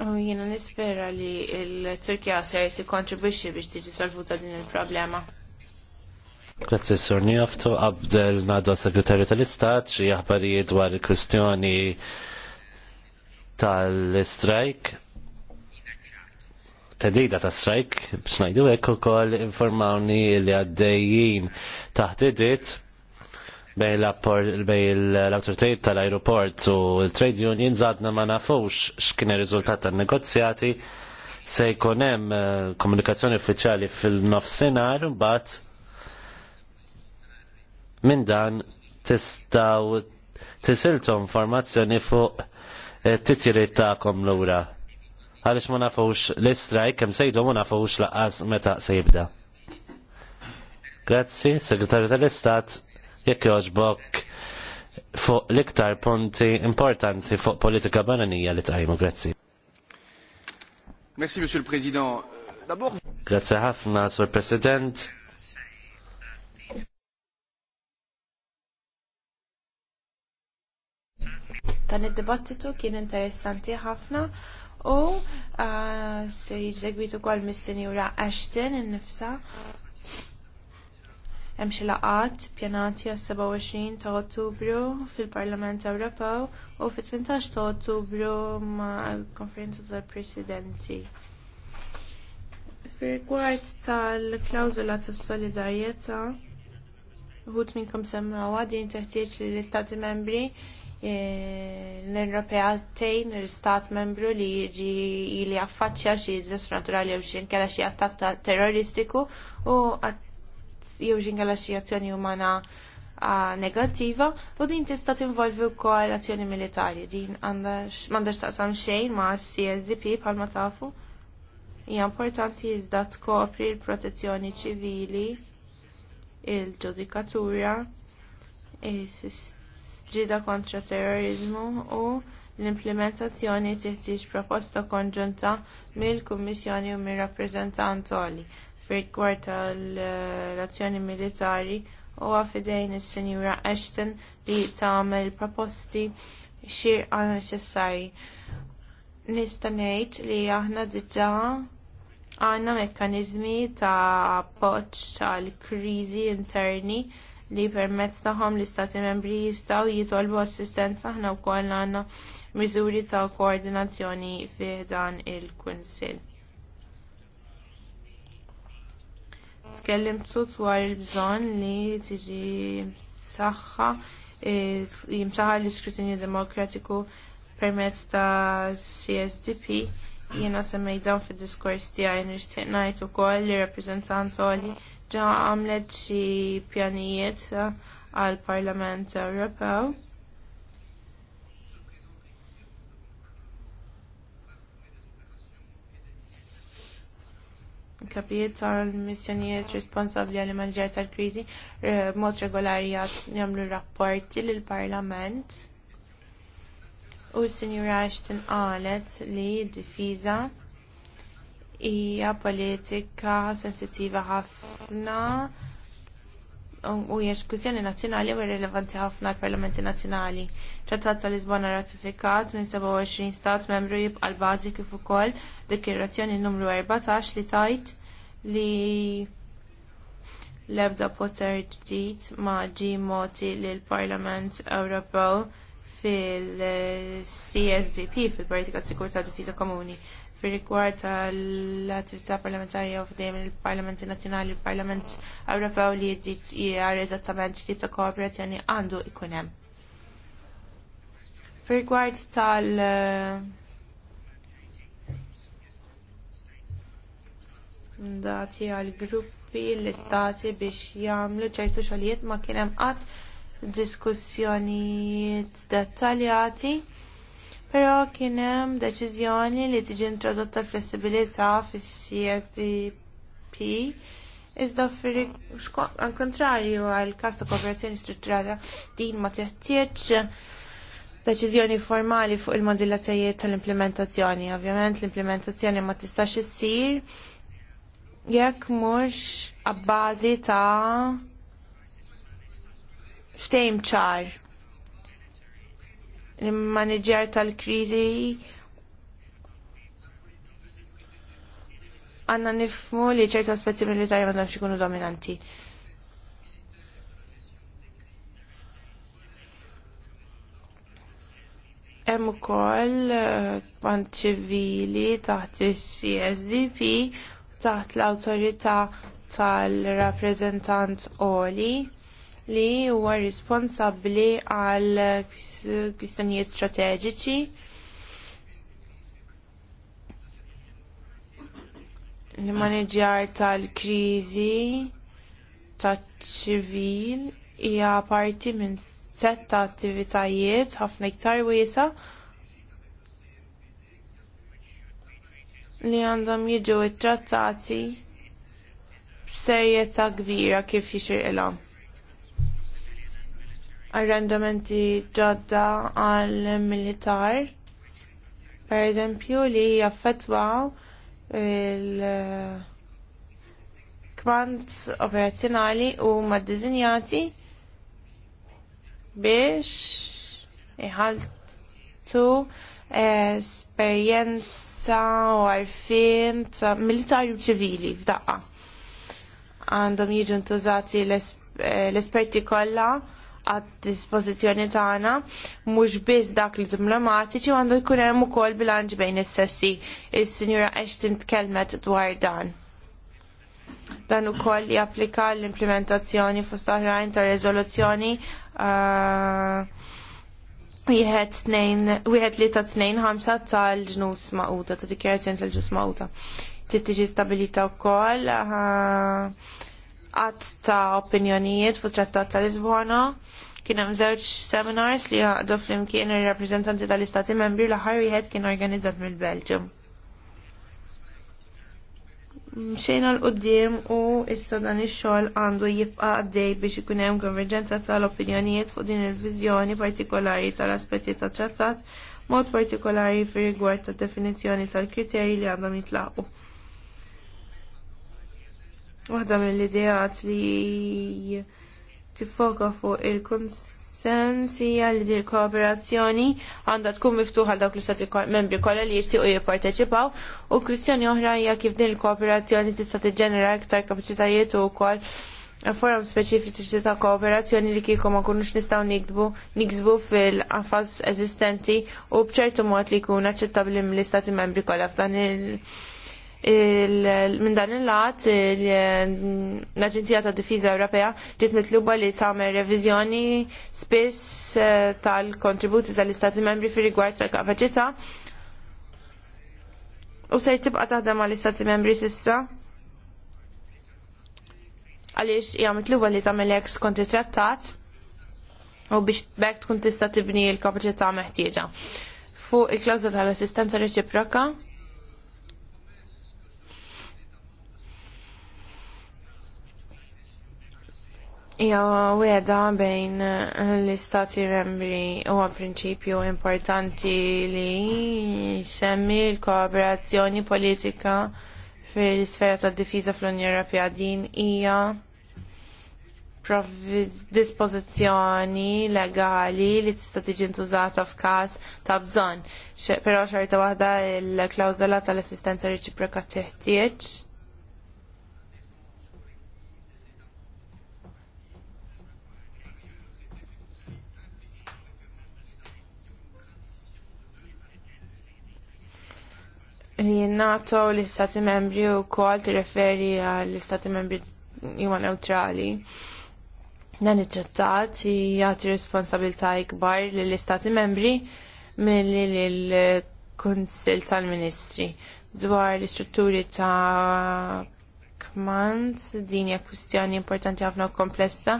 Speaker 4: U jiena nispera li l-Turkija ser tikkontribwixxi biex tiġi solvuta din il-problema.
Speaker 5: Grazie Sur Njoftu, Abdel Nado Segretarju tal-Istat, xi aħbarijiet dwar il-kwistjoni tal-strajk tedida ta' strajk, b'snajdu hekk ukoll informawni li għaddejjin taħt bejn l-autoritajiet tal ajruport u l-trade union zadna ma nafux x'kien ir-riżultat tan-negozjati se jkun hemm eh, komunikazzjoni uffiċjali fil-nofsinhar mbagħad minn dan tistgħu tisiltu informazzjoni fuq eh, titjiriet tagħkom lura għaliex ma nafux l-istrajk kemm sejdu ma nafux laqqas meta se jibda. Grazzi, segretarju tal-Istat, jekk joġbok fuq l-iktar punti importanti fuq politika bananija li tajmu. grazzi.
Speaker 3: Merci, Monsieur le Président. D'abord...
Speaker 5: Grazie ħafna, Sur President.
Speaker 4: Dan id-dibattitu kien interessanti ħafna u uh, se jizegwitu kol mis-senjura Ashton innifsa. Hemm xi laqat pjanati għas-27 ta' Ottubru fil-Parlament Ewropew u fit-18 ta' Ottubru ma' konferenza tal-Presidenti. Fir-rigward tal-klawżola ta' solidarjetà wħud minnkom semmawa din teħtieġ l istati membri Eh, l-Europea tejn l-Stat membru li jiġi li affaċċja xi diżastru naturali jew xejn nkella xi attakk terroristiku u jew xi nkella xi azzjoni umana negattiva u din tista' tinvolvi wkoll azzjoni militari. Din m'għandax taqsam xejn ma' CSDP bħalma tafu. Hija importanti iżda tkopri l-protezzjoni ċivili, il-ġudikatura, is-sistema ġida kontra terrorizmu u l-implementazzjoni tiħtieġ proposta konġunta mill-Kummissjoni u mir-rappreżentantoli fir-rigward tal-azzjoni militari u għafidejn is-Sinjura Ashton li tagħmel proposti xirqa neċessarji. Nista' ngħid li aħna diġà għandna mekkaniżmi ta' poċ tal-kriżi interni li permezz tagħhom l-istati membri jistgħu jitolbu assistenza aħna wkoll għandna miżuri ta' koordinazzjoni fi dan il-Kunsill. Tkellimt dwar il-bżonn li tiġi saħħa jimsaħħa l-iskrutinju demokratiku permezz ta' CSDP jiena semmej dawn fid-diskors tiegħi nixtieq ngħid ukoll li rappreżentant għoli ġa għamlet xi pjanijiet għal Parlament Ewropew. kapijiet tal-missjonijiet responsabli għal manġer tal-krizi eh, mod regolari jagħmlu rapporti lill parlament U s-Sinjura Ashton qalet li d-difiża hija politika sensittiva ħafna u hija diskussjoni nazzjonali u rilevanti ħafna għall-Parlamenti Nazzjonali. Trattat ta' Lisbona ratifikat minn 27 stat membru jibqa' l-bażi kif ukoll dikjerazzjoni numru 14 li tajt li l-ebda poter ġdid ma ġi moti lill parlament Ewropew fil-CSDP fil-Politika Sikurtà Difiża Komuni fir-rigward tal-attività parlamentarja u f'dejjem il-Parlamenti Nazzjonali, il-Parlament Ewropew li jiġġid jgħar eżattament x'tip ta' kooperazzjoni għandu jkun hemm. Fir-rigward tal- dati għal gruppi l-istati biex jagħmlu ċertu xogħlijiet ma kien hemm qatt diskussjonijiet dettaljati Però kien hemm deċiżjoni li tiġi introdotta flessibilità fis-CSDP iżda għal kontrarju għal każ ta' kooperazzjoni strutturata din ma teħtieġ deċiżjoni formali fuq il-modillatajiet tal-implementazzjoni. Ovvjament l-implementazzjoni ma tistax issir jekk mhux abbażi ta' ftehim ċar il-manager tal-krizi għanna nifmu li ċertu aspetti militari għandhom nafx ikunu dominanti. Hemm ukoll eh, band ċivili taħt is-CSDP taħt l-awtorità tal-rappreżentant Oli li huwa responsabbli għal kwistjonijiet strateġiċi. l-manager tal-kriżi taċ-ċivil hija parti minn setta attivitajiet ħafna iktar wiesa li għandhom jiġu it-trattati b'serjetà kbira kif jixirqilhom arrendamenti ġodda għal militar per eżempju li jaffetwaw il kwant operazzjonali u maddizinjati biex iħaltu esperjenza u għarfien ta' militari u ċivili f'daqqa. Għandhom jiġu ntużati l-esperti kollha għad-dispożizzjoni tagħna mhux biss dak li diplomatiċi għandu jkun hemm ukoll bilanċ bejn is-sessi. Is-Sinjura Ashton tkellmet dwar dan. Dan ukoll japplika l-implementazzjoni fost oħrajn ta' riżoluzzjoni uh, wieħed li ta' tnejn ħamsa tal-ġnus ma'uta, ta' dikjarazzjoni tal-ġnus maquta. Trid tiġi stabilita wkoll uh, qatt ta' opinjonijiet fuq trattat ta' Lisbona kien hemm żewġ seminars li għaqdu flimkien ir-rappreżentanti tal-Istati Membri l-aħħar wieħed kien organizzat mill-Belġium. Mxejna l-qoddim u issa dan ix-xogħol għandu jibqa' għaddej biex ikun hemm konverġenza tal-opinjonijiet fuq din il-viżjoni partikolari tal-aspetti ta' trattat, mod partikolari fir rigward tad definizzjoni tal-kriterji li għandhom jitlaqu. Waħda mill-ideat li tifoka fuq il-konsens hija li dir kooperazzjoni għandha tkun miftuħa dawk l-istati membri kollha li jixtiequ jipparteċipaw u kwistjoni oħra hija kif din il-kooperazzjoni tista' tiġġenera iktar kapaċitajiet u wkoll forum speċifiċi ta' kooperazzjoni li kieku ma kunux nistaw nikbu, niksbu fil-qafas eżistenti u bċertu mod li jkunu aċċettabbli mill-istati membri kollha f'dan il- minn dan il-lat l-Aġenzija ta' Difiża Ewropea ġiet mitluba li tagħmel reviżjoni spiss eh, tal-kontributi tal-Istati Membri firigward rigward tal-kapaċità u se tibqa' taħdem għall-Istati Membri s'issa għaliex hija mitluba li tagħmel hekk skont it-trattat u biex bekk tkun tista' tibni l-kapaċità meħtieġa. Fuq il-klawża tal-assistenza reċiproka, Ja, weda bejn eh, l-istati membri huwa prinċipju importanti li xemmi l-kooperazzjoni politika fil-sfera tad difiża fl-Unjoni Ewropea din hija dispożizzjoni legali li tista' tiġi ntużata f'każ ta' bżonn. Però xorta waħda l-klawżola tal-assistenza reċiproka teħtieġ jinnato l-Istati membri u kol tirreferi għall-Istati membri juma neutrali. Dan il trattat jgħati responsabilità ikbar l-Istati membri mill-li l-Kunsil tal-Ministri dwar l-istrutturi ta' kmand, din hija kwistjoni importanti ħafna u komplessa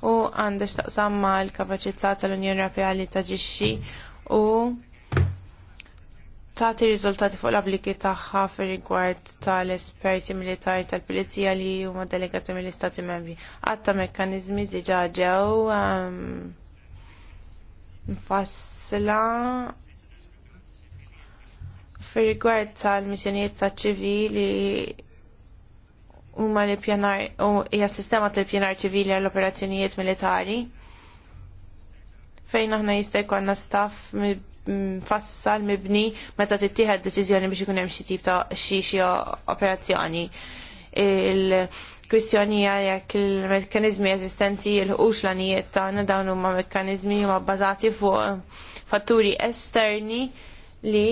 Speaker 4: u għandha x'taqsam mal-kapaċità tal-Unjoni Ewropea li taġixxi u tagħti riżultati fuq l-appliki tagħha fir-rigward tal-esperti militari tal-Pulizija li huma delegati mill-Istati Membri. Għatta mekkaniżmi diġà ġew ehm, mfassla fir-rigward tal-missjonijiet ta' ċivili huma li pjanar u hija sistema tal-pjanar ċivili għall operazzjonijiet militari fejn aħna jista' jkollna staff mfassal mibni meta tittieħed deċiżjoni biex ikun hemm xi tip ta' xi xi operazzjoni. Il-kwistjoni hija jekk il-mekkaniżmi eżistenti jilħqux l-anijiet tagħna dawn huma mekkaniżmi huma bbażati fuq fatturi esterni li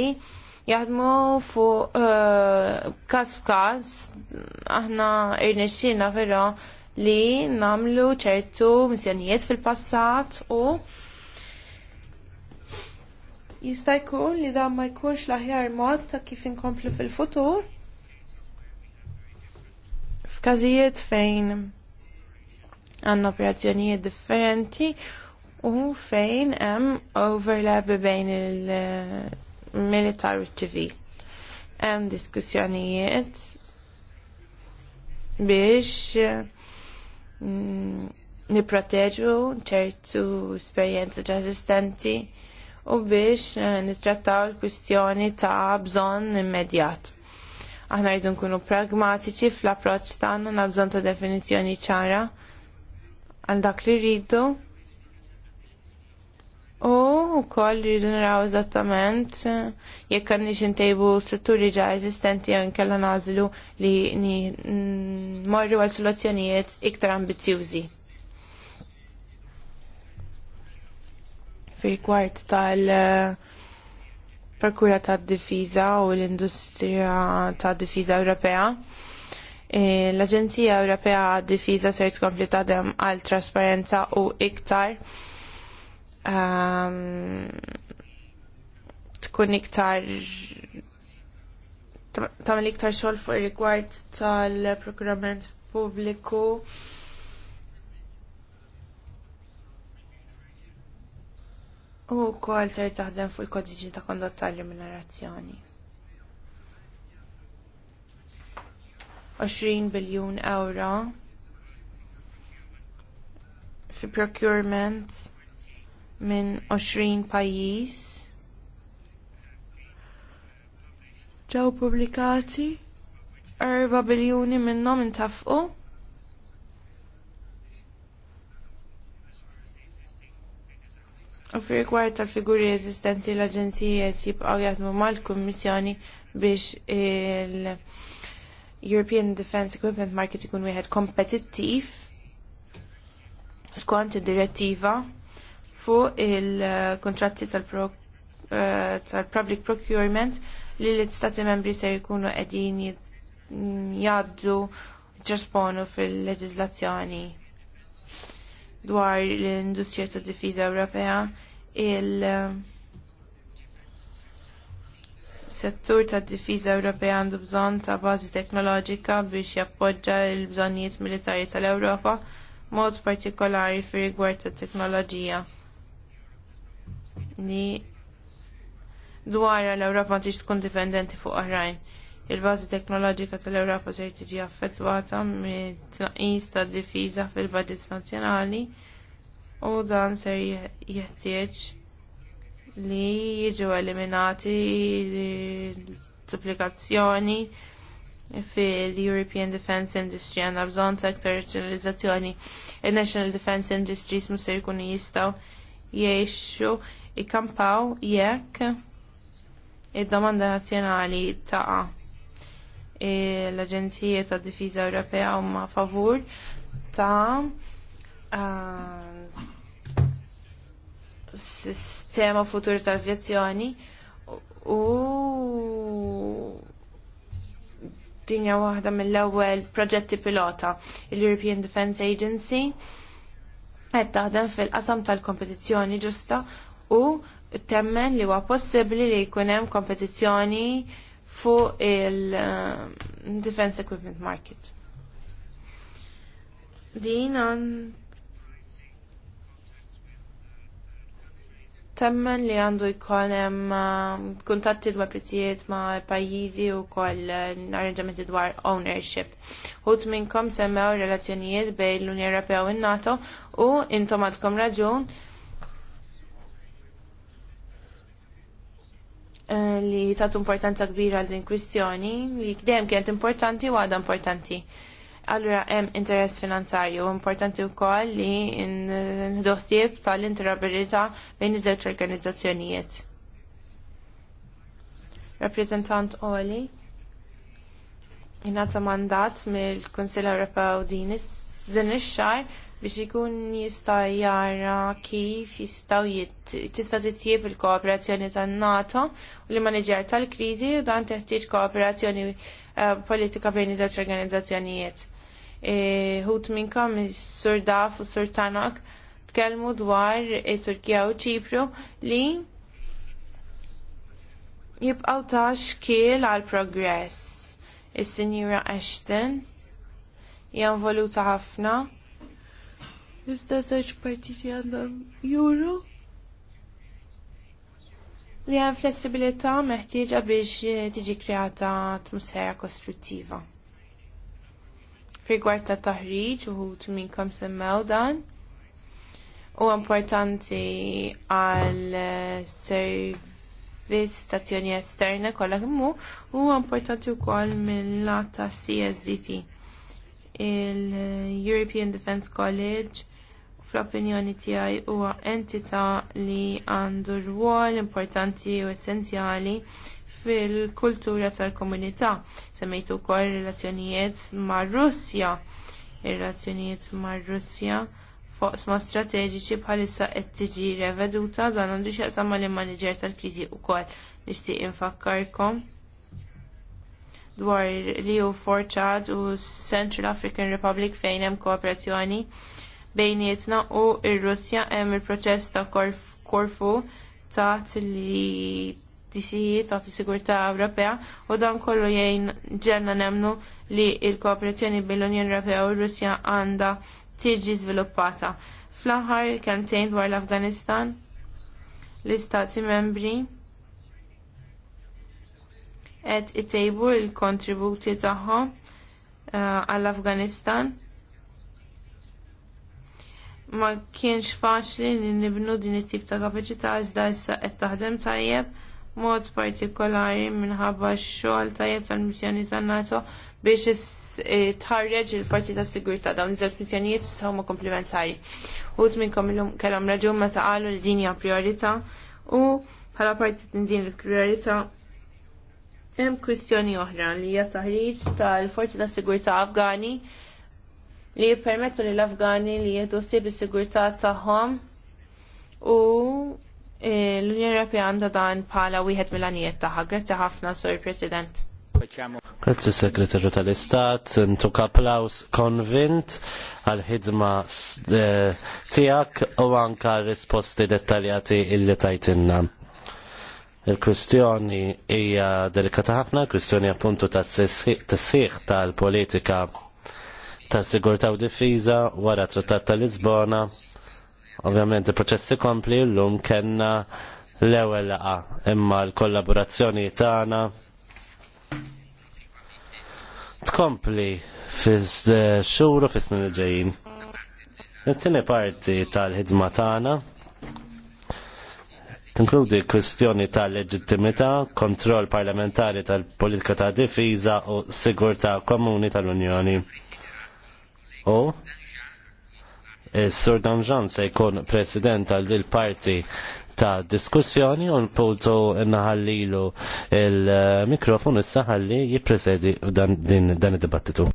Speaker 4: jaħdmu fuq eh, każ f'każ aħna irnexxina però li namlu ċertu missjonijiet fil-passat u Jista' jkun li dan ma jkunx l-aħjar mod ta' kif inkomplu fil-futur. F'każijiet fejn għandna operazzjonijiet differenti u fejn hemm overlap bejn il-militar u ċivil. Hemm diskussjonijiet biex mm, niproteġu ċertu esperjenza ġa esistenti u biex eh, nitrattaw il-kwistjoni ta' bżonn immedjat. Aħna jidun nkunu pragmatiċi fl-approċċ tagħna na bżonn ta' definizzjoni ċara għal dak li rridu. U wkoll rridu naraw eżattament eh, jekk għandniex intejbu strutturi ġa eżistenti jew inkella nażlu li mm, morru għal soluzzjonijiet iktar ambizzjużi. fi kwart tal- eh, Prokura tad difiża u l-Industrija tad difiża Ewropea. E, L-Aġenzija Ewropea għad difiża ser tkompli tadem għal trasparenza u iktar um, tkun iktar tagħmel iktar xogħol fuq ir-rigward tal-prokurament pubbliku U kol ser taħdem fuq il-kodiġi ta' kondotta l-remunerazzjoni. 20 biljun euro fi procurement minn 20 pajjiż ġew publikati 4 biljuni minnhom intafqu U fi rigward tal-figuri eżistenti l-Aġenzijiet jibqgħu jaħdmu mal-Kummissjoni biex il-European Defence Equipment Market ikun wieħed kompetittiv skont id-direttiva fuq il-kontratti eh, tal-public procurement li l-istati membri se jkunu qegħdin jgħaddu ġesponu fil-leġiżlazzjoni dwar l-industrija tad difiża Ewropea il settur tad difiża Ewropea għandu bżonn ta' bażi teknoloġika biex jappoġġa l-bżonnijiet militari tal-Ewropa mod partikolari fir rigward tat teknoloġija dwar l-Ewropa ma tix tkun dipendenti fuq oħrajn il-bażi teknoloġika tal-Ewropa se tiġi affettwata mit-tnaqqis tad-difiża fil-budget nazzjonali u dan se jeħtieġ li jiġu eliminati l-duplikazzjoni fil-European Defence Industry għandha bżonn ta' aktar razzjonalizzazzjoni. Il-National Defence Industries mhux se jkunu jistgħu jgħixu ikkampaw jekk id-domanda nazzjonali ta' l-Aġenzija ta' Difiża Ewropea huma favur ta' sistema futur tal-vjazzjoni u dinja waħda mill-ewwel proġetti pilota l-European Defence Agency qed taħdem fil-qasam tal-kompetizzjoni ġusta u temmen li huwa possibbli li jkun hemm kompetizzjoni fuq il-Defense Equipment Market. Din għan temmen li għandu jkun um, kontatti dwar prezzijiet ma' pajjiżi u koll arranġamenti dwar ownership. Hut minnkom semmew relazzjonijiet bejn l-Unjoni Ewropea u n-NATO u intom għadkom raġun Eh, li tagħtu importanza kbira għal din kwistjoni li dejjem kienet importanti u għadha importanti. Allura hemm interess finanzarju importanti wkoll li ħsieb tal-interabilità bejn iż-żewġ organizzazzjonijiet. Rappreżentant Oli jingħata mandat mill-Kunsill Ewropew din ix-xahar biex ikun jista' jara kif jistgħu tista' titjieb il-kooperazzjoni tan-NATO u li maniġer tal-kriżi u dan teħtieġ kooperazzjoni eh, politika bejn iż-żewġ organizzazzjonijiet. Ħut e, minnkom is-Sur Daf u Sur Tanok tkellmu dwar it-Turkija u Ċipru li jibqaw ta' xkiel għal progress. Is-Sinjura Ashton jgħan voluta ħafna Iżda żewġ partiti għandhom juru li għan flessibilita meħtieġa biex eh, tiġi kreata atmosfera kostruttiva. Rigward ta' taħriġ u minnkom semmew dan, u importanti għal eh, servizz stazzjoni esterna kolla għimmu u importanti u mill minn lata CSDP il-European Defense College fl-opinjoni tiegħi huwa entità li għandu rwol importanti u essenzjali fil-kultura tal-komunità. Semmejtu wkoll relazzjonijiet mar Russja. Ir-relazzjonijiet mar Russja foqsma strateġiċi bħalissa qed tiġi reveduta dan għandu x'jaqsam mal-immaniġer tal-kriżi wkoll nixtieq infakkarkom dwar li hu forċad u Central African Republic fejn hemm kooperazzjoni bejnietna u r-Russja hemm il-proċess ta' Korfu ta' li tisijiet ta' sigurtà Ewropea u dan kollu jgħin ġenna nemnu li l kooperazzjoni bil-Unjoni Ewropea u r-Russja għandha tiġi żviluppata. Fl-aħħar kemtejn dwar l-Afganistan l-istati membri qed itejbu l-kontributi tagħhom eh, għall-Afganistan. Uh, ma kienx faċli li nibnu din it-tip ta' kapaċità iżda issa qed taħdem tajjeb mod partikolari minħabba x-xogħol tajjeb tal-missjoni tan-NATO biex eh, tħarreġ il forzi ta' sigurtà dawn iż-żewġ missjonijiet huma komplementari. Uħud minnkom kellhom raġun meta qalu li din hija priorità u bħala parti din il-priorità hemm kwistjoni oħra li hija taħriġ tal-forzi ta' sigurtà Afgani li jippermettu li l-Afgani li jieħdu sib is-sigurtà tagħhom u eh, l-Unjoni Ewropea għandha dan bħala wieħed mill-għanijiet tagħha. Grazzi ħafna, Sur President.
Speaker 5: Grazzi Segretarju tal-Istat, intu kaplaus konvint għal-ħidma eh, tijak u anka risposti dettaljati illi tajtinna. Il-kwistjoni hija delikata ħafna, kwistjoni appuntu tas-sħiħ tal-politika ta' sigurta u difiża wara trattat ta' Lisbona. Ovvjament il-proċessi kompli l-lum kena l-ewel laqa imma l-kollaborazzjoni tagħna tkompli fis xuru fis-snin ġejjin. It-tieni parti tal-ħidma tagħna tinkludi kwistjoni tal-leġittimità, kontroll parlamentari tal-politika ta' difiża u sigurtà komuni tal-Unjoni. U Sur Danġan se jkun president għal il parti ta' diskussjoni u l-putu naħallilu il-mikrofon issa ħalli jippresedi dan id-dibattitu.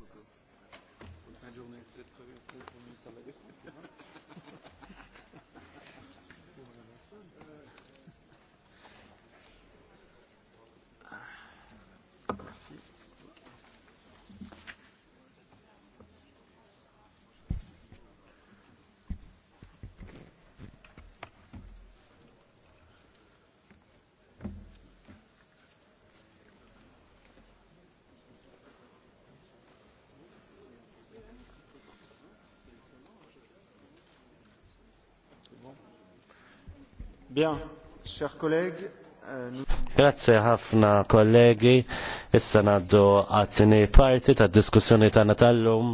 Speaker 2: Bien, chers collègues, euh,
Speaker 5: Grazie ħafna kollegi, issa naddu għattini parti ta' diskussjoni ta' natallum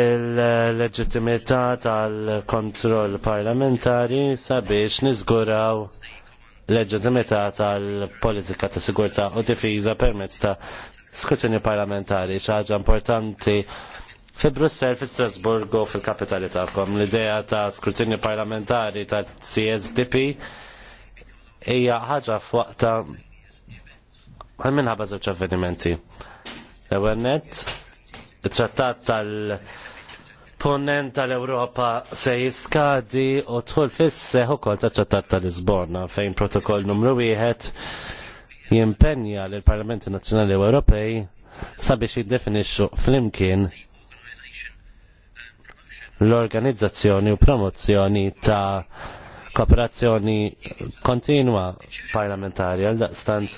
Speaker 5: il-leġittimità tal-kontroll parlamentari sabiex nizguraw leġittimità tal-politika ta' sigurtà u difiża permezz ta' skrutinju parlamentari, ċaġa importanti Fi Brussel, fi Strasburgu, fil-kapitali tagħkom, l-idea ta' skrutinju parlamentari ta' CSDP hija ħaġa f'waqta għal minħabba żewġ avvenimenti. L-ewwel it-trattat tal-ponent tal-Ewropa se jiskadi u tħol fis-seħ ukoll tat-trattat tal-Lisbona fejn protokoll numru wieħed jimpenja lill parlamenti Nazzjonali Ewropej sabiex jiddefinixxu flimkien l-organizzazzjoni u promozzjoni ta' kooperazzjoni kontinwa parlamentari għal daqstant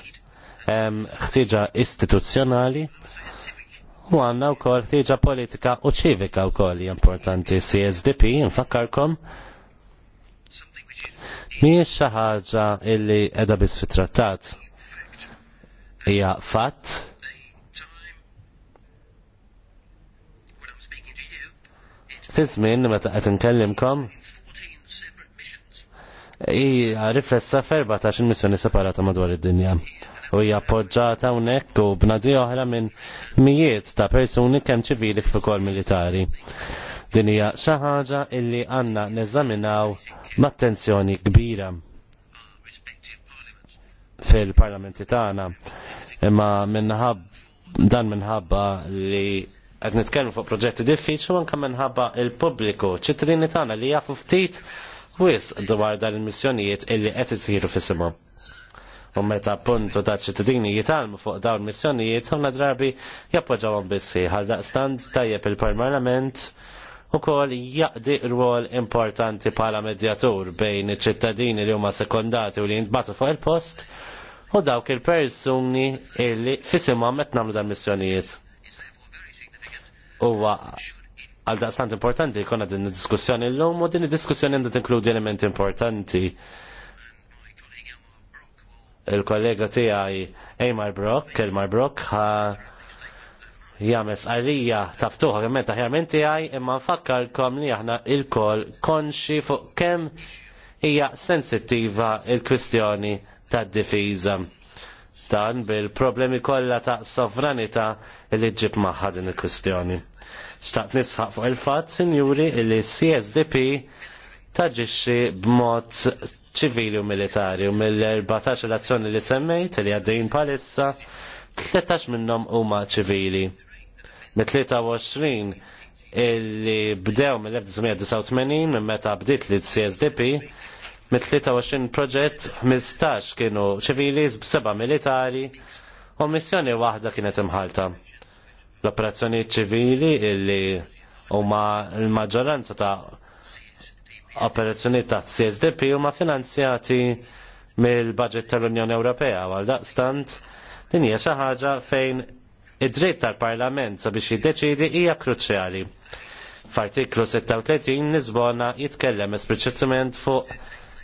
Speaker 5: ħtiġa istituzzjonali u għanna u kol ħtiġa politika u ċivika u kol importanti CSDP, nfakkarkom Miex xi ħaġa illi qiegħda biss fit-trattat hija fatt fi żmien meta qed inkellimkom hija riflessa f'14 missjoni separata madwar id-dinja. U hija appoġġata hawnhekk u b'nadi oħra minn mijiet ta' persuni kemm ċivili kif ukoll militari. Din hija xi ħaġa li għandna neżaminaw b'attenzjoni kbira fil-parlamenti tagħna. Imma minħab dan minħabba li għed nitkellmu fuq proġetti diffiċli anke minħabba il-pubbliku, ċittadini tagħna li jafu ftit wis dwar dan il-missjonijiet illi qed isiru fisimhom. U meta puntu ta' ċittadini jitalmu fuq dawn missjonijiet, għonna drabi jappoġawon bissi. Għal daqstant tajjeb il-parlament u kol jaqdi rwol importanti pala medjatur bejn iċ-ċittadini li huma sekondati u li jintbatu fuq il-post u dawk il-persuni illi fisimhom qed nagħmlu dan missjonijiet huwa għal daqstant importanti konna din id-diskussjoni llum u din id-diskussjoni għandha tinkludi elementi importanti. Il-kollega tiegħi Eymar Brock, Elmar Brock, ha jagħmel għarija taftuħa ovvjament aħjar minn tiegħi imma nfakkarkom li aħna il-kol konxi fuq kemm hija sensittiva il-kwistjoni tad-difiża dan bil-problemi kollha ta' sovranità li ġib magħha din il-kwistjoni. Xtaqt nisħaq fuq il-fatt, sinjuri, li CSDP taġixxi b'mod ċivili u militari u mill-14 l-azzjoni li semmejt li għaddejn palissa 13 minnhom huma ċivili. Mit-23 illi bdew mill-1989 minn meta bdiet li CSDP mit-23 proġett 15 kienu ċivili, 7 militari u missjoni waħda kienet imħalta. L-operazzjoni ċivili illi huma l-maġġoranza ta' operazzjoni ta' CSDP huma finanzjati mill-budget tal-Unjoni Ewropea għal daqstant din hija xi ħaġa fejn id-dritt tal-Parlament sabiex jiddeċidi hija kruċjali. F'artiklu 36 nizbona jitkellem espliċitament fuq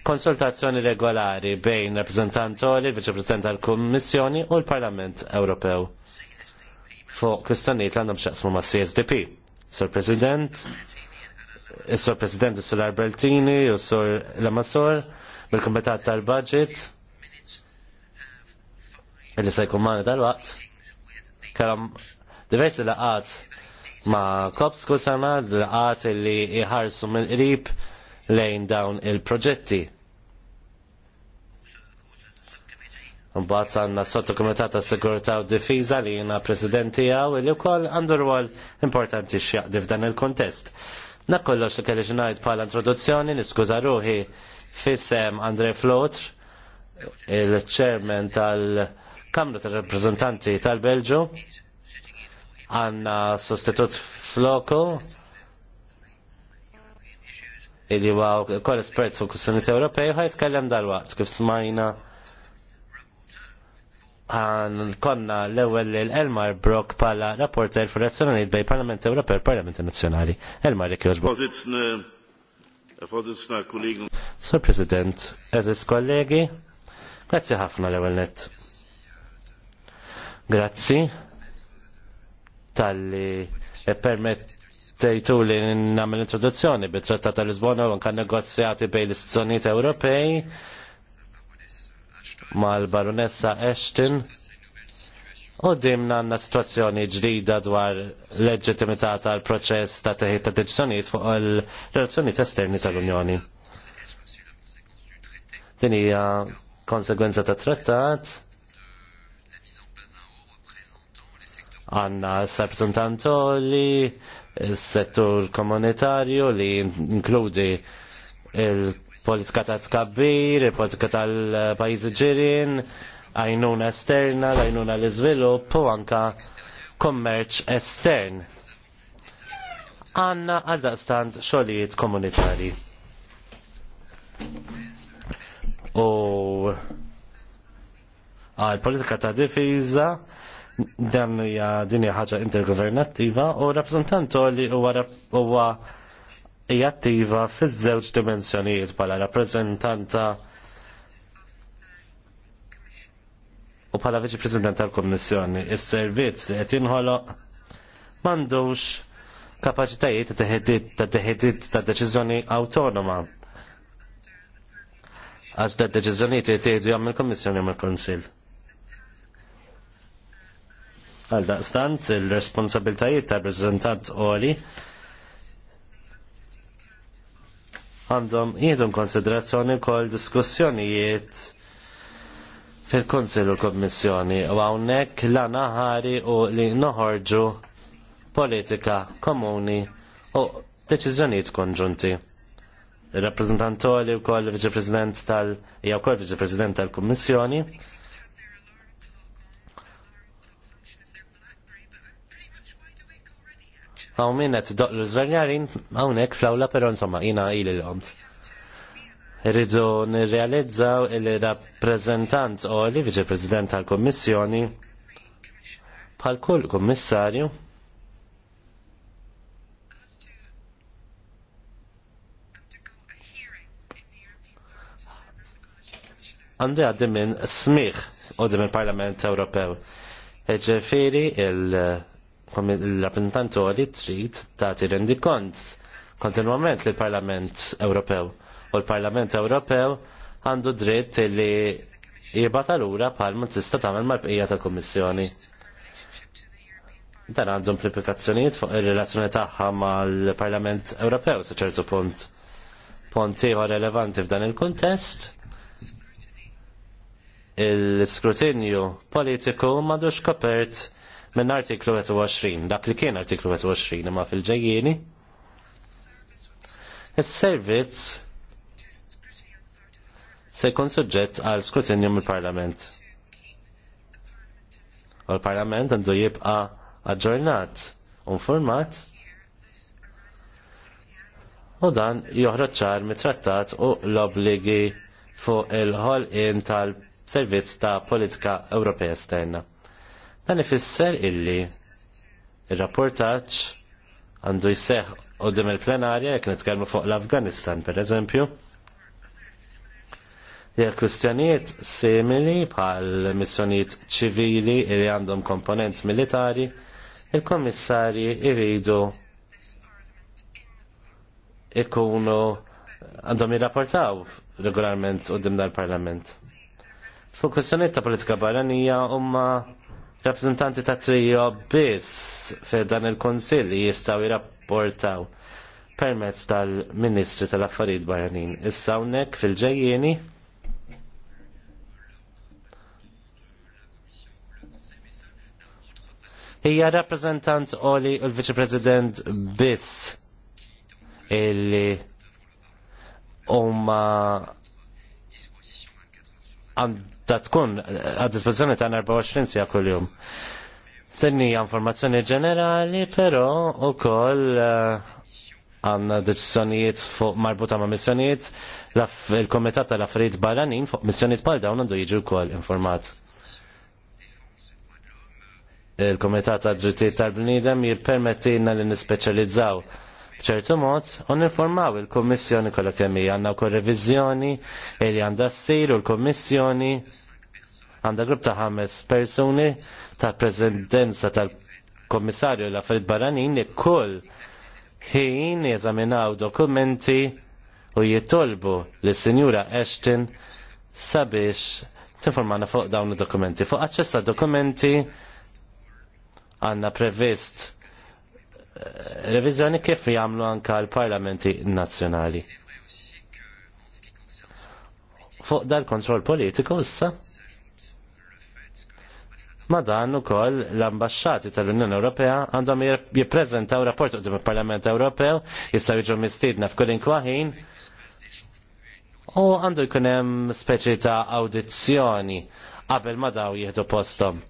Speaker 5: konsultazzjoni regolari bejn rappresentanti, il-Viċi-President tal-Kummissjoni u l-Parlament Ewropew fuq kwistjonijiet għandhom xaqsmu ma' CSDP. Sur President, Sur President, Sur Arbeltini, u Sur Lamassor, bil-Kumitat tal-Budget, illi se jkun mani tal-waqt, kellhom diversi laqat ma' Kops kusama, laqat illi jħarsu mill-qrib lejn dawn il-proġetti. Mbagħad għandna sottokumitat ta' sigurtà u Difiża li jiena presidenti għaw li wkoll għandu rwol importanti x'jaqdi f'dan il-kontest. Dak kollox li kelli ngħid bħala introduzzjoni niskuża ruħi fissem Andre Flotr, il-chairman tal-Kamra tal reprezentanti tal-Belġu, għanna sostitut Floco, illi huwa kol espert fuq kussjonijiet Ewropej u ħajtkellem dal-waqt kif smajna għan konna l-ewel l-Elmar Brock pala rapporter fuq razzjonaliet bej Parlament Ewropew u Parlament Nazzjonali. Elmar jek joġbu. Sir President, eżis kollegi, grazzi ħafna l-ewel net. Grazzi tal-li e permet permettejtu li nagħmel introduzzjoni bi trattat ta' Lisbona u nkan negozjati bej l-istituzzjonijiet Ewropej mal-Baronessa Ashton. U dimna għanna situazzjoni ġdida dwar leġitimità tal-proċess ta' teħid ta' deċiżjonijiet fuq il-relazzjonijiet esterni tal-Unjoni. Din hija konsegwenza ta' trattat għanna s-rappresentanti li il-settur komunitarju li inkludi il-politika ta' tkabbir, il-politika tal-pajizi ġirin, għajnuna esterna, għajnuna l-izvilupp u anka kommerċ estern. Għanna għaldaqstant xogħlijiet komunitari. U għal politika ta' difiza, dan hija din hija ħaġa intergovernattiva u rappreżentant li huwa huwa hija attiva fiż-żewġ dimensjonijiet bħala rappreżentanta u bħala viċi President tal-Kommissjoni, is-servizz li qed jinħoloq m'għandux kapaċitajiet ta' teħedit ta' teħedid ta' deċiżjoni awtonoma. Għax da' deċiżjonijiet li jtieħdu jagħmel il-Kommissjoni il-Kunsill. Għal daqstant, il-responsabiltajiet ta' reprezentant oli għandhom jidhom konsiderazzjoni kol diskussjonijiet fil-Konsil u Kommissjoni u hawnhekk la naħari u li noħorġu politika komuni u deċiżjonijiet konġunti. Il-rappresentant oli u kol viċi-president tal- jew viċi-president tal-Kummissjoni għaw minnet doq l-żverjarin għawnek flawla pero insomma jina ili l-għomt. Rridu nirrealizzaw il-rappresentant u li viċe-president tal-kommissjoni bħal kull kommissarju għandu għaddim minn smiħ u minn Parlament Ewropew. Ġefiri il- il-rappresentantori trid tagħti rendikont kontinwament lill parlament Ewropew. U l-Parlament Ewropew għandu dritt li jibgħat lura bħalma tista' tagħmel mal-bqija tal-Kummissjoni. Dan għandu implikazzjonijiet fuq ir-relazzjoni tagħha mal-Parlament Ewropew sa ċertu punt. Punt ieħor relevanti f'dan il-kuntest il-skrutinju politiku madux kopert minn artiklu 20, dak li kien artiklu 20 imma fil ġejjini Is-servizz se jkun suġġett għal skrutinju mill-Parlament. U l-Parlament għandu jibqa aġġornat, informat, u dan joħroġ ċar mit-trattat u l-obligi fuq il-ħolqien tal-servizz ta' politika Ewropea esterna. Dan ifisser illi il rapportaġġ għandu jseħ qudiem il-plenarja jekk nitkellmu fuq l-Afganistan pereżempju. Jek kwistjonijiet simili bħal missjonijiet ċivili li għandhom komponent militari, il-kommissarji iridu ikunu għandhom jirrapportaw regolarment u dim dal parlament Fuq kwistjonijiet ta' politika barranija umma rappresentanti ta' trio biss fe dan il-konsil jistaw jirrapportaw permezz tal-Ministri tal-Affarijiet Barranin. Issa hawnhekk fil-ġejjieni Hija rappresentant Oli u l-Viċi President biss illi huma ta' tkun għad dispożizzjoni ta' 24 sija kuljum. Tenni informazzjoni ġenerali, però ukoll eh, għanna deċiżjonijiet fuq marbuta ma' missjonijiet il-Komitat tal-Affarijiet Baranin fuq missjonijiet bħal dawn għandu jiġu wkoll informat. Il-Komitat tad drittijiet tal-Bnidem jippermettilna li nispeċjalizzaw ċertu mod uninformaw il kummissjoni kollha kemm hija għandna wkoll reviżjoni li għandha ssir u l kummissjoni għandha grupp ta' ħames persuni ta' prezidenza tal kummissarju l-Affarijiet Barranin li kull ħin jeżaminaw dokumenti u jitolbu lis sinjura Ashton sabiex tinformana fuq dawn id-dokumenti. Fuq aċċess ta' dokumenti għandna previst revizjoni kif jagħmlu anka l-parlamenti nazzjonali. Fuq dal-kontroll politiku issa. Ma dan ukoll l-ambasċati tal-Unjoni Ewropea għandhom jippreżentaw rapport qudiem il-Parlament Ewropew, jistgħu jiġu mistiedna f'kull inkwaħin u għandu jkun hemm speċi ta' awdizzjoni qabel ma daw jieħdu posthom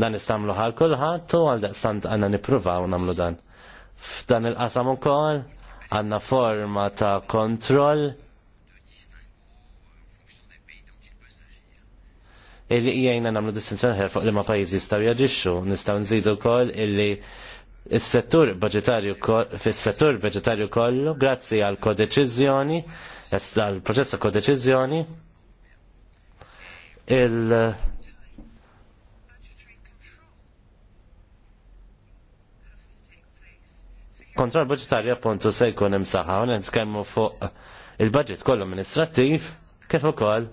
Speaker 5: Dan istamlu ħal kulħadd u għal daqstant għandna nippruvaw nagħmlu dan. F'dan il-qasam ukoll għandna forma ta' kontroll illi jgħajna namlu distinzjoni ħer fuq li ma pajizi jistaw jaġixxu, nistaw nżidu wkoll illi il settur budgetarju fis-settur budgetarju kollu grazzi għal kodeċiżjoni, għal proċess ta' il kontrol budgetarju appuntu se jkun hemm saħħa u nitkellmu fuq il-budget kollu amministrattiv kif ukoll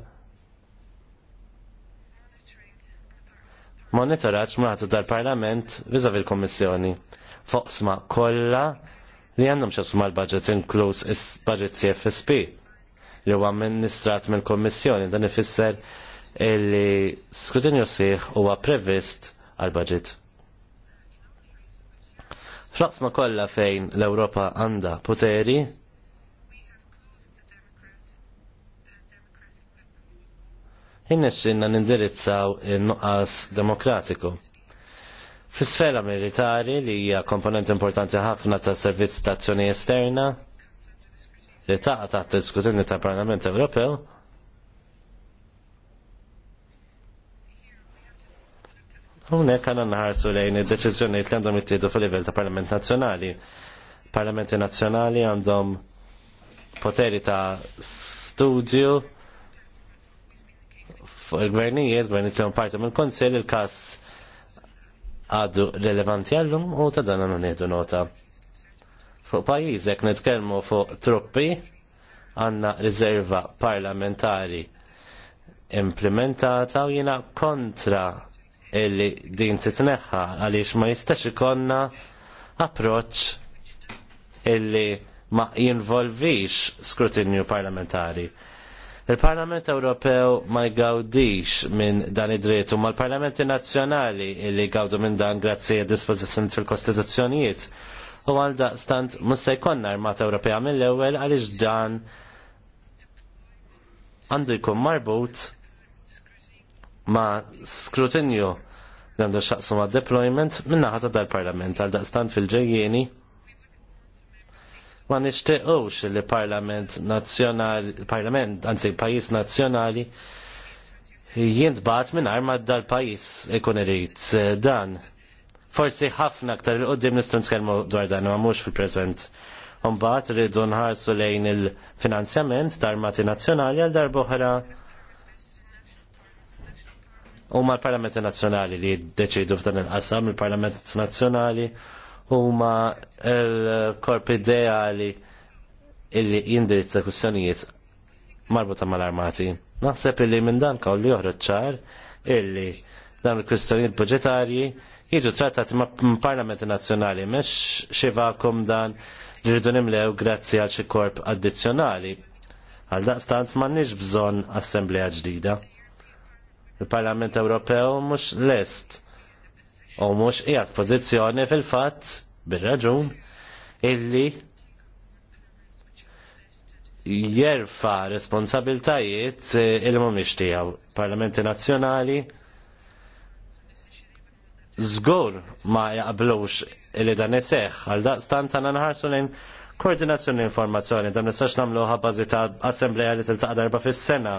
Speaker 5: monitoraġġ mratu tal-Parlament viżavi l-Kummissjoni fuq sma kollha li għandhom xi mal-budget inkluż is-budget CFSP li huwa amministrat mill-Kummissjoni dan ifisser illi skrutinju sieħ huwa previst għal-budget. F'laqsma kollha fejn l-Ewropa għandha poteri Innexxinna nindirizzaw in-nuqqas demokratiku. Fis-sfera militari li hija komponent importanti ħafna tas servizz tazzjoni esterna li taqa' taħt ta diskutini tal-Parlament Ewropew, Hawnhekk għanna nħarsu lejn id-deċiżjonijiet li għandhom jittidu fil-livell ta' Parlament Nazzjonali. Parlamenti Nazzjonali għandhom poteri ta' studju fuq il-gvernijiet, gvernijiet li parti mill konsil il-kas għadu relevanti għallum u ta' dan għannu nota. Fuq pajizek nitkelmu fuq truppi għanna riserva parlamentari implementata u jina kontra illi din titneħħa għaliex ma jistax ikonna approċ illi ma jinvolvix skrutinju parlamentari. Il-Parlament Ewropew ma jgawdix minn dan id-dritt u mal-Parlamenti Nazzjonali illi gawdu minn dan grazzi għad dispożizzjoni fil-Kostituzzjonijiet. U għal stant musta jkonna armata Ewropea mill-ewwel għaliex dan għandu jkun marbut ma' skrutinju għandu xaqsu ma' deployment minna ħata dal-parlament għal daqstant fil-ġejjeni ma nishtiqux li parlament nazzjonali, parlament, anzi pajis nazzjonali jintbat minn arma dal-pajis ikun irid dan. Forsi ħafna aktar il-qoddim nistgħu nitkellmu dwar dan ma mhux fil-preżent. bat rridu nħarsu lejn il-finanzjament tal-armati nazzjonali għal darba oħra Huma l-Parlamenti Nazzjonali li jiddeċidu f'dan il-qasam, il-Parlament Nazzjonali u l-korp ideali illi jindirizza kwistjonijiet marbuta mal-armati. Naħseb illi minn dan kaw li joħroġ ċar illi dan il-kwistjonijiet budġetarji jiġu trattati ma' parlamenti nazzjonali, mex xivakum dan li rridu nimlew grazzi għal xi korp addizzjonali. Għal daqstant ma' nix bżon assembleja ġdida. Il-Parlament Ewropew mhux lest u mhux qiegħed pożizzjoni fil-fatt bir-raġun illi jerfa responsabiltajiet eh, il mhumiex tiegħu. Parlamenti nazzjonali żgur ma jaqblux illi dan iseħħ għal daqstant tagħna nħarsu lejn koordinazzjoni informazzjoni, dan nistax nagħmluha bażi ta' assembleja li tiltaqa' darba fis-sena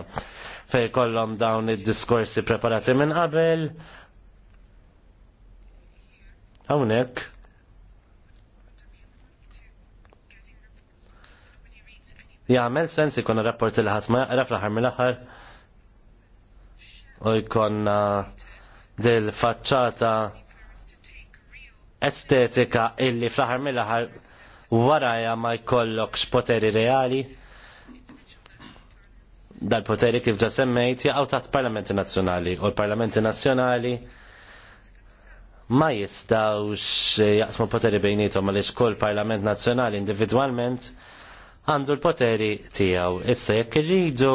Speaker 5: fej kollom dawn id-diskorsi preparati minn qabel. Hawnhekk. Jagħmel sens ikun rapport il ħadd ma jaqra fl-aħħar mill-aħħar u jkun dil-faċċata estetika illi fl-aħħar mill-aħħar warajja ma jkollokx poteri reali dal-poteri kif ġa semmejt jaqgħu taħt parlamenti nazzjonali u l-parlamenti nazzjonali ma jistawx eh, jaqsmu poteri bejnietom għaliex kull parlament nazzjonali individwalment għandu l-poteri tiegħu. Issa jekk irridu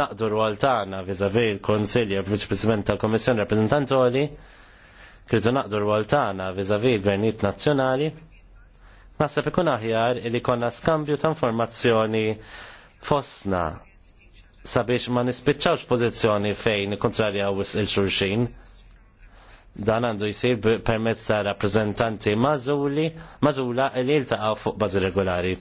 Speaker 5: naqdu rwol tagħna viżavi l-Konsilja viċ President tal-Kommissjoni Rappreżentantoli, kridu naqdu rwol tagħna viżavi l-Gvernijiet Nazzjonali, Nasab ikun aħjar li konna skambju ta' informazzjoni fosna sabiex ma nispiċċawx pożizzjoni fejn kontrarjaw il-xurxin. Dan għandu jisir permezz ta' rappreżentanti mażuli, mażula li jiltaqgħu fuq bażi regolari.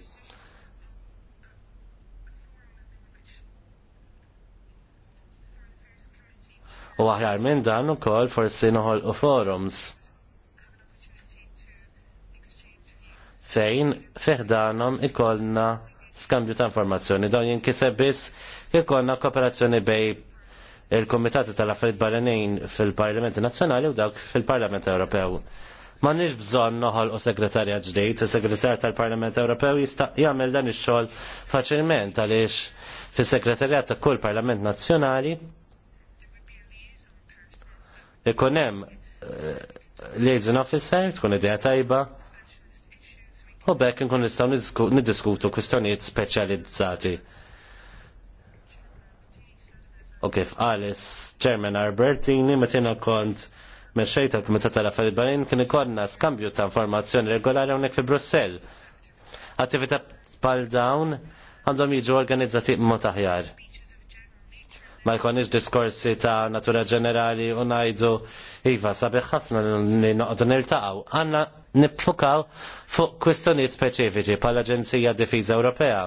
Speaker 5: U aħjar minn dan ukoll forsi noħolqu forums fejn feħdanom ikollna skambju ta' informazzjoni. Dawn jinkiseb biss ikollna kooperazzjoni bej il komitat tal-Affarijiet Barranin fil-Parlament Nazzjonali u dawk fil-Parlament Ewropew. Ma nix bżon noħol u segretarja ġdejt, u segretarja tal-Parlament Ewropew jista' jagħmel dan ix-xogħol faċilment għaliex fis-segretarjat ta' kull Parlament Nazzjonali ikun hemm eh, liaison officer tkun idea tajba U bekk nkun nistgħu niddiskutu kwistjonijiet speċjalizzati. U kif qalis Chairman Arbertini meta kont mexxejt tal meta tal-Affarijiet Barin kien ikollna skambju ta' informazzjoni regolari hawnhekk fi Brussell. Attività pal dawn għandhom jiġu organizzati b'mod aħjar ma jkonix diskorsi ta' natura ġenerali u najdu iva sabiħ ħafna li noqdu nirtaqaw. Għanna nipfukaw fuq kwistjonijiet speċifiċi pal aġenzija Difiża Ewropea.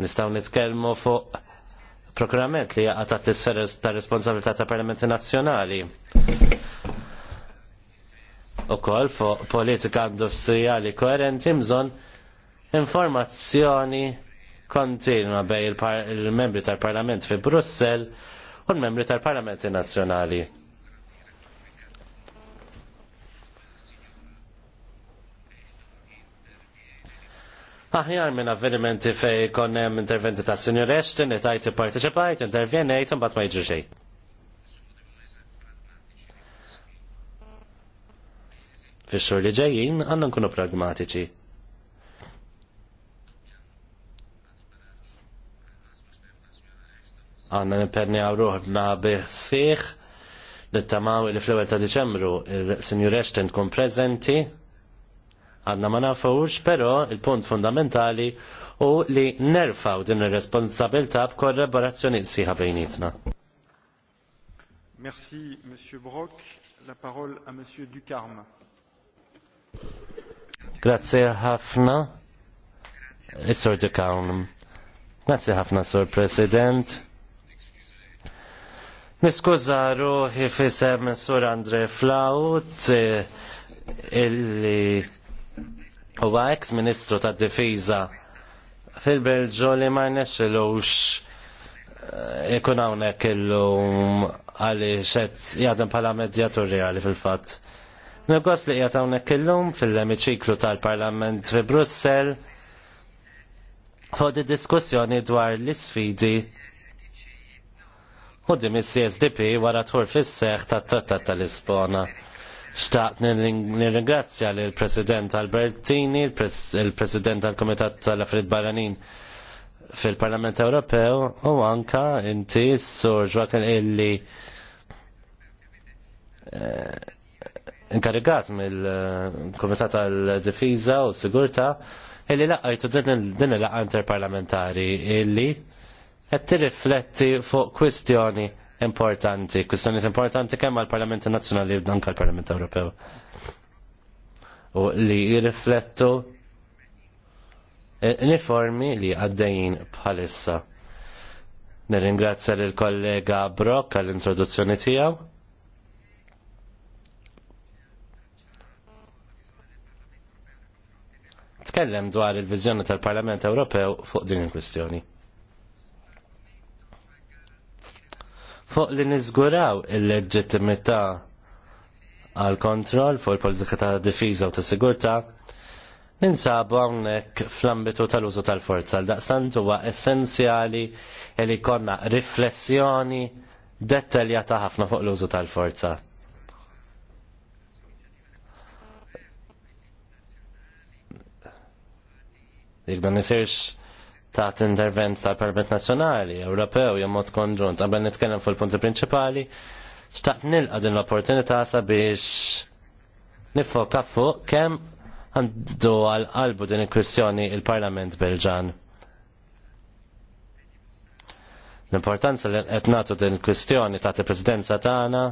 Speaker 5: Nistaw nitkellmu fuq programmet li jaqa ta' t sfera ta' responsabilità ta' parlamenti nazzjonali. U kol fuq politika industrijali koerenti mżon informazzjoni kontinwa bej il-membri tal-Parlament fi Brussel u l-membri tal-Parlamenti Nazzjonali. Aħjar minn avvenimenti fej konnem interventi ta' Senior Ashton, etajt parteċipajt, intervjenejt, un bat ma jġu xej. Fix-xhur li ġejjin għandna nkunu pragmatiċi. għanna nipenjaw ruħna biħsieħ li tamaw li fl ta' Deċembru il senjur Eshten tkun prezenti għanna ma nafawx, pero il-punt fundamentali u li nerfaw din ir-responsabilta b'korraborazzjoni siħa bejnietna.
Speaker 2: Merci, Monsieur Brock. La parole à Monsieur Ducarme.
Speaker 5: Grazie ħafna. is Sir Ducarme. Grazie ħafna, Sur President. Niskuża ruħi fisem Sur Andre Flaut eh, illi huwa ex ministru tad difiża fil-Belġu li ma nexxilux eh, ikun hawnhekk illum għaliex qed jgħadem bħala medjatur reali fil-fatt. Nirgos li qiegħed hawnhekk illum fil-emiċiklu tal-Parlament fi Brussell fuq di diskussjoni dwar l-isfidi quddiem is-CSDP wara tħur fis-seħħ tat-Trattat tal-Lisbona. Xtaqt nirringrazzja lill president Albertini, il-President tal-Kumitat tal-Afrid Barranin fil-Parlament Ewropew u anka inti s-sur ġwakel illi eh, inkarigat mill-Komitat tal-Difiża u s-Sigurta illi laqajtu din il laqa interparlamentari illi qed tirrifletti fuq kwistjoni importanti, kwistjoni importanti kemm għall parlament Nazzjonali u dan parlament Ewropew. U li jirriflettu eh, uniformi li għaddejjin bħalissa. Nirringrazzja lill kollega Brock għall-introduzzjoni tiegħu. Tkellem dwar il vizjoni tal-Parlament Ewropew fuq din il-kwistjoni. fuq li niżguraw il-leġittimità għal kontroll fuq il-politika ta' difiża u ta' sigurtà ninsabu hawnhekk fl-ambitu tal-użu tal-forza l daqstant huwa essenzjali li jkollna riflessjoni dettaljata ħafna fuq l-użu tal-forza. Jekk dan nisirx taħt intervent tal-Parlament Nazzjonali, Ewropew, jew mod konġunt. Qabel nitkellem fuq il-punti prinċipali, xtaqt nilqa din l-opportunità sabiex nifoka fuq kemm għandu għal qalbu din il-kwistjoni il-Parlament Belġan. L-importanza li qed nagħtu din il-kwistjoni taħt il-Presidenza tagħna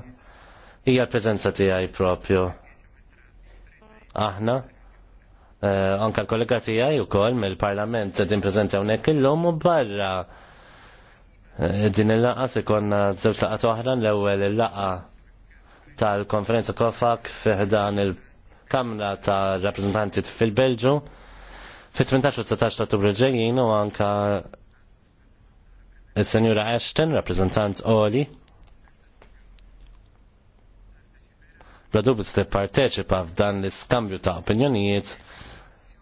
Speaker 5: hija l-preżenza tiegħi propju. Aħna Eh, anka l-kollega tijaj u kol mill-parlament din prezenta unek il-lum u barra eh, din il-laqa se konna zewġ laqa toħran l-ewel il-laqa tal-konferenza kofak fiħdan il-Kamra tal-Rappresentanti fil-Belġu Fi 18 u 19 ta' ġejjin u anka il-Senjura Ashton, rappresentant Oli, Bladubis te parteċipa f'dan l-iskambju ta' opinjonijiet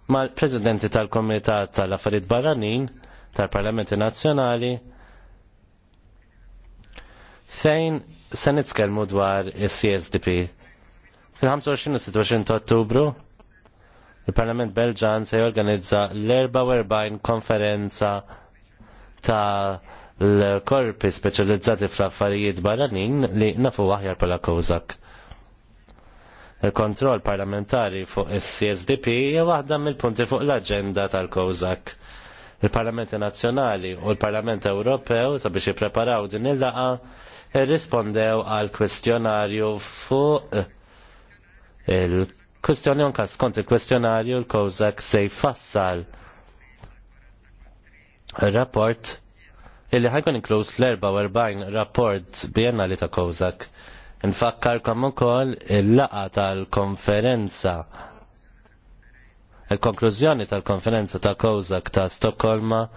Speaker 5: mal-Presidenti tal-Komitat tal-Affarijiet Barranin tal-Parlamenti Nazzjonali fejn se nitkellmu dwar is-CSDP. Fil-25 u 26 Ottubru il-Parlament Belġan se jorganizza l-44 konferenza ta' l-korpi speċjalizzati fl-affarijiet barranin li nafu aħjar pala kozak il-kontroll parlamentari fuq is-CSDP hija waħda mill-punti fuq l-aġenda tal-Kowzak. Il-Parlamenti Nazzjonali u l-Parlament Ewropew sabiex jippreparaw din il-laqa irrispondew għal kwestjonarju fuq il-kwestjoni unka skont il-kwestjonarju l-Kowzak se jfassal rapport illi ħajkun inkluż l-44 rapport biennali ta' Kowzak Nfakkarkom ukoll il-laqa tal-konferenza il-konklużjoni tal-konferenza ta' Kozak ta' Stokkolma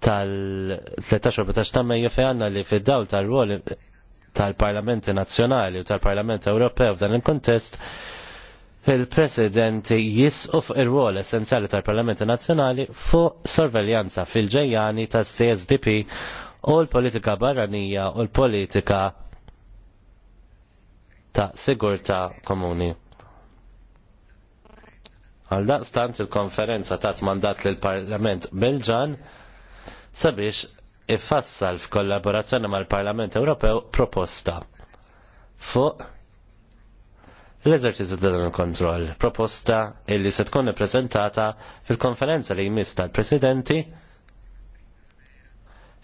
Speaker 5: tal-13-14 ta' Mejju fejanna li fid-dawl tal-rol tal-Parlamenti Nazzjonali u tal-Parlament Ewropew f'dan il-kontest il-President jisqu fuq ir-rol essenzjali tal-Parlamenti Nazzjonali fuq sorveljanza fil-ġejjani tas-CSDP u l-politika barranija u l-politika ta' sigurta komuni. Għal daqstant il-konferenza ta' mandat lill parlament Belġan sabiex ifassal f'kollaborazzjoni mal-Parlament Ewropew proposta fuq l-eżerċizzju ta' dan il-kontroll. Proposta illi se tkun ippreżentata fil-konferenza li jmiss tal-Presidenti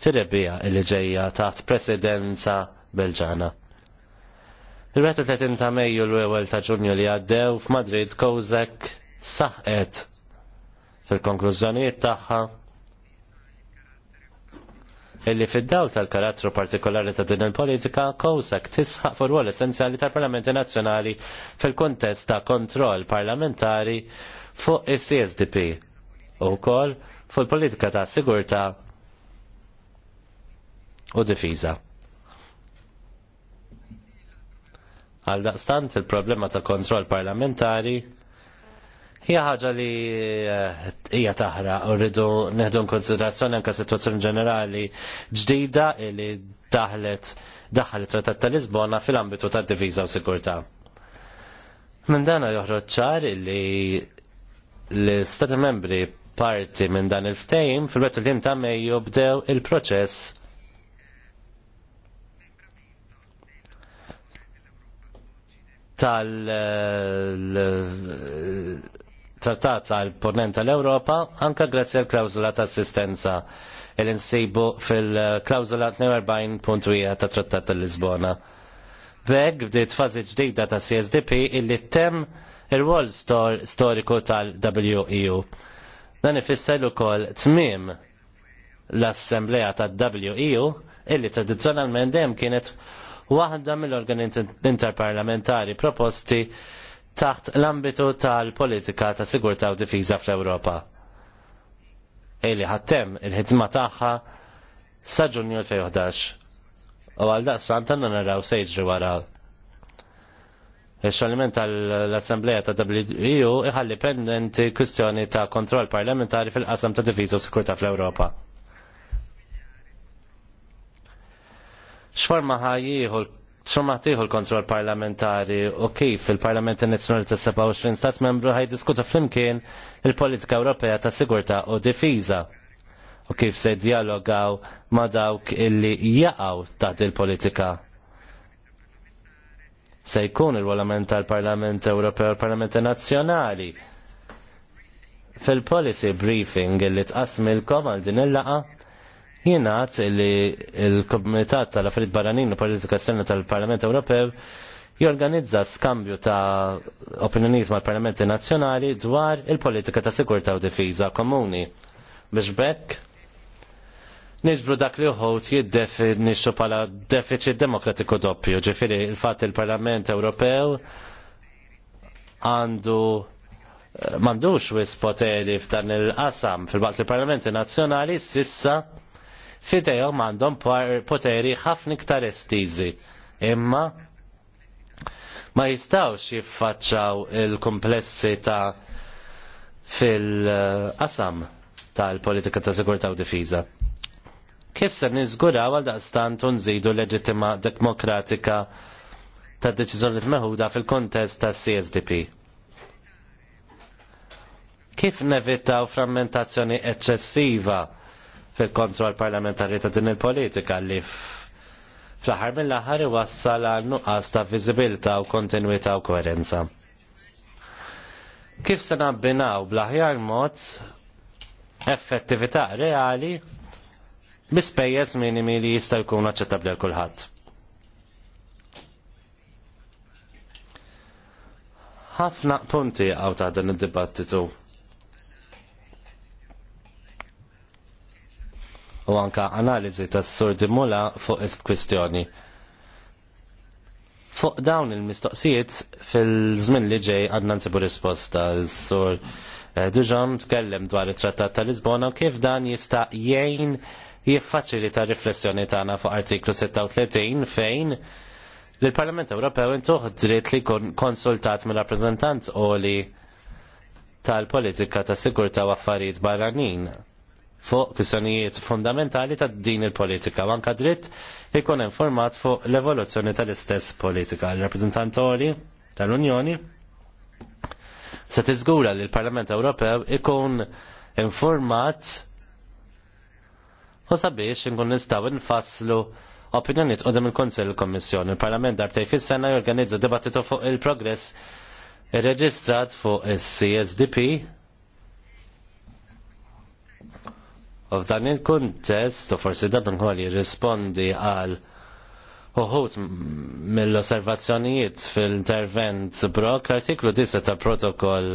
Speaker 5: fir-rebbija illi ġejja taħt Presidenza Belġana. Il-31 ta' Mejju l-ewwel ta' Ġunju li għaddew f'Madrid Kozek saħqet fil-konklużjonijiet tagħha illi fid-dawl tal-karattru partikolari ta' din il-politika kowsak tisħaq fuq ruol essenzjali tal-Parlamenti Nazzjonali fil-kontest ta' kontroll parlamentari fuq is-CSDP u wkoll fuq il-politika ta' sigurtà u difiża. Għal daqstant il-problema ta' kontroll parlamentari hija ħaġa li eh, hija taħra u rridu neħdu konsiderazzjoni anke sitwazzjoni ġenerali ġdida li daħlet daħal it-Trattat ta' Lisbona fil-ambitu ta' diviża u sigurtà. Minn dan joħroġ ċar li l-Stati membri parti minn dan il-ftejm fil-wet il-ħin ta' mejju bdew il-proċess tal-trattat tal-ponent tal-Europa anka grazzi għal klawzula ta' assistenza il insibu fil-klawzula 42.1 ta' trattat tal-Lisbona. Beg bdiet fazi ġdida ta' CSDP illi tem il-wall storiku tal-WEU. Dan ifisser ukoll tmim l-Assemblea tal-WEU illi tradizzjonalment dem kienet waħda mill-organizzazzjoni interparlamentari proposti taħt l-ambitu tal-politika ta' sigurtà u difiża fl-Ewropa. Eli ħattem il-ħidma tagħha sa' ġunju 2011. U għal daqsran tanna naraw sejġri wara. Il-xaliment tal-Assembleja ta' WEU iħalli pendenti kwistjoni ta' kontroll parlamentari fil-qasam ta' difiża u Sigurtà fl-Ewropa. x'forma ħajjieħu xumma tiħu l-kontroll parlamentari u kif il-Parlament Nazzjonali ta' 27 stat membru ħajdiskutu flimkien il-politika Ewropea ta' sigurta u difiża u kif se dialogaw ma' dawk illi jaqaw taħt il-politika se jkun il wallament tal-Parlament Ewropew u l-Parlament Nazzjonali fil-policy briefing illi tqasmilkom għal din il-laqa Jienat li il-Komitat tal-Affarijiet Barranin u Politika Esterna tal-Parlament Ewropew jorganizza skambju ta' opinjonijiet mal parlamenti nazzjonali dwar il-politika ta' sigurta u difiża komuni. Biex bekk, nisbru dak li uħot jiddefinixxu pala deficit demokratiku doppju, ġifiri il-fat il-Parlament Ewropew għandu eh, mandux wis poteri f'dan il-qasam fil baqt il parlamenti nazzjonali sissa fidejhom għandhom poteri ħafna iktar estiżi. Imma ma jistawx jiffaċċaw il kumplessità fil-qasam tal-politika ta' sigurtà u difiża. Kif se niżguraw għal daqstant nżidu leġittima demokratika ta' deċiżjoni meħuda fil-kontest ta' CSDP? Kif nevitaw frammentazzjoni eċċessiva fil-kontroll parlamentari ta' din il-politika li fl-aħħar mill-aħħar iwassal għal nuqqas ta' viżibilità u kontinwità u koerenza. Kif se nabbinaw bl-aħjar mod effettività reali bispejjeż minimi li jista' jkun aċċettabbli għal kulħadd. ħafna punti għaw ta' dan id-dibattitu u anka analiżi tas-sur Dimula fuq is-kwistjoni. Fuq dawn il-mistoqsijiet fil-żmien li ġej għadna nsibu risposta s-sur eh, Dujon tkellem dwar it-Trattat ta' Lisbona u kif dan jista' jgħin jiffaċilita riflessjoni tagħna fuq artiklu 36 fejn l-Parlament Ewropew intuħ dritt li jkun konsultat mill rappreżentant oli tal-politika ta' sigurta u affarijiet barranin fuq kwistjonijiet fundamentali ta' din il-politika. Anka dritt ikun informat fuq l-evoluzzjoni tal-istess politika. Il-rappresentantori tal-Unjoni se tiżgura li l-Parlament Ewropew ikun informat u sabiex inkun nistaw nfasslu opinjoniet qudiem il konsell il-Kommissjoni. Il-Parlament darbtej fis-sena jorganizza dibattitu fuq il-progress irreġistrat fuq is-CSDP U f'dan il-kuntest, u forsi dan ukoll jirrispondi għal uħut mill-osservazzjonijiet fil-intervent brok artiklu 10 ta' protokoll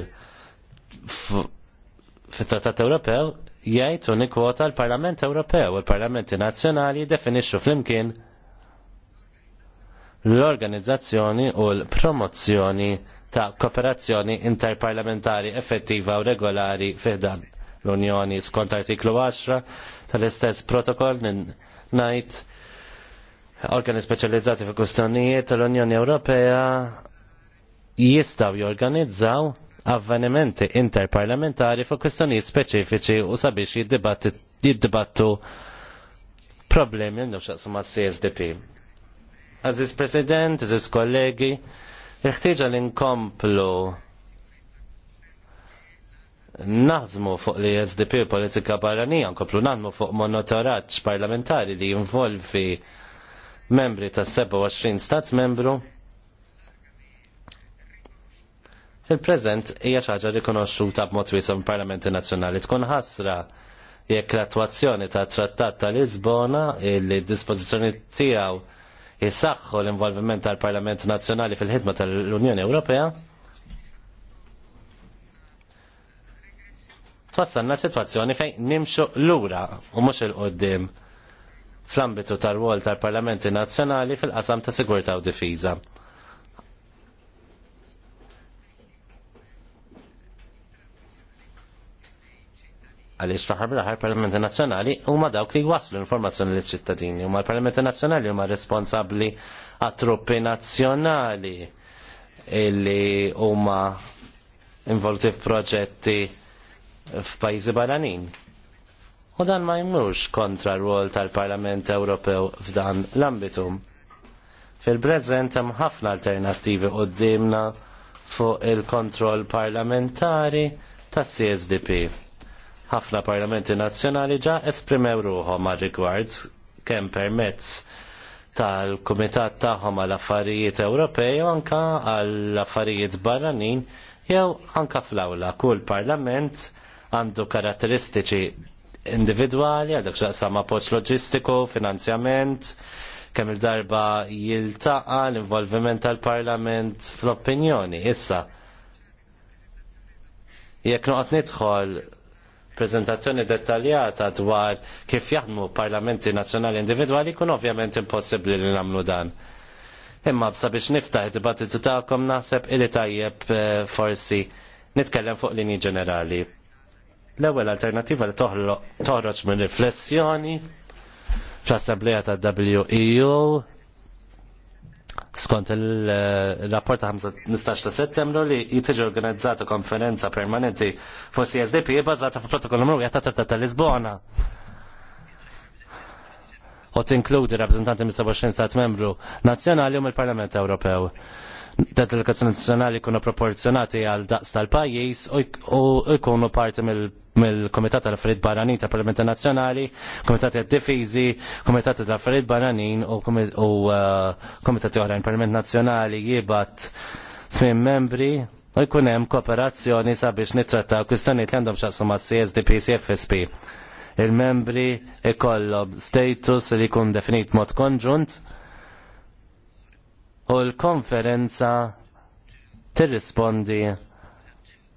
Speaker 5: fit-Trattat Ewropew jgħid u nikwota l-Parlament Ewropew u l-Parlamenti Nazzjonali definixxu flimkien l-organizzazzjoni u l-promozzjoni ta' kooperazzjoni interparlamentari effettiva u regolari fil-dan l-Unjoni skont artiklu 10 tal-istess protokoll minn najt organi speċjalizzati fi kustonijiet tal-Unjoni Ewropea jistaw jorganizzaw avvenimenti interparlamentari fuq kwistjonijiet speċifiċi u sabiex jiddibattu problemi għandu xaqsu ma' CSDP. Aziz President, aziz kollegi, il-ħtieġa li nkomplu naħdmu fuq li SDP politika barranija, nkoplu naħdmu fuq monotoraċ parlamentari li jinvolvi membri ta' 27 stat membru. Fil-prezent hija xi ħaġa rikonoxxuta b'mod wiesa' parlamenti nazzjonali tkun ħasra jekk l attuazzjoni ta' trattat ta' Lisbona il dispożizzjoni tiegħu jisaxħu l-involviment tal-Parlament Nazzjonali fil-ħidma tal-Unjoni Ewropea twassalna situazzjoni fejn nimxu lura u mhux il-qoddim fl-ambitu tal-wol tal-Parlamenti Nazzjonali fil-qasam ta' Sigurtà u Difiża. għaliex fl-ħar bil-ħar parlamenti Nazzjonali huma dawk li waslu l-informazzjoni liċ ċittadini ma l-parlamenti Nazzjonali huma responsabbli għat-truppi nazzjonali illi huma involuti f'proġetti f'pajjiżi barranin. U dan ma jmurx kontra r-rol tal-Parlament Ewropew f'dan l-ambitu. Fil-preżent hemm ħafna alternattivi qudiemna fuq il-kontroll parlamentari tas CSDP. Ħafna parlamenti nazzjonali ġa esprimew ruhom ma rigward kemm permezz tal-Kumitat tagħhom għal affarijiet Ewropej u anka għall affarijiet barranin jew anka fl-awla kull parlament għandu karatteristiċi individwali, għadak xaqsam appoċ loġistiku, finanzjament, kemm il-darba jiltaqa l-involviment tal-parlament fl-opinjoni. Issa, jekk noqgħod nidħol prezentazzjoni dettaljata dwar kif jaħdmu parlamenti nazzjonali individwali kun ovvjament impossibbli li nagħmlu dan. Imma sabiex niftaħ id-dibattitu tagħkom naħseb illi tajjeb eh, forsi nitkellem fuq linji ġenerali. L-ewwel alternativa li toħroġ minn riflessjoni fl-Assembleja ta' WEU skont il-rapport ta' 15 ta' settembru li jitiġi organizzata konferenza permanenti fuq CSDP bażata fuq protokoll numru ta' Tarta ta' Lisbona. U tinkludi rappresentanti mis 27 stat membru nazzjonali u mill-Parlament Ewropew. Dat delegazzjoni nazzjonali jkunu proporzjonati għal daqs tal-pajjiż u jkunu parti mill mill-Komitat tal-Affarijiet Barranin ta' Parlamenta Nazzjonali, Komitat tad-Difiżi, Komitat tal-Affarijiet Barranin u uh, Komitat oħrajn Parlament Nazzjonali jibat tmien membri u jkun hemm kooperazzjoni sabiex nittrattaw kwistjonijiet li għandhom x'aqsu ma' CSDP, CFSP. Il-membri ikollhom status li jkun definit mod konġunt u l-konferenza tirrispondi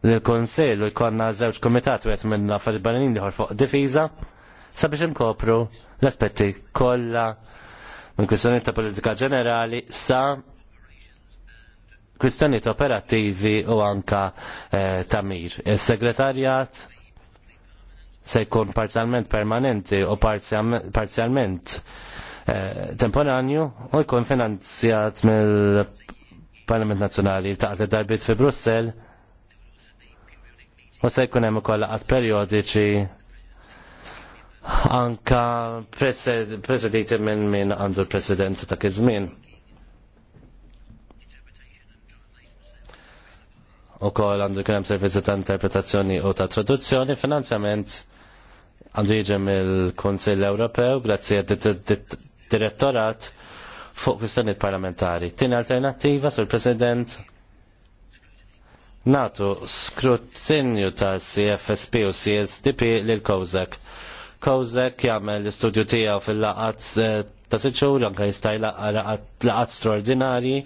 Speaker 5: l-Konsil u jkonna żewġ komitat u minna fil banin liħor fuq difiża sabiex inkopru l-aspetti kollha minn kwistjoniet ta' politika ġenerali sa kwistjoniet operattivi u anka eh, tamir. Is-segretarjat se jkun parzialment permanenti u parzjalment eh, temporanju u jkun finanzjat mill-Parlament Nazzjonali ta' darbit fi Brussel Ma se jkun hemm ukoll qatt perjodiċi anka presediti minn min għandu l-presidenza ta' kizmin. U kol għandu hemm servizzi ta' interpretazzjoni u ta' traduzzjoni, finanzjament għandu jiġi mill kunsill Ewropew, grazzi għad direttorat fuq kwistjoniet parlamentari. Tieni alternattiva, sul president natu skrutinju ta' CFSP u CSDP lil Kozak. Kozak jagħmel l-istudju tiegħu fil-laqat eh, ta' siċur, anke jista' laqat straordinarji,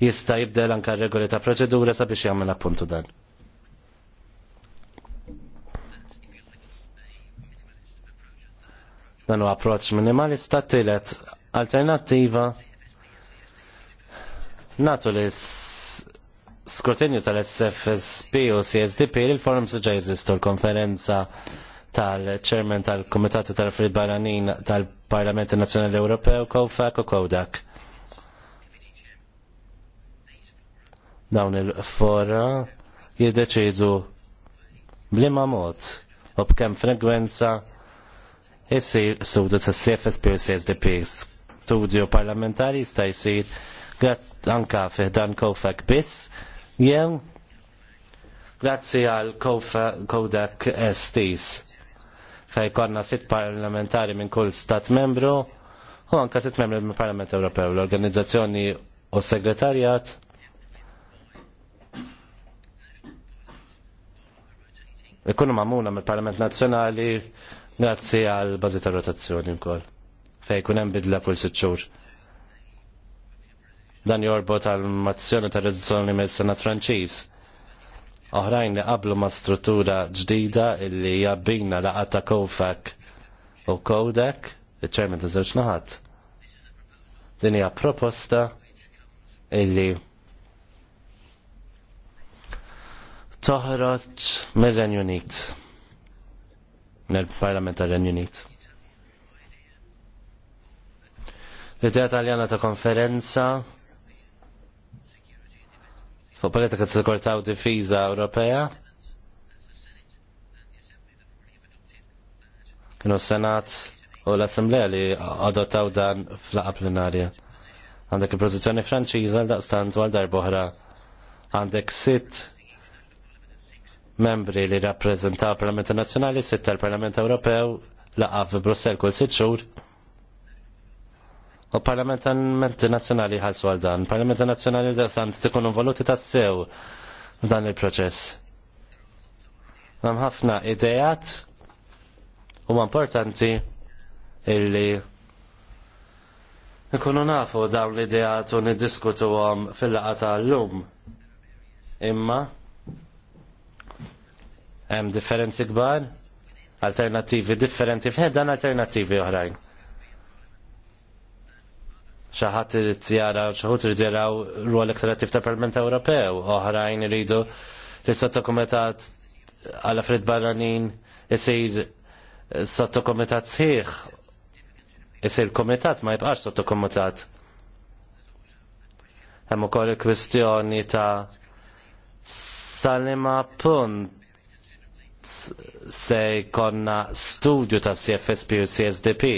Speaker 5: jista' jibdel anke regoli ta' proċedura sabiex jagħmel appuntu dan. dan u approċ minimalista tilet alternativa natu li skrutinju tal-SFSP u CSDP il-forum suġġa jeżistu l-konferenza tal-ċermen tal-Komitati tal-Frid Baranin tal-Parlament Nazzjonali Ewropew Kofak u Kodak. Dawn il-fora jiddeċidu blima mod u b'kem frekwenza jisir sudu ta' CFSP u CSDP studio parlamentari jista' jsir għat anka fih dan Kofak biss jew grazzi għal Kodak Estis fej konna sitt parlamentari minn kull stat membru u anka sitt membri minn Parlament Ewropew, l-organizzazzjoni u segretarjat Ikunu mamuna mill parlament Nazzjonali grazzi għal bażi ta' rotazzjoni wkoll. Fej kunem hemm bidla kull sitt xhur. Dan jorbot għal mazzjoni ta' reduzzjoni mis senat Franċiż. Oħrajn li qablu ma' struttura ġdida illi jabbina la' għata kowfak u kowdek, il ċermen ta' żewġ naħat. Din hija proposta illi toħroġ mill-Renju Unit, mill-Parlament tal-Renju Unit. L-idea taljana ta' konferenza u politika t sikurtà u difiża Ewropea. Kienu Senat u l-Assemblea li adottaw dan fl-laqa plenarja. Għandek il-pozizjoni franċiża l-daqstant għal darboħra. Għandek sitt membri li rappresentaw il-Parlament Nazzjonali, sitt tal-Parlament Ewropew, laqa f'Brussell kull sitt xhur U parlamentamenti nazzjonali ħalsu għal dan. Parlament nazzjonali da sant tikun involuti tassew f'dan il-proċess. Hemm ħafna idejat huma importanti illi nkunu nafu dawn l-idejat u niddiskutuhom fil-laqgħa tal-lum. Imma hemm differenzi kbar, alternattivi differenti dan alternattivi oħrajn xaħat irrit jara, xaħut irrit jaraw ruol ektarattiv attiv ta' Parlament Ewropew, oħrajn rridu li sottokomitat għala frid barranin jisir eh, sottokomitat sħiħ, jisir komitat ma jibqax sottokomitat. Hemm ukoll il-kwistjoni ta' salima punt se konna studju ta' CFSP u CSDP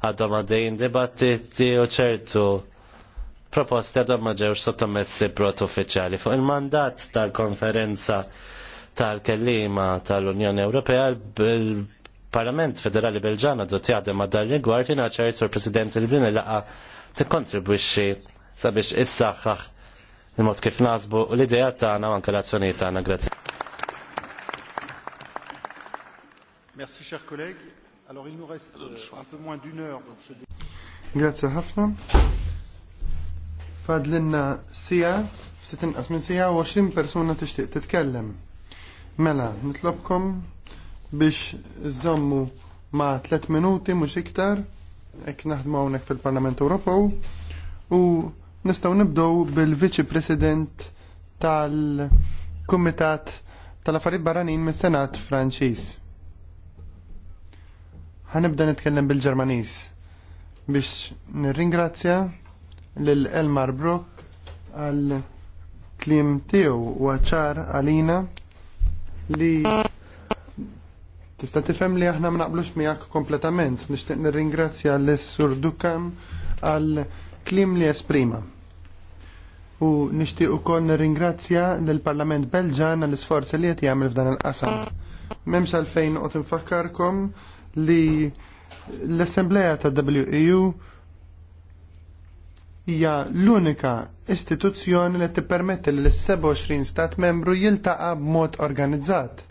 Speaker 5: għadhom għaddejn dibattiti u ċertu proposti għadhom ma ġewx sottomessi brot uffiċjali fuq il-mandat tal-konferenza tal-kellima tal-Unjoni Ewropea il-Parlament Federali Belġan dot jaħdem ma rigward jina ċertu sur President li din il-laqa tikkontribwixxi sabiex il-saxħax il-mod kif nasbu l-ideja tagħna u anke l-azzjonijiet tagħna. Grazzi.
Speaker 2: Merci, cher collègue. Alors il nous reste euh, un peu moins d'une heure pour ce
Speaker 6: Grazie ħafna. Fadlinna sija, ftit inqas minn sija u 20 persuna tixtieq titkellem. Mela, nitlobkom biex żommu ma' 3 minuti mhux iktar hekk naħdmu hawnhekk fil-Parlament Ewropew u nistgħu nibdew bil-Viċi President tal-Kumitat tal-Affarijiet Barranin mis-Senat Franċiż. Ħanibda nitkellem bil-Ġermaniż biex nirringrazzja lil Elmar Brock għal klim tiegħu waċar għalina li tista' tifhem li aħna mnaqblux miegħek kompletament. Nixtieq nirringrazzja lis-Sur Dukam għal klim li esprima. U nixtieq ukoll nirringrazzja lill-Parlament Belġan għall isforzi li qed jagħmel f'dan il-qasam. M'hemmx għalfejn qed infakkarkom li l-Assembleja ta' WEU hija l-unika istituzzjoni li tippermetti li l-27 stat membru jiltaqa' b'mod organizzat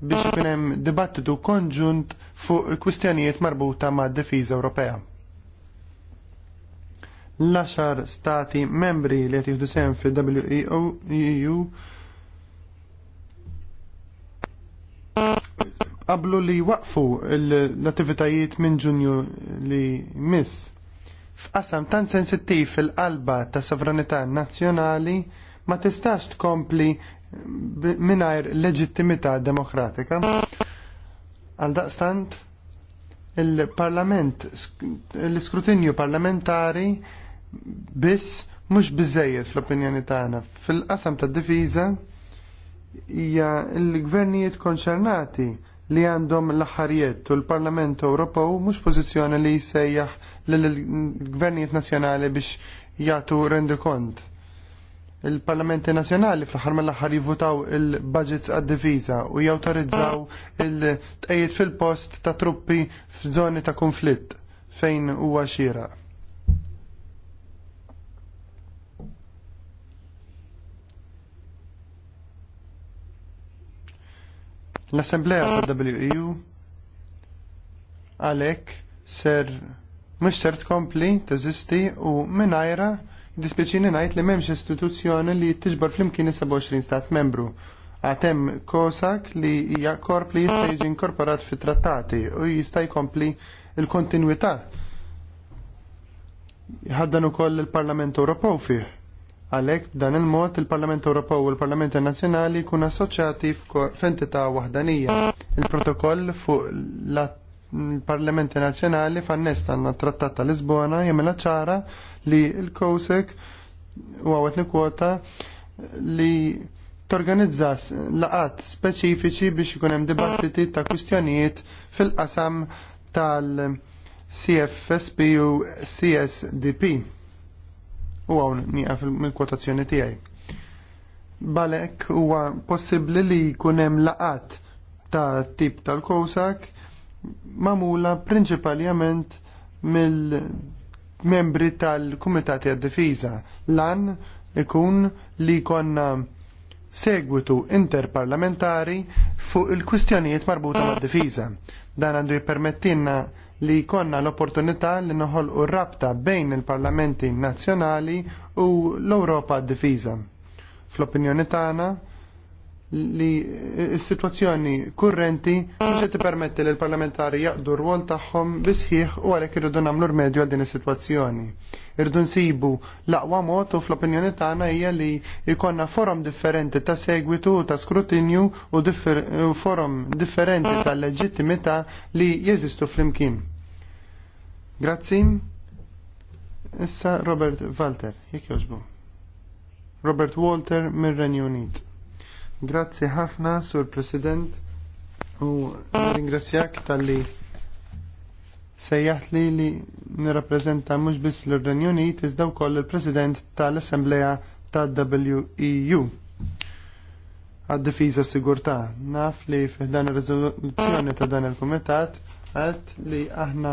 Speaker 6: biex kien hemm dibattitu konġunt fuq kwistjonijiet marbuta mad difiża Ewropea. l axar stati membri li qed jieħdu sehem fil-WEU qablu li waqfu l-attivitajiet minn ġunju li miss. F'qasam tant sensittiv fil-qalba ta' sovranità nazzjonali ma tistax tkompli mingħajr leġittimità demokratika. Għaldaqstant, il-parlament, l-iskrutinju parlamentari biss mhux biżejjed fl-opinjoni tagħna. Fil-qasam tad difiża hija l-gvernijiet konċernati li għandhom l-aħħarijiet u l-Parlament Ewropew mhux pożizzjoni li jsejjaħ lill-gvernijiet nazzjonali biex jagħtu rendikont. Il-Parlamenti Nazzjonali fl-aħħar mill-aħħar jivvutaw il-budgets għad-diviża u jawtorizzaw il-tqejjed fil-post ta' truppi f'żoni ta' konflitt fejn huwa xieraq. L-Assemblea ta' WEU għalek ser mux ser tkompli teżisti u minajra dispieċini najt li memx istituzzjoni li tiġbor fl-imkien 27 stat membru għatem kosak li hija korp li jista' jiġi inkorporat fit trattati u jista' jkompli l kontinwità Ħaddan ukoll il-Parlament Ewropew fih. Għalhekk b'dan il-mod il-Parlament Ewropew u l-Parlament Nazzjonali jkunu assoċjati f'entità waħdanija. Il-protokoll fuq l-Parlamenti Nazzjonali fannest għanna trattat ta' Lisbona jagħmilha ċara li l kosek u għawet nikwota li torganizza laqat speċifiċi biex ikun hemm dibattiti ta' kwistjonijiet fil-qasam tal-CFSP u CSDP u għaw nieqaf mill-kwotazzjoni tiegħi. Balek huwa possibbli li jkun hemm laqat ta' tip tal-kowsak mamula prinċipalment mill-membri tal-Kumitati għad-Difiża. Lan ikun li konna segwitu interparlamentari fuq il-kwistjonijiet marbuta mad difiża Dan għandu jippermettilna li jkollna l-opportunità li u rabta bejn il-parlamenti nazzjonali u l-Ewropa difiża. Fl-opinjoni tagħna li s-sitwazzjoni kurrenti mhux qed tippermetti li l-parlamentari jaqdu r-rwol tagħhom bisħieħ u għalhekk irridu nagħmlu rmedju għal din is-sitwazzjoni. Irridu nsibu l-aqwa mod u fl-opinjoni tagħna hija li jkollna forum differenti ta' segwitu u ta' skrutinju u, differ forum differenti ta' leġittimità li jeżistu flimkien. Grazzi. Issa Robert Walter, jek joġbu. Robert Walter mir-Renju Unit. Grazzi ħafna, Sur President, u ringrazzjak tal-li sejjaħt li li nirrapprezenta mhux biss l-Renju Unit iżda wkoll il-President tal-Assembleja tad-WEU għad-difiża sigurtà. Naf li f'dan ir-riżoluzzjoni ta' dan il-Kumitat għed li aħna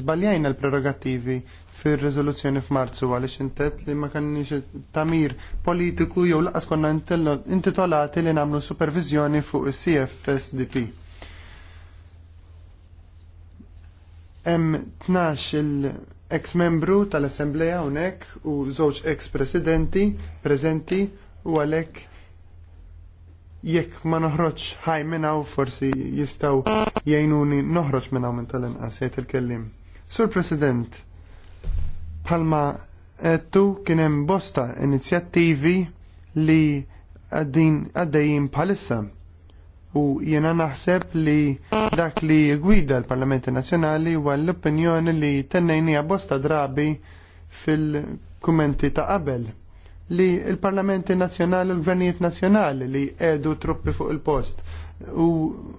Speaker 6: zbaljajna l-prerogativi fir rezoluzzjoni f'Marzu għaliex xintet li ma kanniex tamir politiku jew laqas konna intitolati li nagħmlu supervizjoni fuq is-CFSDP. Hemm 12 il-ex membru tal-Assembleja hawnhekk u żewġ ex presidenti preżenti u għalhekk jekk ma noħroġ ħaj minnaw forsi jistaw jgħinuni noħroġ minnaw minn tal-inqas jgħid il-kellim. Sur President, palma tu kienem bosta inizjattivi li għaddejjin bħalissa u jena naħseb li dak li gwida l-Parlamenti Nazjonali huwa l-opinjoni li tennejni bosta drabi fil-kummenti ta' qabel li il-parlamenti nazjonali u l-gvernijiet nazjonali li edu truppi fuq il-post u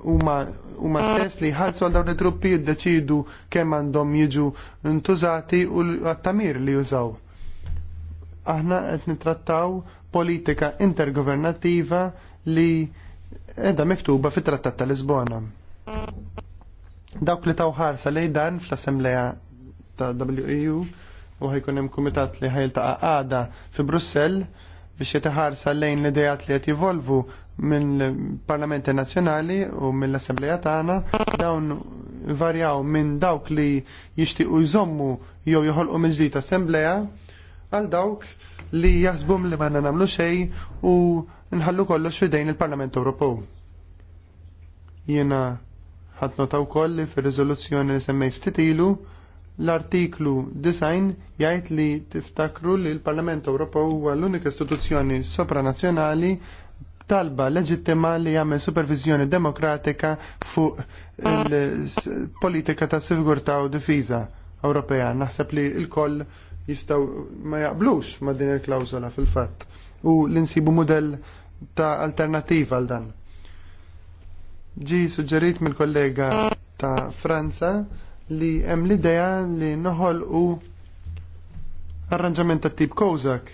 Speaker 6: huma stess li ħalsu għal dawn it-truppi jiddeċidu kemm għandhom jiġu ntużati u għattamir li jużaw. Aħna qed nitrattaw politika intergovernattiva li edha miktuba fit-Trattat ta' Lisbona. Dawk li taw ħarsa lej dan fl-Assembleja ta' WEU u ħajkun hemm kumitat li ħajltaqa' għada fi Brussell biex jitħarsa lejn l-idejat li qed jivolvu mill-Parlamenti Nazzjonali u mill-Assembleja tagħna dawn varjaw minn dawk li jixtiequ jżommu jew joħolqu minn ġdid Assembleja għal dawk li jaħsbum li ma nagħmlu xejn u nħallu kollox fidejn il-Parlament Ewropew. Jiena ħadd nota wkoll li fir-riżoluzzjoni li semmejt ftit ilu L-artiklu 9 jgħid li tiftakru li l-Parlament Ewropew huwa l-unika istituzzjoni sopranazzjonali talba leġittima li jagħmel supervizjoni demokratika fuq il-politika ta' sigurtà u difiża Ewropea. Naħseb li l-koll jistgħu ma jaqblux ma' din il-klawżola fil-fatt u l-insibu mudell ta' alternativa għal dan. Ġi suġġerit mill-kollega ta' Franza li hemm l-idea li noħolqu arranġament ta' tip Kozak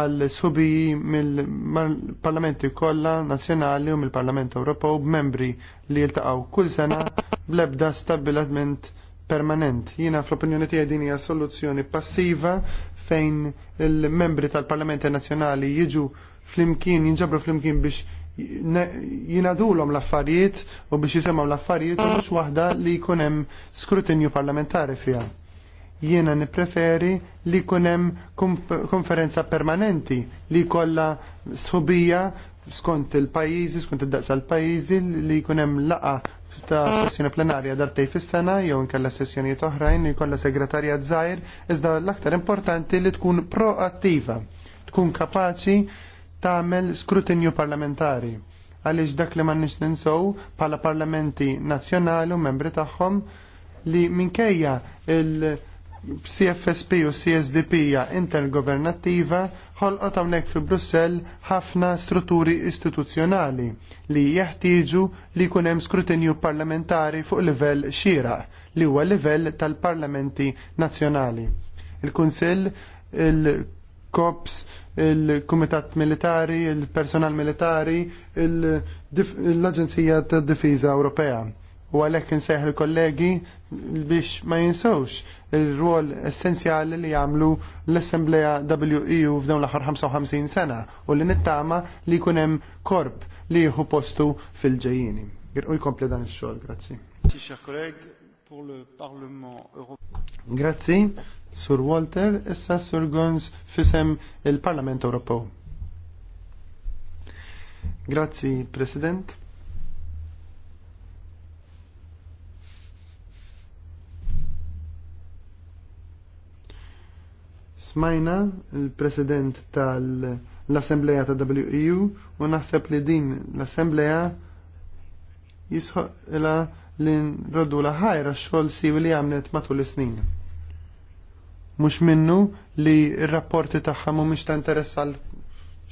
Speaker 6: għal subiji mill-parlamenti kollha nazzjonali u mill-Parlament Ewropew b'membri li jiltaqgħu kull sena bl-ebda stabbilament permanent. Jiena fl-opinjoni tiegħi din hija soluzzjoni passiva fejn il-membri tal-Parlamenti Nazzjonali jiġu flimkien, jinġabru flimkien biex jinadulhom l-affarijiet u biex jisemgħu l-affarijiet u mhux waħda li jkun hemm skrutinju parlamentari fiha. Jiena nippreferi li jkun hemm konferenza permanenti li jkollha sħubija skont il-pajjiżi, skont id-daqsa l-pajjiżi li jkun hemm laqa ta' sessjoni plenarja darbtej fis-sena jew inkella sessjonijiet oħrajn li jkollha segretarja żgħir, iżda l-aktar importanti li tkun proattiva, tkun kapaċi tagħmel skrutinju parlamentari għaliex dak li m'għandniex ninsow bħala parlamenti nazzjonali u membri tagħhom li minkejja il-CFSP u CSDP hija intergovernattiva ħolqot hawnhekk fi Brussell ħafna strutturi istituzzjonali li jeħtieġu li jkun hemm skrutinju parlamentari fuq livell xieraq li huwa livell tal-parlamenti nazzjonali. Il-Kunsill il kops, il-Kumitat Militari, il-Personal Militari, l-Aġenzija tad Difiża Ewropea. U għalhekk insejħ il-kollegi biex ma jinsewx il-rwol essenzjali li jagħmlu l-Assembleja WEU f'dawn l-aħħar 55 sena u li nittama li jkun hemm korp li jieħu postu fil-ġejjini. U jkompli dan ix-xogħol, grazzi. Grazzi. Sur Walter, issa Sur Gons fisem il-Parlament Ewropew. Grazzi, President. Smajna il-President tal-Assembleja ta' WEU u naħseb li din l-Assembleja jisħoqla l-roddu la ħajra xol siwi li għamlet matul is-snin. Mhux minnu li r-rapporti tagħha mhumiex ta' interess għal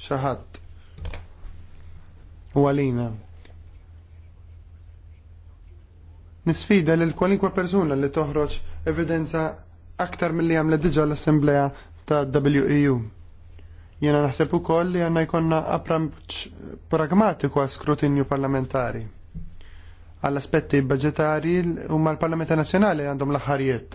Speaker 6: xi ħadd. U għalina. Nisfida lil kwalinkwa persuna li toħroġ evidenza aktar mill-li għamlet diġa l-Assembleja ta' WEU. Jena naħseb ukoll li għanna jkonna approach pragmatiku għal skrutinju parlamentari. Għall aspetti budgetari u mal-Parlamenta Nazjonali għandhom l-ħarijiet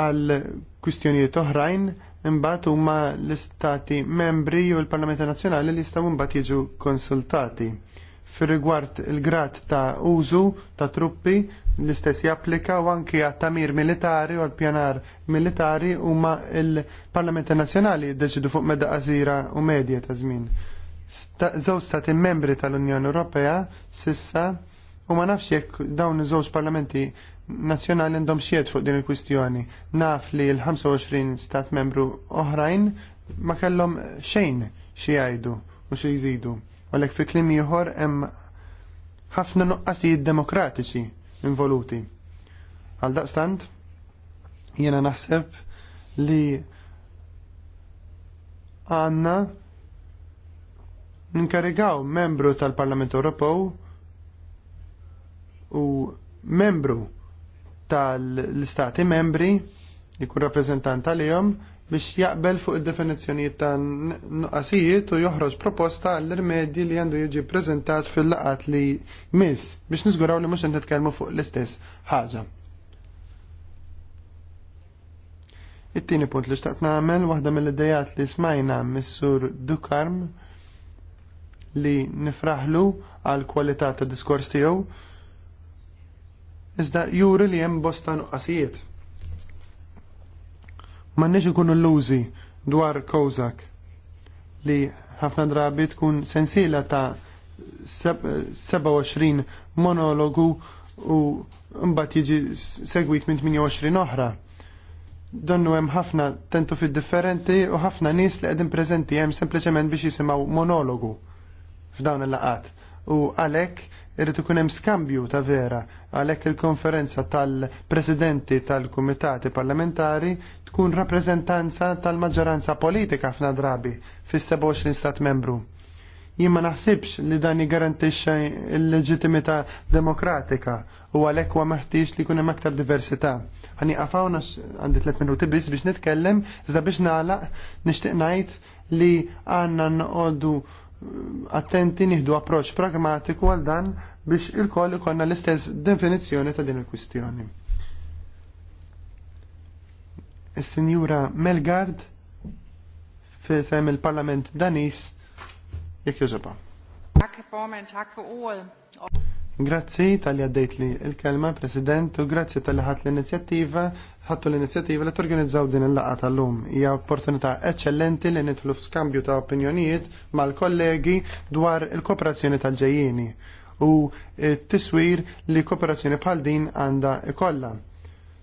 Speaker 6: għal kwistjonijiet oħrajn imbagħad huma l-istati membri u l-Parlamenti Nazzjonali li jistgħu mbagħad jiġu konsultati. Fir-rigward il-grad ta' użu ta' truppi l-istess japplika u anki għat-tamir militari u għal-pjanar militari huma l-Parlamenti Nazzjonali jiddeċidu fuq medda qasira u medja ta' żmien. Żewġ stati membri tal-Unjoni Ewropea sissa u ma nafx jekk dawn iż-żewġ parlamenti nazzjonali għandhom xiet fuq din il-kwistjoni. Naf li l-25 stat membru oħrajn ma kellhom xejn xi jgħidu u xi jżidu. Għalhekk fi kliem ieħor hemm ħafna nuqqasijiet demokratiċi involuti. Għal daqstant, jiena naħseb li għanna ninkarigaw membru tal-Parlament Ewropew u membru tal-istati membri li kun rappresentant għalihom biex jaqbel fuq id-definizzjonijiet ta' nuqqasijiet u joħroġ proposta għall rimedji li għandu jiġi prezentat fil-laqat li miss biex niżguraw li mhux qed nitkellmu fuq l-istess ħaġa. It-tieni punt li xtaqt nagħmel waħda mill-idejat li smajna mis-sur Dukarm li nifraħlu għal kwalità ta' diskors tiegħu iżda juri li hemm bosta nuqqasijiet. M'għandniex ikunu illużi dwar Kozak li ħafna drabi tkun sensiela ta' 27 monologu u mbagħad jiġi segwit minn 28 oħra. Donnu hemm ħafna tentu fid differenti u ħafna nies li qegħdin preżenti hemm sempliċement biex jisimgħu monologu f'dawn il-laqat. U għalhekk irrid ikun hemm skambju ta' vera għalhekk il-konferenza tal-presidenti tal-kumitati parlamentari tkun rappreżentanza tal-maġġoranza politika f'na drabi fis-27 stat membru. Jien ma naħsibx li dan jiggarantixxa l-leġitimità demokratika u għalhekk huwa meħtieġ li jkun hemm aktar diversità. Ħani qafawna għandi tliet minuti biss biex nitkellem, iżda biex nagħlaq nixtieq ngħid li għandna noqogħdu attenti nieħdu approċċ pragmatiku għal dan biex il-koll ikonna l-istess definizzjoni ta' din il-kwistjoni. Is-Sinjura Melgard fil-sem il-Parlament Danis jekk jużuha. Grazzi tal-li għaddejt li il-kelma, President, u grazzi tal-li ħat l-inizjattiva ħattu l inizjativa li torganizzaw din il-laqa tal-lum. Hija opportunità eċċellenti li nidħlu f'skambju ta' opinjonijiet mal-kollegi dwar il-kooperazzjoni tal-ġejjieni u t-tiswir li kooperazzjoni bħal din għandha ikolla.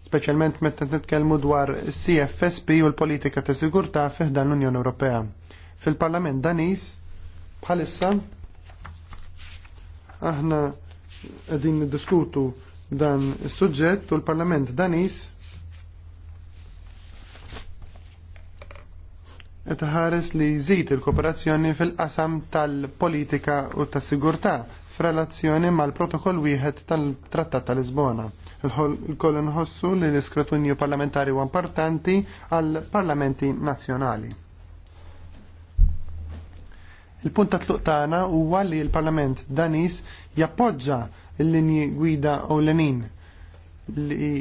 Speaker 6: Speċjalment meta nitkellmu dwar CFSP u l-politika ta' sigurtà fiħdan l-Unjoni Ewropea. Fil-Parlament Danis bħalissa aħna qegħdin niddiskutu dan is-suġġett u l-Parlament Danis qed ħares li jżid il-kooperazzjoni fil-qasam tal-politika u tas-sigurtà f'relazzjoni mal-protokoll wieħed tal-Trattat tal-Lisbona. Il-koll nħossu li l-iskrutinju parlamentari u importanti għal parlamenti nazzjonali. Il-punt ta' tluq tagħna huwa li l-Parlament Danis jappoġġa l-linji gwida u l-lenin li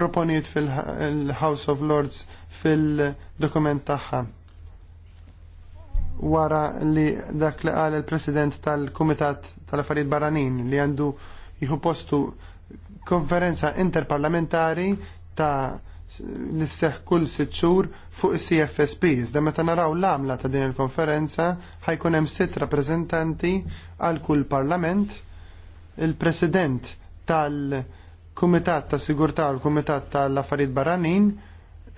Speaker 6: proponiet fil-House of Lords fil-dokument tagħha wara li dak li qal il-President tal-Kumitat tal-Affarijiet Barranin li għandu jieħu postu konferenza interparlamentari ta' li seħ kull sitt xhur fuq is-CFSP. Iżda meta naraw l-għamla ta' din il-konferenza ħajkun hemm sitt rappreżentanti għal kull parlament, il-President tal-Kumitat ta' Sigurtà u l-Kumitat tal-Affarijiet Barranin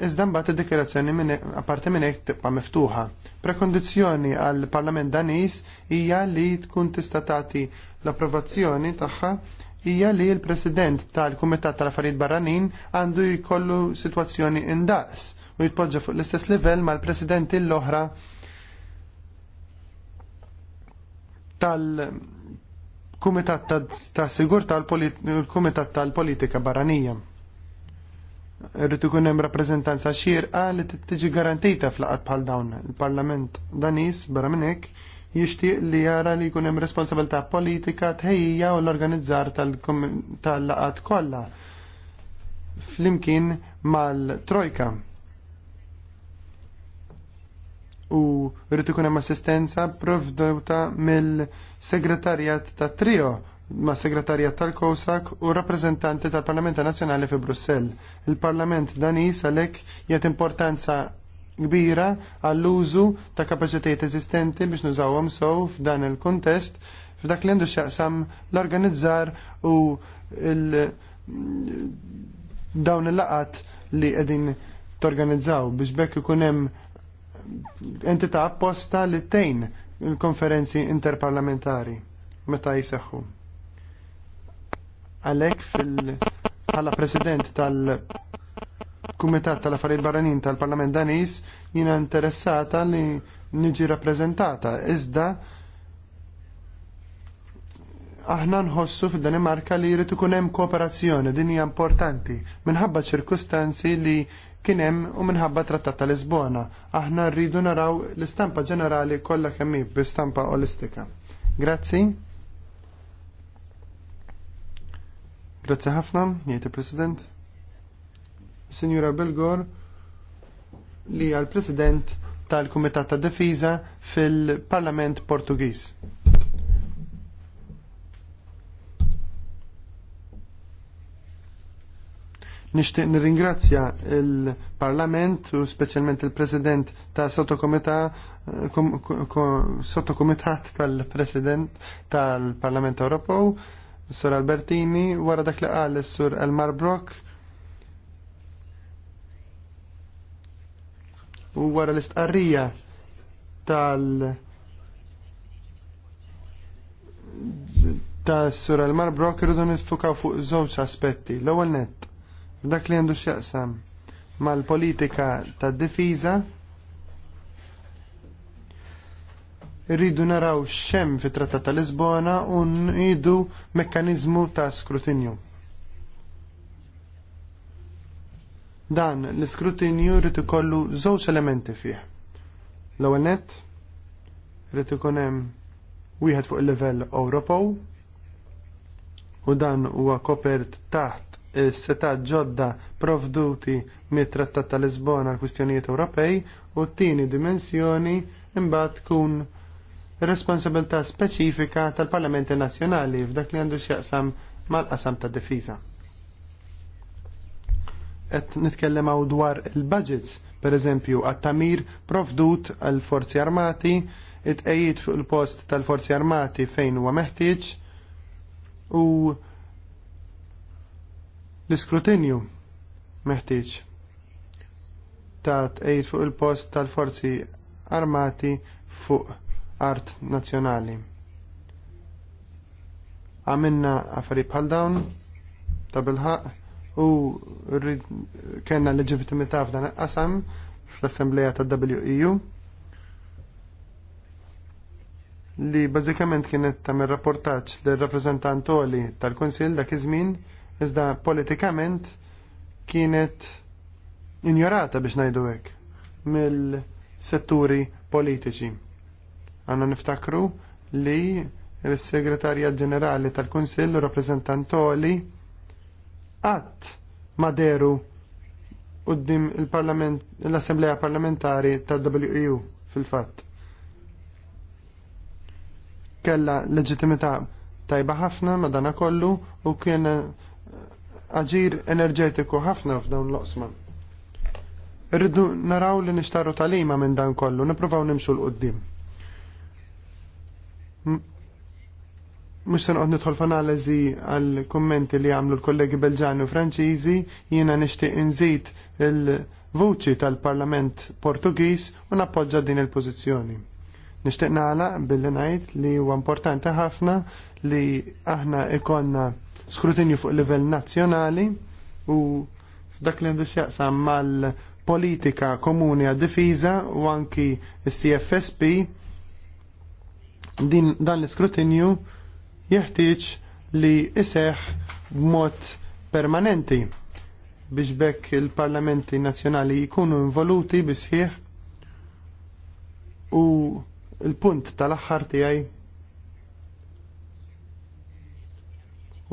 Speaker 6: Iżda mbagħad id-dikjerazzjoni apparti minn hekk tibqa' miftuħa. Prekondizzjoni għall Parlament Danis hija li tkun tista' tagħti l-approvazzjoni tagħha hija li l-President tal-Kumitat tal-Affarijiet Barranin għandu jkollu sitwazzjoni indaqs u jitpoġġa fuq l-istess livell mal-Presidenti l-oħra tal-Kumitat tal sigur u l-Kumitat tal-Politika Barranija. Irrid ikun hemm rappreżentanza xierqa li tiġi garantita flaqat bħal dawn. Il-Parlament Danis barra minn hekk jixtieq li jara li jkun hemm responsabilità politika tħejja u l-organizzar tal-laqgħat kollha flimkien mal-trojka u rritu kunem assistenza provduta mill-segretarjat ta' trio ma' segretarjat tal-Kosak u rappresentanti tal-Parlamenta Nazzjonali fi Brussell. Il-Parlament Danis għalhekk jagħti importanza kbira għall-użu ta' kapaċitajiet eżistenti biex nużawhom sow f'dan il-kuntest f'dak li għandu x'jaqsam l-organizzar u l dawn il-laqat li qegħdin torganizzaw biex bekk ikun hemm entità apposta li tejn il-konferenzi interparlamentari meta jiseħħu. Għalhekk fil bħala president tal-Kumitat tal-Affarijiet Barranin tal-Parlament Danis jiena interessata li niġi rappreżentata iżda aħna nħossu fid-Danimarka li jrid ikun hemm kooperazzjoni din hija importanti minħabba ċirkustanzi li kien hemm u minħabba Trattat ta' Lisbona. Aħna rridu naraw l-istampa ġenerali kollha kemm bi stampa olistika. Grazzi. Grazzi ħafna, jgħid il-President. Signora Belgor li għal President tal-Kumitat ta' Defiza fil-Parlament Portugiż. Nixtieq nirringrazzja il-Parlament u speċjalment il-President ta' Sottokumitat tal-President tal-Parlament Ewropew Sur Albertini, wara dak li qal sur Elmar Brock. U wara l-istqarrija tal ta' sur Elmar Brock irridu nitfukaw fuq żewġ aspetti. L-ewwel nett, dak li għandu x'jaqsam mal-politika tad-difiża rridu naraw xem fit trattat ta' Lisbona u nidu mekkanizmu ta' skrutinju. Dan l-iskrutinju rrid kollu żewġ elementi fih. L-ewwel nett rrid wieħed fuq il-livell Ewropew u dan huwa kopert taħt il seta ġodda provduti mit-Trattat ta' Lisbona l-kwistjonijiet Ewropej u t-tieni dimensjoni imbagħad tkun responsabilità speċifika tal-Parlamenti Nazzjonali f'dak li għandu x'jaqsam mal-qasam tad difiża. Qed nitkellem għaw dwar il-budgets, pereżempju għat-tamir provdut għall forzi armati, it-qejjid fuq il-post tal-forzi armati fejn huwa meħtieġ u l-iskrutinju meħtieġ ta' tqejjid fuq il-post tal-forzi armati fuq art nazzjonali. Għamilna affarijiet bħal dawn ta' bilħaq u kellna leġitimità f'dan il qasam fl-Assembleja ta' WEU li bażikament kienet tagħmel rapportaġġ lir rappreżentantoli tal-Kunsill dak iż-żmien iżda politikament kienet injorata biex ngħidu hekk mill-setturi politiċi. Għanna niftakru li il-Segretarja Ġenerali tal-Kunsill u rappresentantoli għat maderu qoddim l-Assembleja Parlamentari tal-WEU fil-fatt. Kella leġitimità tajba ħafna madana kollu u kien eh, aġir enerġetiku ħafna f'dawn l osma Rridu naraw li nixtaru talima minn dan kollu, nipruvaw nimxu l-qoddim. Mux san għod nidħol f'analiżi għal kummenti li għamlu l-kollegi Belġani u Franċiżi, jiena nixtieq inżid il-vuċi tal-Parlament Portugiż u nappoġġa din il-pożizzjoni. Nixtieq nagħlaq billi ngħid li huwa importanti ħafna li aħna ikonna skrutinju fuq livell nazzjonali u dak li għandis mal-politika komuni għad-difiża u anki s-CFSP din dan l-iskrutinju jeħtieġ li iseħ b'mod permanenti biex bekk il-parlamenti nazzjonali jkunu involuti bisħieħ u il-punt tal aħħar tiegħi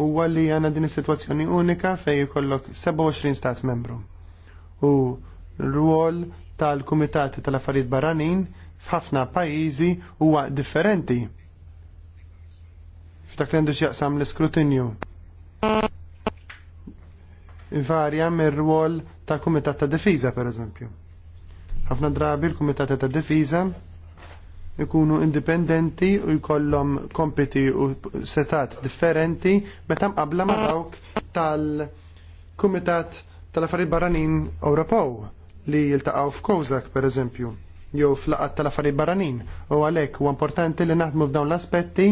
Speaker 6: huwa li għandna din is-sitwazzjoni unika fejn jkollok 27 stat membru. U r-rwol tal-Kumitati tal-Affarijiet Barranin f'ħafna pajjiżi huwa differenti f'dak li għandu x'jaqsam l-iskrutinju. Varja mir-rwol ta' kumitat ta' difiża pereżempju. Ħafna drabi l-kumitat ta' difiża ikunu indipendenti u jkollhom kompiti u setat differenti meta mqabla ma' dawk tal-Kumitat tal-Affarijiet Barranin Ewropew li jiltaqgħu f'Kozak pereżempju jew fl-laqat tal-affarijiet barranin. U għalhekk huwa importanti li naħdmu f'dawn l-aspetti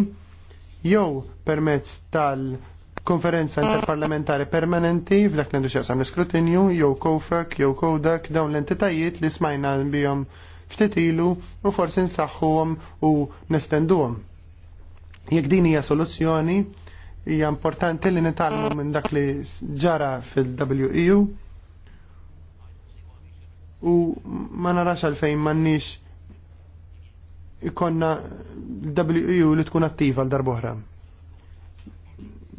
Speaker 6: jew permezz tal-konferenza interparlamentari permanenti f'dak li għandu xjaqsam l-iskrutinju, jew kofak, jew kodak, dawn l-entitajiet li smajna bijom ftit ilu u forsi nsaħħuhom u nestenduhom. Jekk din hija soluzzjoni, hija importanti li nitalmu minn dak li ġara fil-WEU u ma narax għalfejn m'għandniex ikonna l-WEU li tkun attiva għal darboħra.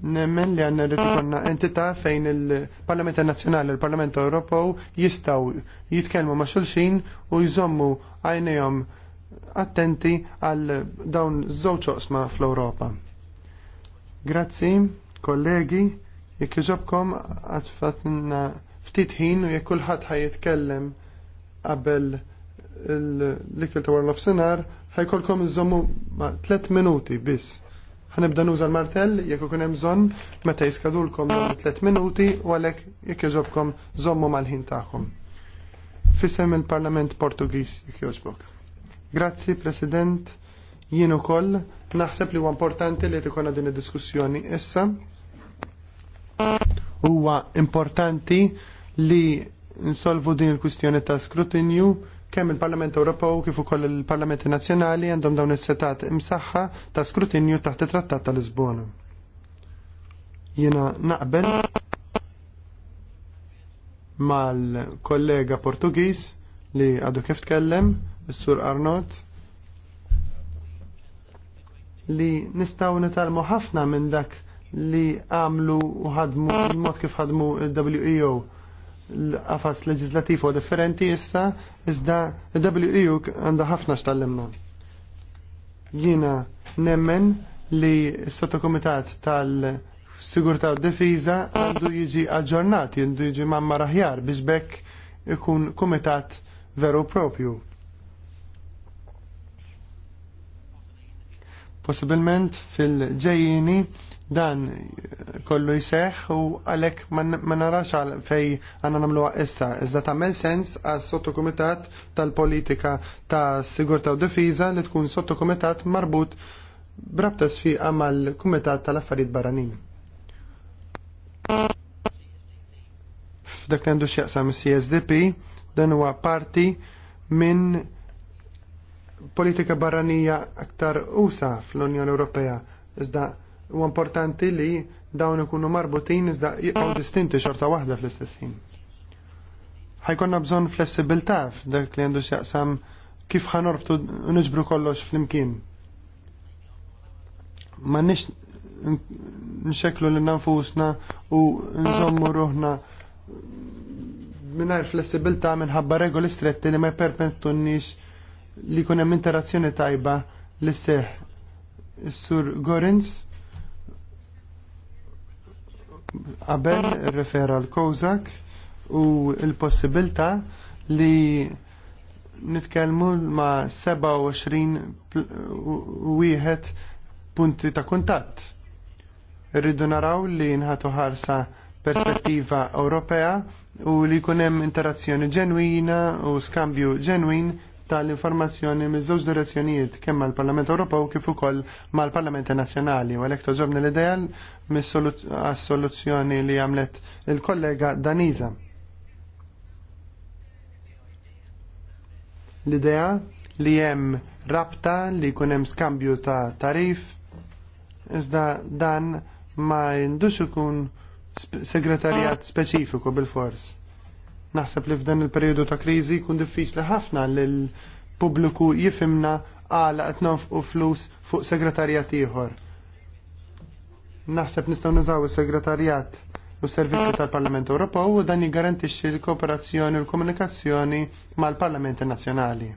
Speaker 6: Nemmen li għanna li tkunna entita' fejn il-Parlament Nazzjonali, il-Parlament Ewropew jistaw jitkelmu ma' xulxin u jżommu għajnejhom attenti għal dawn żewġ oqsma fl-Ewropa. Grazzi, kollegi, jekk iġobkom għatfatna ftit ħin u jekk kulħadd ħaj jitkellem qabel l-ikil ta' warlof senar ħajkolkom iżommu ma' 3 minuti biss. Ħanibda nuża l-martell jekk ikun hemm bżonn meta jiskadulkom 3 minuti u għalhekk jekk iżobkom żommu mal-ħin tagħhom. Fisem il-Parlament Portugiż jekk jogħġbok. Grazzi President, jien ukoll naħseb li huwa importanti li tikonna din id-diskussjoni issa. Huwa importanti li insolvu din il-kwistjoni ta' skrutinju kemm il-Parlament Ewropew kif ukoll il-Parlamenti Nazzjonali għandhom dawn is-setat imsaħħa ta' skrutinju taħt it-Trattat ta' Lisbona. Jiena naqbel mal-kollega Portugiż li għadu kif tkellem, is-Sur Arnold, li nistgħu nitalmu ħafna minn dak li għamlu u ħadmu il-mod kif ħadmu il-WEO l-qafas leġislativ u differenti issa, iżda il-WEU għandha ħafna x'tallimma. Jiena nemmen li s-sottokomitat tal-Sigurtà u Difiża għandu jiġi aġġornat, għandu jiġi mamma raħjar biex bekk ikun komitat veru propju. Possibilment fil-ġejjini Dan kollu jseħ u għalek ma narax għal fej għanna namluwa issa. Iżda tamel sens għas sottokomitat tal-politika ta' sigurta u difiża li tkun sottokomitat marbut brabta sfiqa mal-Kumitat tal-Affarijiet Barranin. F'dak għandu x'jaqsam CSDP, dan huwa parti minn politika barranija aktar usa fl-Unjoni Ewropea. Iżda u importanti li dawn ikunu marbutin iżda jibqgħu distinti xorta waħda fl-istess ħin. Ħajkonna bżonn flessibilità f'dak li għandu x'jaqsam kif ħanorbtu niġbru kollox flimkien. imkien Ma nix nxeklu lil nanfusna u nżommu ruħna minar flessibilità minħabba regoli stretti li ma jpermettunniex li hemm interazzjoni tajba li seħ. Sur Gorins qabel rifera l-Kozak u l-possibilità li nitkellmu ma' 27 wieħed punti ta' kuntatt. Irridu naraw li nħatu ħarsa perspettiva Ewropea u li jkun hemm interazzjoni ġenwina u skambju ġenwin tal-informazzjoni miż żewġ direzzjonijiet kemm mal-Parlament Ewropew kif ukoll mal-Parlamenti Nazzjonali u għalhekk toġobni l-idea mis-soluzzjoni li għamlet il-kollega Daniza. L-idea li hemm rabta li jkun hemm skambju ta' tarif iżda dan ma jindux ikun segretarjat ah. speċifiku bil-fors Naħseb li f'dan il-periodu ta' kriżi jkun diffiċli ħafna li l-pubbliku jifimna għala ah, qed nafqu flus fuq segretarjat ieħor. Naħseb nistgħu nużaw is-segretarjat u s-servizzi tal-Parlament Ewropew u dan jiggarantixxi l-kooperazzjoni u l-komunikazzjoni mal-Parlamenti Nazzjonali.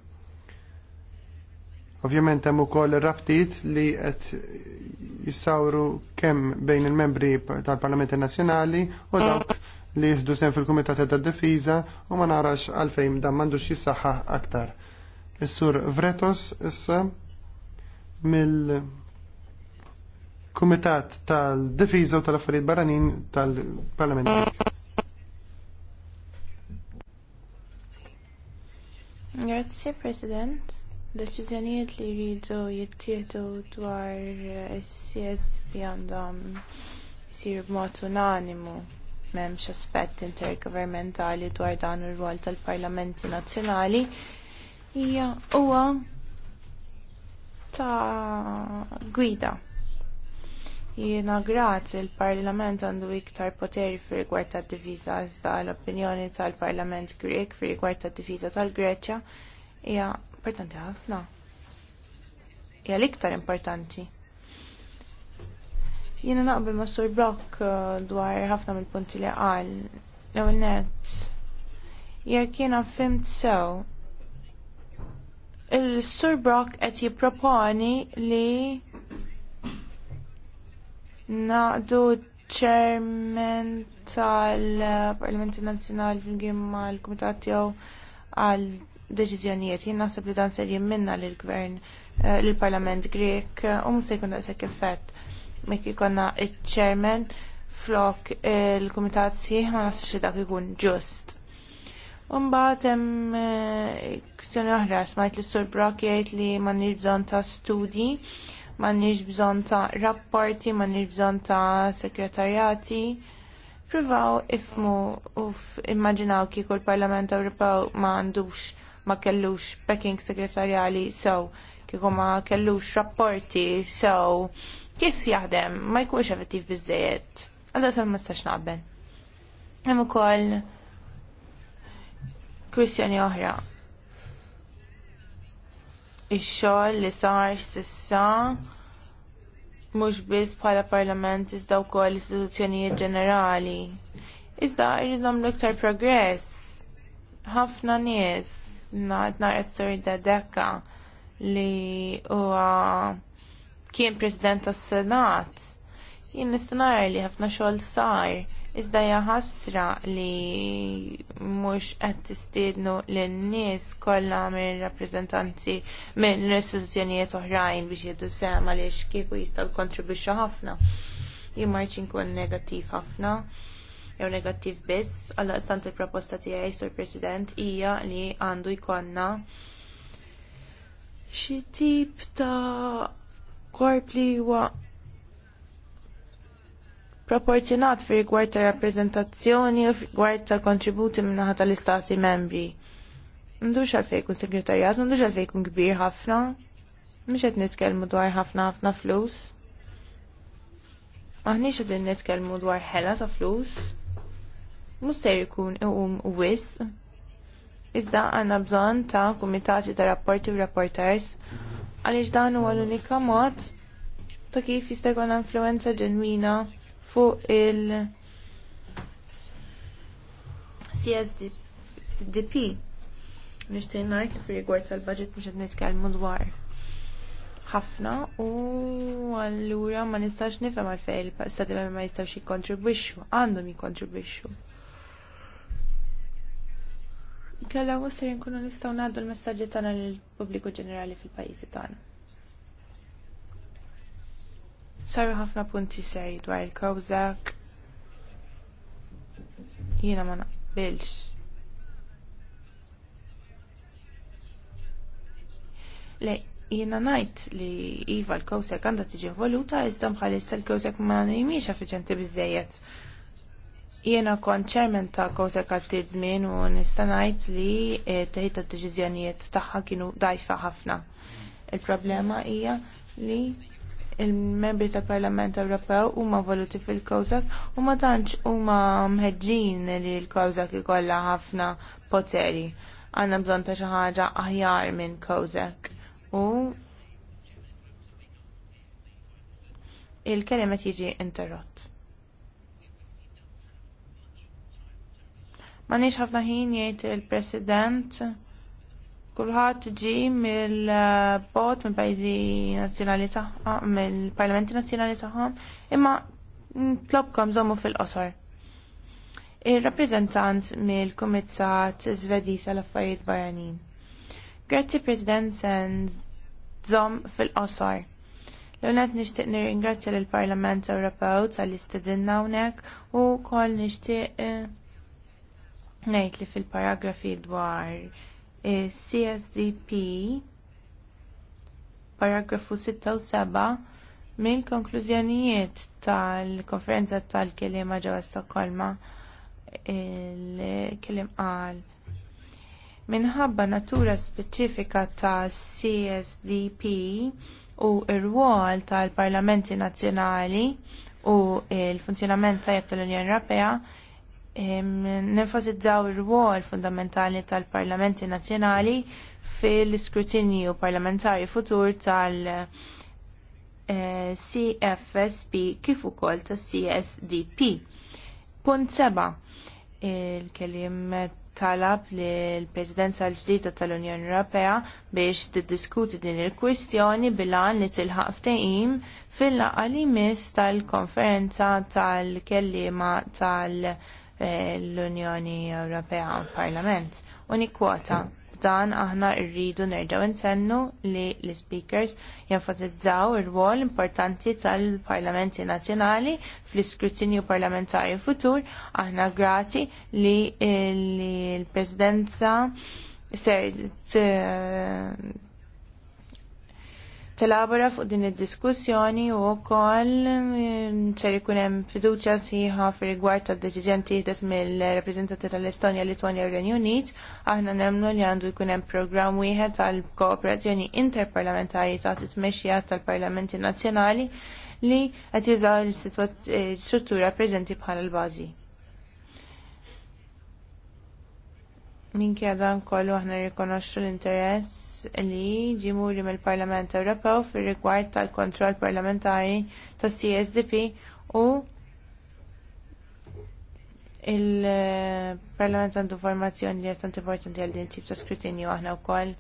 Speaker 6: Ovvjament hemm ukoll rabtiet li qed jissawru kemm bejn il-membri tal-Parlamenti Nazzjonali u dawk li jihdu sen fil-Kumitat ta' Difiża u ma narax għalfejn dan m'għandux jissaħħaħ aktar. Is-sur Vretos issa mill-Kumitat tal-Difiża u tal-Affarijiet Barranin tal-Parlament.
Speaker 4: Grazie President. Deċiżjonijiet li jridu jittieħdu dwar is-CSDP għandhom jisir b'mod unanimu m'hemmx aspett intergovernmentali dwar dan ir-rwol tal-Parlamenti Nazzjonali hija huwa ta' gwida. Jiena grat l parlament għandu iktar poteri fi rigward tad diviża iżda l-opinjoni tal-Parlament Grek fi rigward tad diviża tal-Greċja hija importanti ħafna. Hija l-iktar importanti Jiena naqbel ma' Sur Brock uh, dwar ħafna mill-punti li qal. L-ewwel nett. Jekk jiena fimt sew, il-Sur Brock qed jipproponi li naqdu ċermen tal-Parlamenti Nazzjonali flimkien mal komitat tiegħu għal deċiżjonijiet. Jien naħseb li dan ser jimminna lill gvern eh, lill parlament Grek u mhux se jkun daqshekk effett mek ikonna il-chairman flok il-komitat sieħ ma nasibx li dak ikun ġust. Umbaħt hemm eh, kwistjoni uħra, smajt li sur Brock jgħid li ma bżonn ta' studi, ma bżonn ta' rapporti, ma bżonn ta' sekretarjati. Pruvaw ifmu u immaġinaw kieku l-Parlament Ewropew ma għandux ma kellux backing sekretarjali sew, so, kieku ma kellux rapporti sew. So, kif jaħdem ma jkunx effettiv biżejjed. Għadda sal ma stax naqbel. Hemm ukoll kwistjoni oħra. Ix-xogħol li sar s'issa mhux biss bħala parlament iżda wkoll istituzzjonijiet ġenerali. Iżda jrid nagħmlu iktar progress. Ħafna nies naqed nara s dekka li huwa uh, kien President tas-Senat, jien nistanar li ħafna xogħol sar, iżda hija ħasra li mhux qed tistiednu lin nies kollha minn rappreżentanti minn istituzzjonijiet oħrajn biex jiddu sema għaliex kieku jistgħu jkontribwixxu ħafna. Jien rridx inkun negattiv ħafna jew negattiv biss, għalla stant il-proposta tiegħi sur President hija li għandu jkollna xi tip ta' korp li huwa proporzjonat fi rigward ta' rappreżentazzjoni u rigward ta' kontributi minnaħa tal-istati membri. Mdux għalfej kun segretarjat, mdux għalfej kbir ħafna, mux għed nitkelmu dwar ħafna ħafna flus. Maħniċ għed nitkelmu dwar ħela ta' flus. Mus ser u um u wis. Iżda għanna bżon ta' kumitati ta' rapporti u rapportars għaliex dan huwa l-unika mod ta' kif jista' jkun influenza ġenwina fuq il CSDP. Nixtieq ngħid li fir-rigward tal-budget mhux qed nitkellmu dwar ħafna u allura ma nistax nifhem fejl, il-stati ma jistax jikkontribwixxu, għandhom jikkontribwixxu. Kella musser nkunu nistgħu naħdu l-messaġġi tagħna lill-pubbliku ġenerali fil-pajjiżi tana. Saru ħafna punti seri dwar il-kawżak. Jiena ma naqbilx. Le, jiena ngħid li iva l-kawżak għandha tiġi involuta iżda bħalissa l-kawżak ma nejmiex effiċenti biżejjed Jiena kont chairman ta' Kotek għal-tidmin u nistanajt li teħid t deċiżjonijiet tagħha kienu dajfa ħafna. Il-problema hija li il-membri tal-Parlament Ewropew huma voluti fil-Kowzak u ma tantx huma mħeġġin li l-Kowzak ikollha ħafna poteri. Għandna bżonn ta' xi ħaġa aħjar minn Kowzak. U il-kelimet jiġi interrott. Manix ħafna ħin jgħid il-President kulħadd ġi mill-bot mill pajjiżi nazzjonali taħħa, mill-Parlamenti Nazzjonali tagħhom, imma tlobkom żommu fil-qosor. Ir-rappreżentant mill-Kumitat Żvediż għal affarijiet barranin. Grazzi President sen żomm fil-qosor. L-unet nishtiq nir-ingrazzja l-Parlament Ewropew tal-istedinna unek u kol nishtiq eh, ngħid li fil-paragrafi dwar CSDP paragrafu 6 u 7 mill-konklużjonijiet tal-konferenza tal-kelima ġewwa Stokkolma il-kelim qal minħabba natura speċifika ta' CSDP u r wol tal-Parlamenti Nazzjonali u l funzjonament tajjeb tal-Unjoni Ewropea nenfasizzaw ir-rwol fundamentali tal-parlamenti nazzjonali fil iskrutinju parlamentari futur tal- eh, CFSP kif ukoll tas CSDP. Punt seba' il-kelim talab li l-Presidenza l-ġdida tal-Unjoni Ewropea biex tiddiskuti din il-kwistjoni bilan li tilħaq ftehim fil-laqgħa li mis tal-konferenza tal-kellima tal-, -konferenza tal l-Unjoni Ewropea u l-Parlament u nikkwota dan aħna rridu nerġaw intennu li l-speakers jenfatizzaw il wol importanti tal-parlamenti nazzjonali fl-iskrutinju parlamentari futur aħna grati li l-presidenza ser telabora fuq din id-diskussjoni u wkoll mm, ser ikun hemm fiduċja sieħa fir-rigward tad-deċiżjoni tieħdes mill-rappreżentanti tal-Estonja, Litwanja u Renju Unit, aħna nemmnu li għandu jkun hemm programm wieħed għal kooperazzjoni interparlamentari ta' titmexxija tal-Parlamenti Nazzjonali li qed jużaw l-struttura eh, preżenti bħala l-bażi. Minkejja dan kollu aħna rikonoxxu l-interess li ġimuri mill-Parlament Ewropew fir rigward tal-kontroll parlamentari tas CSDP u il-Parlament għandu formazzjoni li għattant importanti għal din tip ta' skrutinju aħna wkoll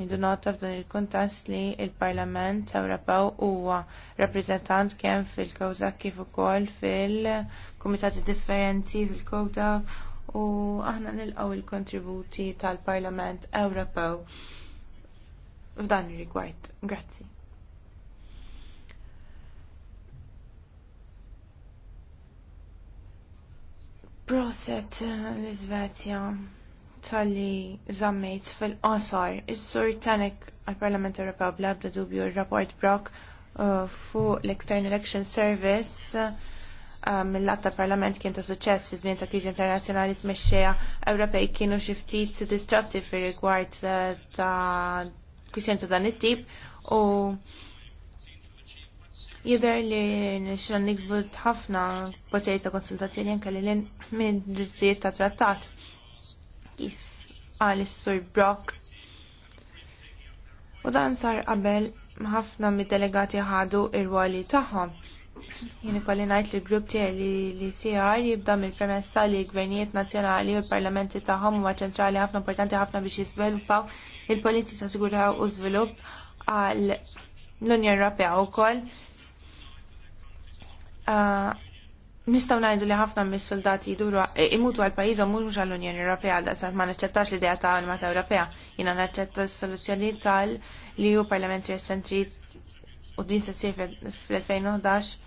Speaker 4: Nidu nota f'dan il kuntest li l parlament Ewropew huwa rappreżentant kemm fil-kawża kif ukoll fil-kumitati differenti fil-kawża u aħna nilqaw il-kontributi tal-Parlament Ewropew f'dan ir-rigward. Grazzi. Proset eh, l-Izvezja tal-li zammejt fil-qasar. Is-sur Tanek għal-Parlament Ewropew bla bda dubju r-rapport Brock eh, fuq l-External Election Service eh, mill latta Parlament kien ta' suċċess fi żmien ta' kriżi internazzjonali tmexxejja Ewropej kienu xi ftit distrattiv fir rigward ta' kisjen ta' dan it-tip u jidher li nixra nixbud ħafna proċeri ta' konsultazzjoni anke li minn dizzijiet ta' trattat kif għal sur Brock. U dan sar qabel ħafna mid-delegati ħadu ir wali tagħhom. Jien ikolli ngħid li grupp tiegħi li CR jibda mill-premessa li l-gvernijiet nazzjonali u l-parlamenti tagħhom huwa ċentrali ħafna importanti ħafna biex jiżviluppaw il-politika ta' sigurtà u żvilupp għal l-Unjoni Ewropea wkoll. Ah, nistgħu ngħidu li ħafna mis-soldati jduru eh, imutu għal pajjiżhom mhux għall unjoni Ewropea għal ma naċċettax l-idea ta' armas Ewropea. Jiena naċċetta s-soluzzjoni tal-li u Parlamenti sentri u din se ssir fl-2011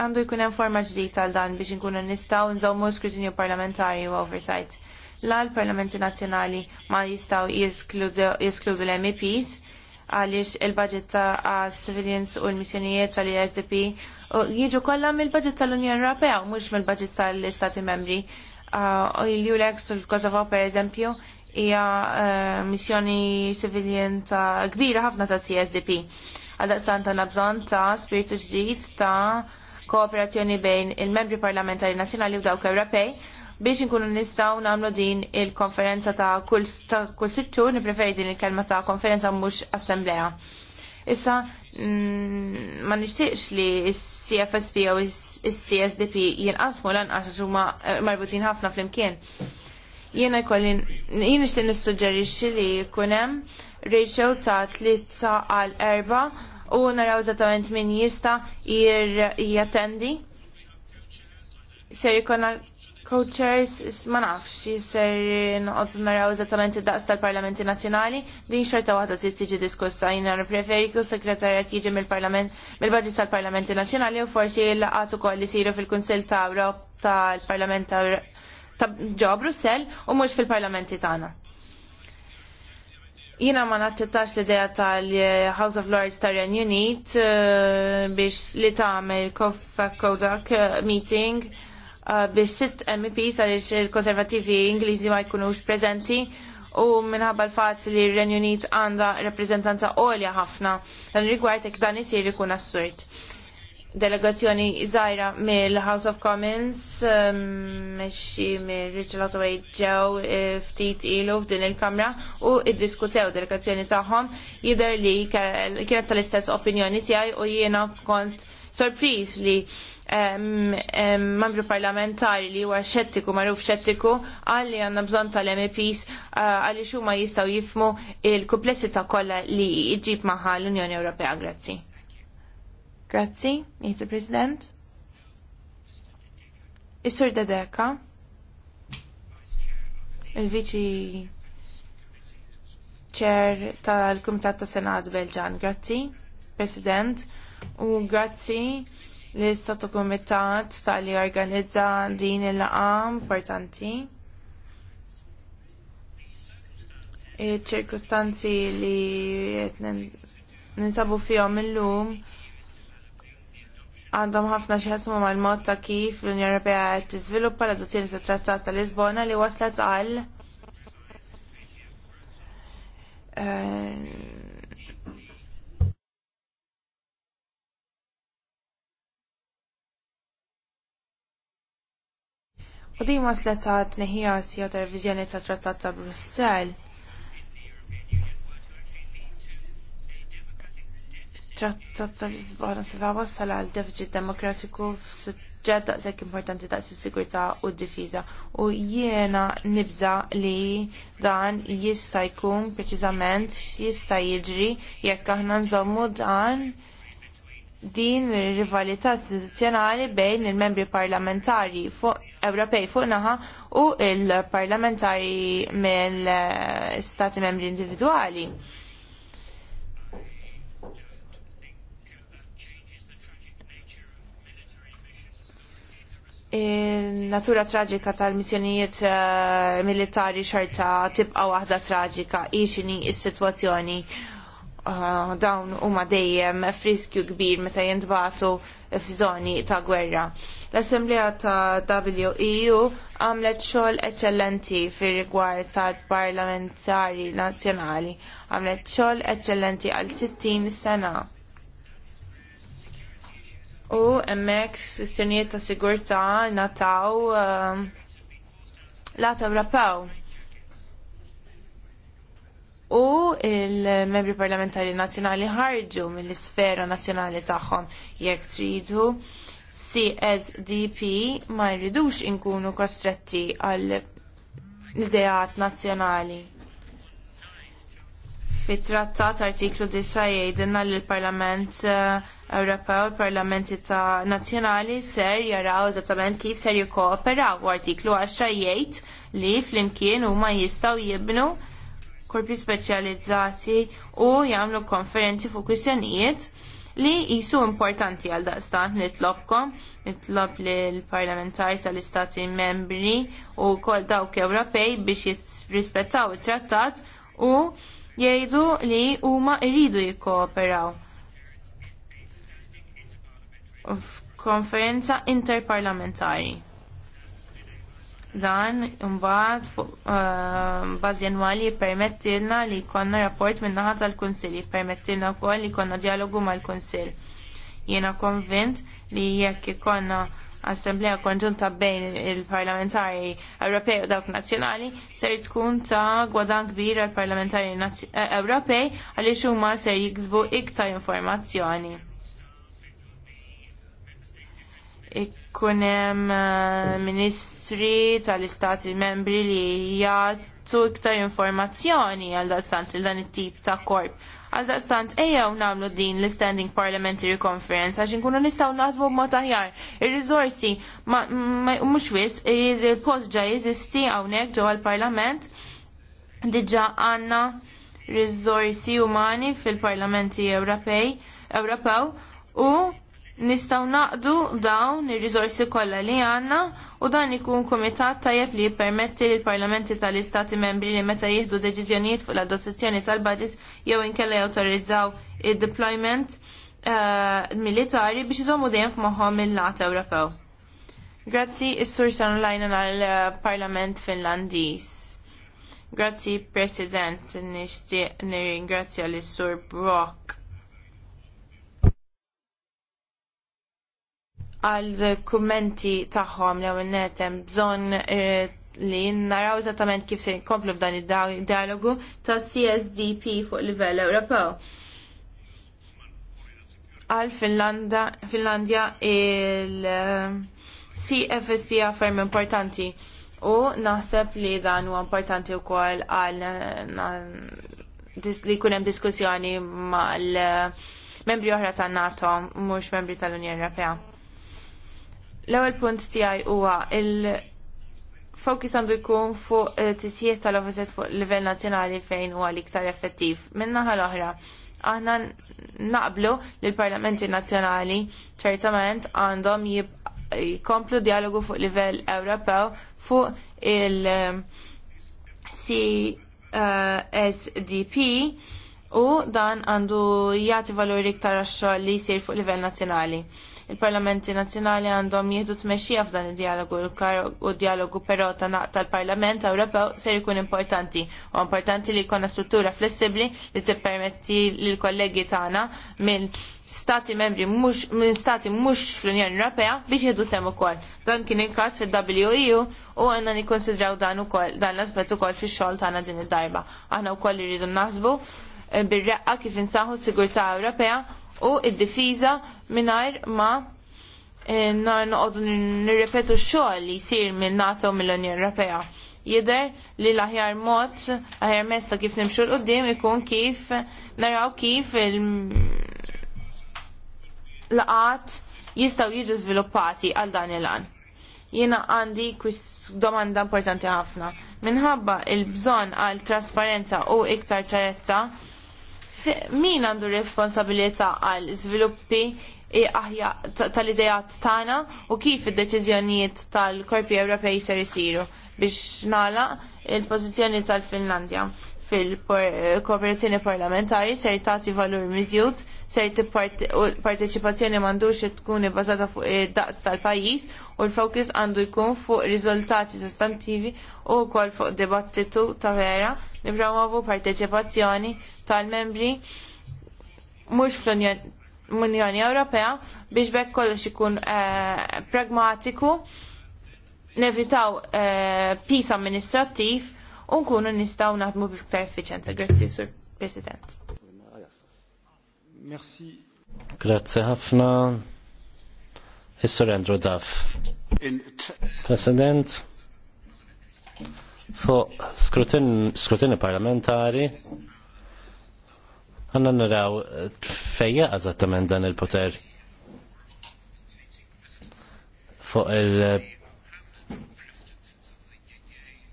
Speaker 4: għandu jkun hemm forma ġdida għal dan biex inkunu nistgħu nżommu skrutinju parlamentari u oversight. La l-Parlamenti Nazzjonali ma jistgħu jeskludu l-MEPs għaliex il-budget ta' civilians u l-missjonijiet tal-ISDP jiġu kollha mill-budget tal-Unjoni Ewropea u mhux mill-budget tal-Istati Membri. U uh, l-ULEX u l-Kosovo per eżempju hija uh, missjoni civilien ta' kbira ħafna ta' CSDP. Għadaqsan santa nabżon ta' spiritu ġdid ta' kooperazzjoni bejn il-membri parlamentari nazzjonali u dawk Ewropej biex inkunu nistaw namlu din il-konferenza ta' kull kul sitxur, nipreferi din il-kelma ta' konferenza mux assemblea. Issa, mm, ma nishtiqx li il-CFSP u il-CSDP jinqasmu lanqas huma eh, marbutin ħafna fl-imkien. jkolli, jien nishtiq nissuġġerixxi li kunem ratio ta' 3 għal 4 u naraw zatament min jista' jattendi. Ser jkollna Co-chairs, ma nafx, ser noqgħod naraw zatament id-daqs tal-Parlamenti Nazzjonali, din xorta waħda trid tiġi diskussa jiena preferi u sekretarjat jiġi mill-Parlament mill-Baġit tal-Parlamenti Nazzjonali u forsi l-laqgħat ukoll li siru fil kunsil ta' Ewrop tal-Parlament ta' ġo Brussell u mhux fil-Parlamenti tagħna. Jina ma naċċettax l idea tal-House of Lords tar Unit eh, biex li tagħmel koffa Kodak eh, meeting eh, biex sitt MEPs għaliex il-konservativi Ingliżi ma jkunux prezenti u minħabba l-fatt li r-Renju Unit għandha rappreżentanza għolja ħafna dan rigward jekk dan isir ikun assurd delegazzjoni żgħira mill-House of Commons um, mexxi mill Richard Hathaway ġew eh, ftit ilu f'din il-Kamra u id-diskutew delegazzjoni tagħhom jidher li kienet tal-istess opinjoni tiegħi u jiena kont sorpriż li membru parlamentari li huwa xettiku, magħruf xettiku, għalli għandna bżonn tal-MEPs eh, għalli xuma jistgħu jifmu il-komplessità kollha li jġib magħha l-Unjoni Ewropea. Grazzi. Grazzi, Mr. president Is-Sur Dedeka, il-Viċi Chair tal-Kumitat ta' Senat Belġan. Grazzi, President, u grazzi li s-sotto komitat tal-li organizza din il-laqa importanti. ċirkustanzi li fjom il-lum għandhom ħafna xħasmu mal mod ta' kif l-Unjoni Ewropea qed tiżviluppa l-adozzjoni tat Trattat ta' Lisbona li waslet għal eh, U din waslet għal tneħija sija ta' reviżjoni tat Trattat ta' Brussell trattat tal wassal għal deficit demokratiku f'suġġett daqshekk importanti daqs is-sigurtà u d-difiża u jiena nibża li dan jista' jkun preċiżament jista' jiġri jekk aħna nżommu dan din rivalità istituzzjonali bejn il-membri parlamentari Ewropej fuq naħa u il-parlamentari mill istati membri individwali. natura traġika tal-missjonijiet eh, militari xorta tibqa waħda traġika ixini il sitwazzjoni eh, dawn huma dejjem friskju kbir meta jintbatu f'żoni ta' gwerra. L-Assemblea ta' WEU għamlet xogħol eċċellenti fir rigward tal-parlamentari nazzjonali. Għamlet xogħol eċċellenti għal 60 sena u hemmhekk sistenijiet ta' sigurtà nataw la ta' rapaw. U il-membri parlamentari nazzjonali ħarġu mill-isfera nazzjonali tagħhom jekk tridu CSDP ma jridux inkunu kostretti għall ideat nazzjonali fit-trattat artiklu 9 jgħidilna li l-Parlament eh, Ewropew l parlamenti ta' Nazzjonali ser jaraw eżattament kif ser jikkooperaw u artiklu 10 jgħid li flimkien huma jistgħu jibnu korpi speċjalizzati u jagħmlu konferenzi fuq kwistjonijiet li jisu importanti għal daqstant nitlobkom, nitlob li l-parlamentari tal-istati membri u kol dawk Ewropej biex jirrispettaw it-trattat u jgħidu li huma jridu jikkooperaw f'konferenza interparlamentari. Dan imbagħad fuq eh, bażi annwali jippermettilna li jkollna rapport min naħa tal-Kunsill, jippermettilna wkoll li jkollna dialogu mal-Kunsill. Jiena konvint li jekk ikollna assembleja konġunta bejn il-parlamentari Ewropej u dawk nazzjonali ser tkun ta' gwadan kbir għal parlamentari eh, Ewropej għaliex huma ser jiksbu iktar informazzjoni. Ikkun hemm eh, ministri tal-istati membri li jgħat tu iktar informazzjoni għal daqstant il dan it-tip ta' korp. Għal daqstant ejjew namlu din l-Standing Parliamentary Conference għax nkunu nistgħu naħsbu b'mod aħjar. Il-rizorsi mhux wis il-post ġa jeżisti hawnhekk ġo għal parlament diġà għandna riżorsi umani fil-Parlamenti Ewropej Ewropew u Nistaw naqdu dawn ir-riżorsi kollha li għandna u dan ikun kumitat tajjeb li jippermetti lill parlamenti tal-istati membri li meta jieħdu deċiżjonijiet fuq l-adozzjoni tal-budget jew inkella jawtorizzaw id-deployment eh, militari biex iżommu dejjem f'moħħom il-lat Ewropew. Grazzi is-sur online għal-Parlament Finlandiż. Grazzi President, nixtieq nirringrazzja lis sur Brock għal kummenti tagħhom li għonet hemm bżonn eh, li naraw eżattament kif se jkomplu f'dan id-dialogu ta' CSDP fuq livell Ewropew. Għal Finlandja il-CFSP eh, ferm importanti u naħseb li dan huwa importanti wkoll għal li jkun hemm diskussjoni mal eh, membri oħra tan NATO mhux membri tal-Unjoni Ewropea. L-ewwel punt tiegħi huwa il fokus għandu jkun fuq tisjiet tal-offiset fuq livell nazzjonali fejn huwa l-iktar effettiv. Minna l-oħra, aħna naqblu li l-parlamenti nazzjonali ċertament għandhom jikomplu dialogu fuq livell Ewropew fuq il- CSDP u dan għandu jagħti valur iktar għax-xogħol li jsir fuq livell nazzjonali il-parlamenti nazzjonali għandhom jieħdu tmexxija f'dan id-dialogu u d-dialogu però ta' tal-Parlament Ewropew ser ikun importanti. U importanti li jkollna struttura flessibbli li tippermetti lil kollegi tagħna minn stati membri mhux minn stati mhux fl-Unjoni Ewropea biex jieħdu sem ukoll. Dan kien il-każ fil-WEU u għandna nikkonsidraw dan ukoll dan l-aspett ukoll fix-xogħol tagħna din id-darba. Aħna wkoll irridu naħsbu eh, bir-reqqa kif insaħħu s-sigurtà Ewropea u id-difiża mingħajr ma eh, noqogħdu nirrepetu xogħol li jsir minn NATO mill-Unjoni Ewropea. Jidher li l-aħjar mod, aħjar mezz ta' kif nimxu l-qudiem ikun kif naraw kif il-laqat jistgħu jiġu żviluppati għal dan il-għan jiena għandi kwis domanda importanti ħafna. Minħabba il-bżon għal trasparenza u iktar ċaretta, min għandu responsabilità għal żviluppi aħja tal-idejat tagħna u kif id-deċiżjonijiet tal-Korpi Ewropej ser isiru biex nagħlaq il-pożizzjoni tal-Finlandja fil-kooperazzjoni parlamentari se jtati valur miżjud, se partecipazzjoni mandux tkun bazata fuq daqs tal-pajis u l-fokus għandu jkun fuq riżultati sostantivi u kol fuq dibattitu ta' vera li promovu partecipazzjoni tal-membri mux fl-Unjoni Ewropea biex bekk kollox ikun eh, pragmatiku nevitaw eh, pis amministrattiv unkunu nistaw naħdmu b'iktar effiċjenza. Grazzi, Sur President.
Speaker 2: Merci.
Speaker 5: Grazzi ħafna. Is-Sur Andrew Duff. President, fuq skrutin, parlamentari, għanna naraw fejja eżattament dan il-poter fuq il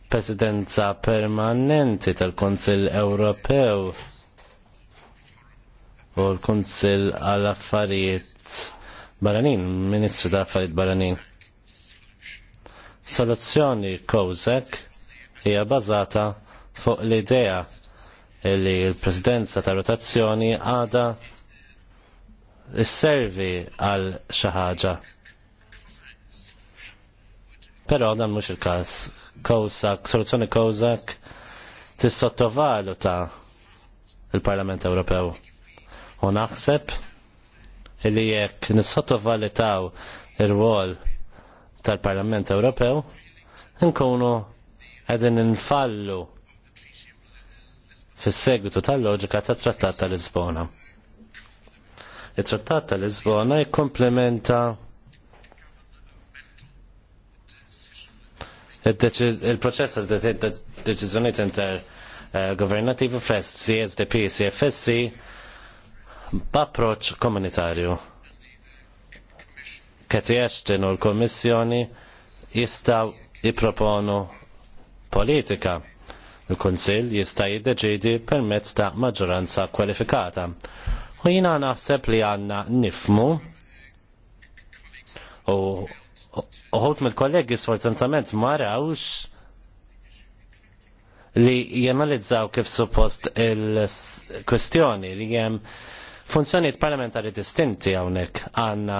Speaker 5: presidenza permanenti tal-Konsil Ewropew u l-Konsil għall-Affarijiet Baranin, Ministru tal-Affarijiet Baranin. Soluzzjoni Kozek hija bażata fuq l-idea li l-presidenza ta' rotazzjoni għada s-servi għal xaħġa. Pero dan mux il-kas Kozak, soluzzjoni Kozak t-sottovalu ta' il-Parlament Ewropew. U naħseb li jekk nissottovalitaw ir-wol tal-Parlament Ewropew, nkunu qegħdin nfallu fis-segwitu tal-loġika tat Trattat tal-Lisbona. it trattat tal-Lisbona jikkomplementa il-proċess ta' deċiżjonijiet inter eh, governativi frest CSDP, CFSC b'approċċ komunitarju. Kati u l-Kommissjoni jistaw jiproponu politika. Il-Kunsill jista' jiddeċidi permezz ta' maġġoranza kwalifikata. U jina naħseb li għanna nifmu u uħut mill-kollegi sfortunatament ma rawx li jemalizzaw kif suppost il-kwestjoni li jem funzjoniet parlamentari distinti għawnek għanna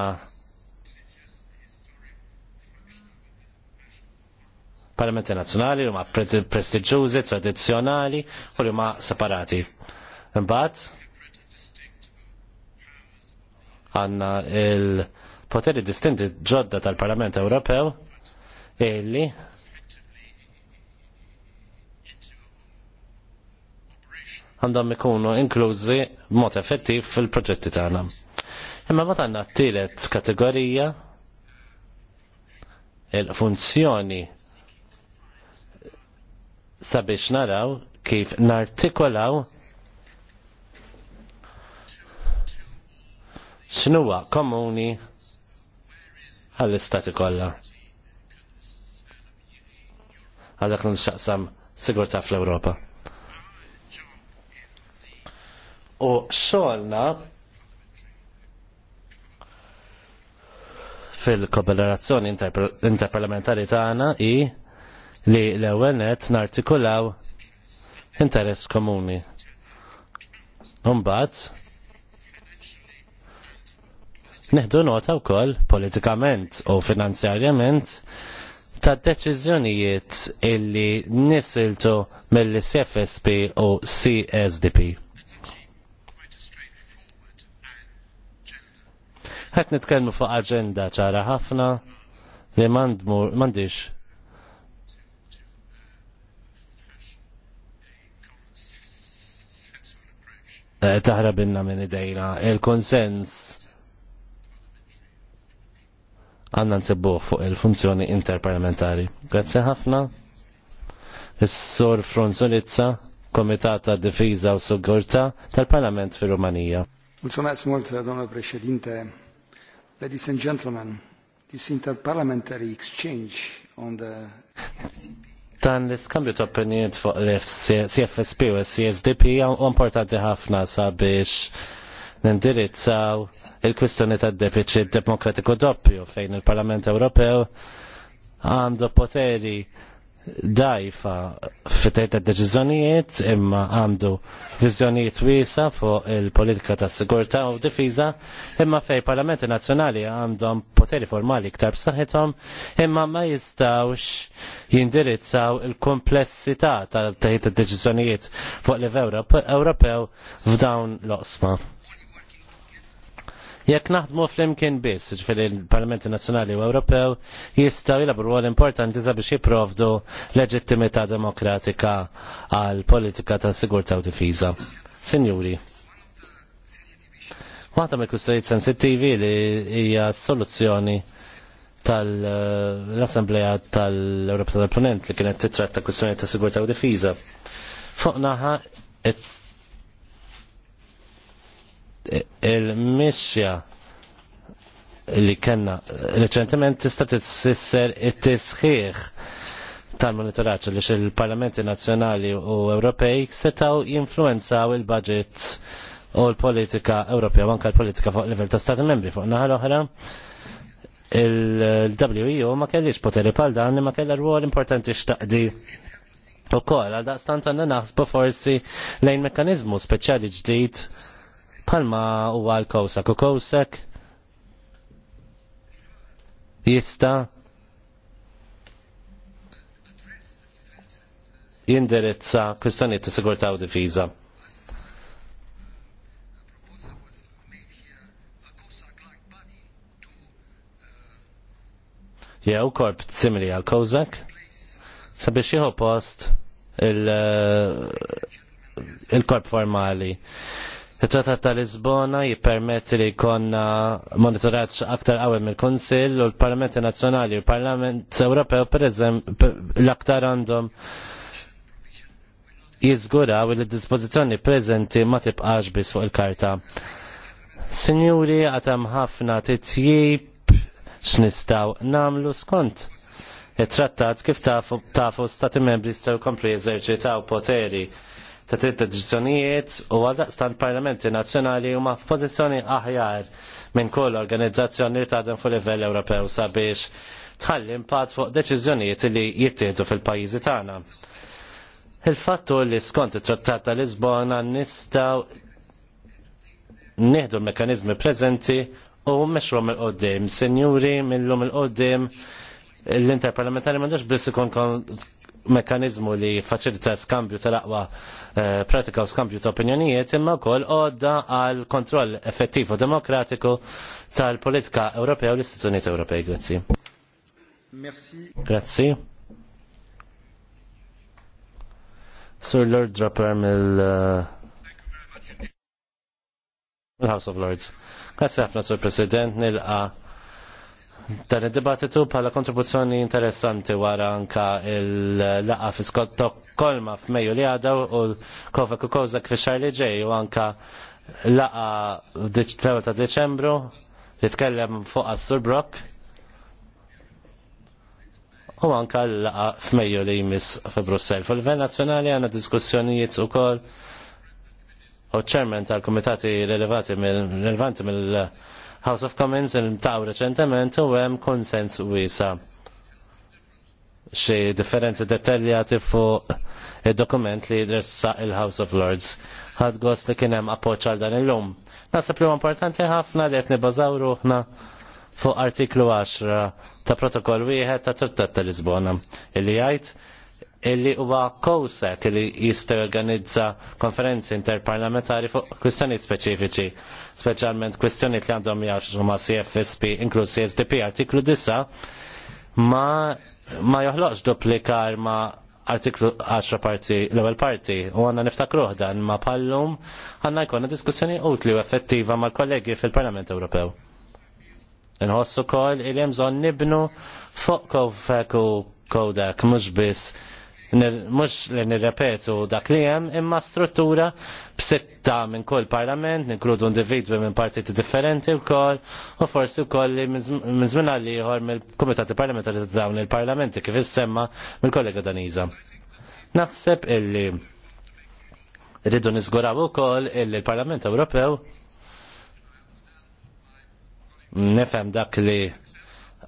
Speaker 5: parlamenti nazjonali li ma prestiġużi, tradizjonali u li ma separati. Imbagħad għanna il- poteri distinti ġodda tal-Parlament Ewropew illi għandhom ikunu inklużi b'mod effettiv fil-proġetti tagħna. Imma ma għandna t-tielet kategorija il-funzjoni sabiex naraw kif nartikolaw x'nuwa komuni għall-istati kollha. Għalhekk nxaqsam sigurta fl-Ewropa. U xogħolna fil-kooperazzjoni interparlamentari tagħna i li l-ewwel net nartikulaw interess komuni. Mbagħad Neħdu nota wkoll politikament u finanzjarjament ta' deċiżjonijiet illi nisiltu mill-CFSP u CSDP. Għet nitkellmu fuq agenda ċara ħafna li mandiġ eh, taħrabinna minn idejna il-konsens għanna nsibbuħ fuq il-funzjoni interparlamentari. Grazie ħafna. Is-sor Fronzolizza, Komitat ta' Difiża u Sigurta tal-Parlament fir rumanija
Speaker 1: Mulțumesc mult, donna preċedinte. Ladies and gentlemen, this interparlamentary exchange on the
Speaker 5: Dan l-iskambju ta' opinjiet fuq l-CFSP u CSDP importanti ħafna sabiex nindirizzaw il-kwistjoni tad deficit demokratiku doppju fejn il-Parlament Ewropew għandu poteri dajfa fitajt ta' deċiżjonijiet imma għandu viżjonijiet wiesa fuq il-politika ta' sigurtà u difiża imma fej parlamenti nazzjonali għandhom poteri formali iktar b'saħħithom imma ma jistawx jindirizzaw il-komplessità ta' tajt ta' deċiżjonijiet fuq livell Ewropew f'dawn l-oqsma. Jekk naħdmu flimkien biss, ġifiri l parlamenti Nazzjonali u Ewropew jistaw jilagħbu rwol importanti sabiex jipprovdu leġittimità demokratika għal politika ta' sigurtà u difiża. Sinjuri, waħda mill kustajt sensittivi li hija soluzzjoni tal-Assembleja tal-Europa tal-Ponent li kienet titratta kwistjoni ta' sigurta u difiża. Fuq naħa il-mixja li kena reċentement tista' tfisser it-tisħiħ tal-monitoraċ li il-parlamenti nazzjonali u Ewropej setaw jinfluenzaw il-budget u l-politika Ewropea u anka l-politika fuq livell ta' stati membri fuq naħa l-oħra il-WEO ma kellix poteri pal dan ma kellha rwol importanti xtaqdi u kol għal daqstant għanna naħsbu forsi lejn mekanizmu speċjali ġdid Palma huwa l-kowsak u kowsak jista' jindirizza kwistjonijiet ta' sigurta u difiża. Jew korp simili għal kowsak sabiex jieħu post il-korp eh, formali il trattat ta' Lisbona jippermetti li konna monitoraċ aktar għawem il-Konsil u l-Parlamenti Nazjonali u l-Parlament Ewropew per l-aktar għandhom u li dispozizjoni prezenti ma tibqax bis fuq il-karta. Sinjuri għatam ħafna titjib x'nistgħu namlu skont. Il-trattat kif tafu stati membri jistgħu komplu jeżerċitaw poteri ta' tritt deċiżjonijiet u għaldaqstan parlamenti nazzjonali huma f'pożizzjoni aħjar minn kull organizzazzjoni li ta' fuq livell Ewropew sabiex tħalli impat fuq deċiżjonijiet li jittieħdu fil-pajjiżi tagħna. Il-fattu li skont it-Trattat ta' Lisbona nistgħu nieħdu l-mekanizmi preżenti u mmexrom il-qoddim. Sinjuri, millum il-qoddim l-interparlamentari m'għandux biss ikun mekanizmu li faċilita skambju tal-aqwa eh, pratika u skambju ta' opinjonijiet imma wkoll għodda għal kontroll effettiv u demokratiku tal-politika Ewropea u l-istituzzjonijiet Ewropej. Grazzi. Merci. Grazzi. Sir Lord Dropper eh, mill House of Lords. Grazzi ħafna, Sir President, nilqa' dan id-dibattitu bħala kontribuzzjoni interessanti wara anka il-laqa fi Skotto Kolma f'Mejju li għada u kofa kukoza krixar li ġej u anka laqa fl ta' Deċembru li tkellem fuq Assur Brock u anka laqa f'Mejju li jmiss fi Brussel. Fil-Ven Nazzjonali għanna diskussjonijiet ukoll u ċermen tal-komitati relevanti mill- House of Commons il-mtaw reċentement u hemm konsens wiesa xi differenzi dettaljati fuq il-dokument li jidressa il-House of Lords. Ħad gost li kien hemm appoġġ għal dan illum. Nasab li huwa importanti ħafna li qed nibbażaw ruħna fuq artiklu 10 ta' protokoll wieħed ta' Trattat ta' Lisbona illi jgħid illi huwa kowsek illi jista' jorganizza konferenzi interparlamentari fuq kwistjonijiet speċifiċi, speċjalment kwistjonijiet li għandhom jaxxu ma' CFSP inklu CSDP artiklu 9 ma ma joħloqx duplikar ma artiklu 10 parti l-ewwel parti u għandna niftakruh dan ma pallum għandna jkollna diskussjoni utli u effettiva mal kollegi fil-Parlament Ewropew. Inħossu kol il jemżon bżonn nibnu fuq kofek u kodak mhux biss mux li nirrepetu dak li hemm imma struttura b'sitta minn kull parlament, ninkludu individwi minn partiti differenti wkoll u forsi wkoll li minn żmien għal ieħor mill-kumitati parlamentari ta' dawn il-parlamenti kif issemma mill-kollega Danisa. Naħseb illi rridu niżguraw ukoll illi l-Parlament Ewropew nifhem dak li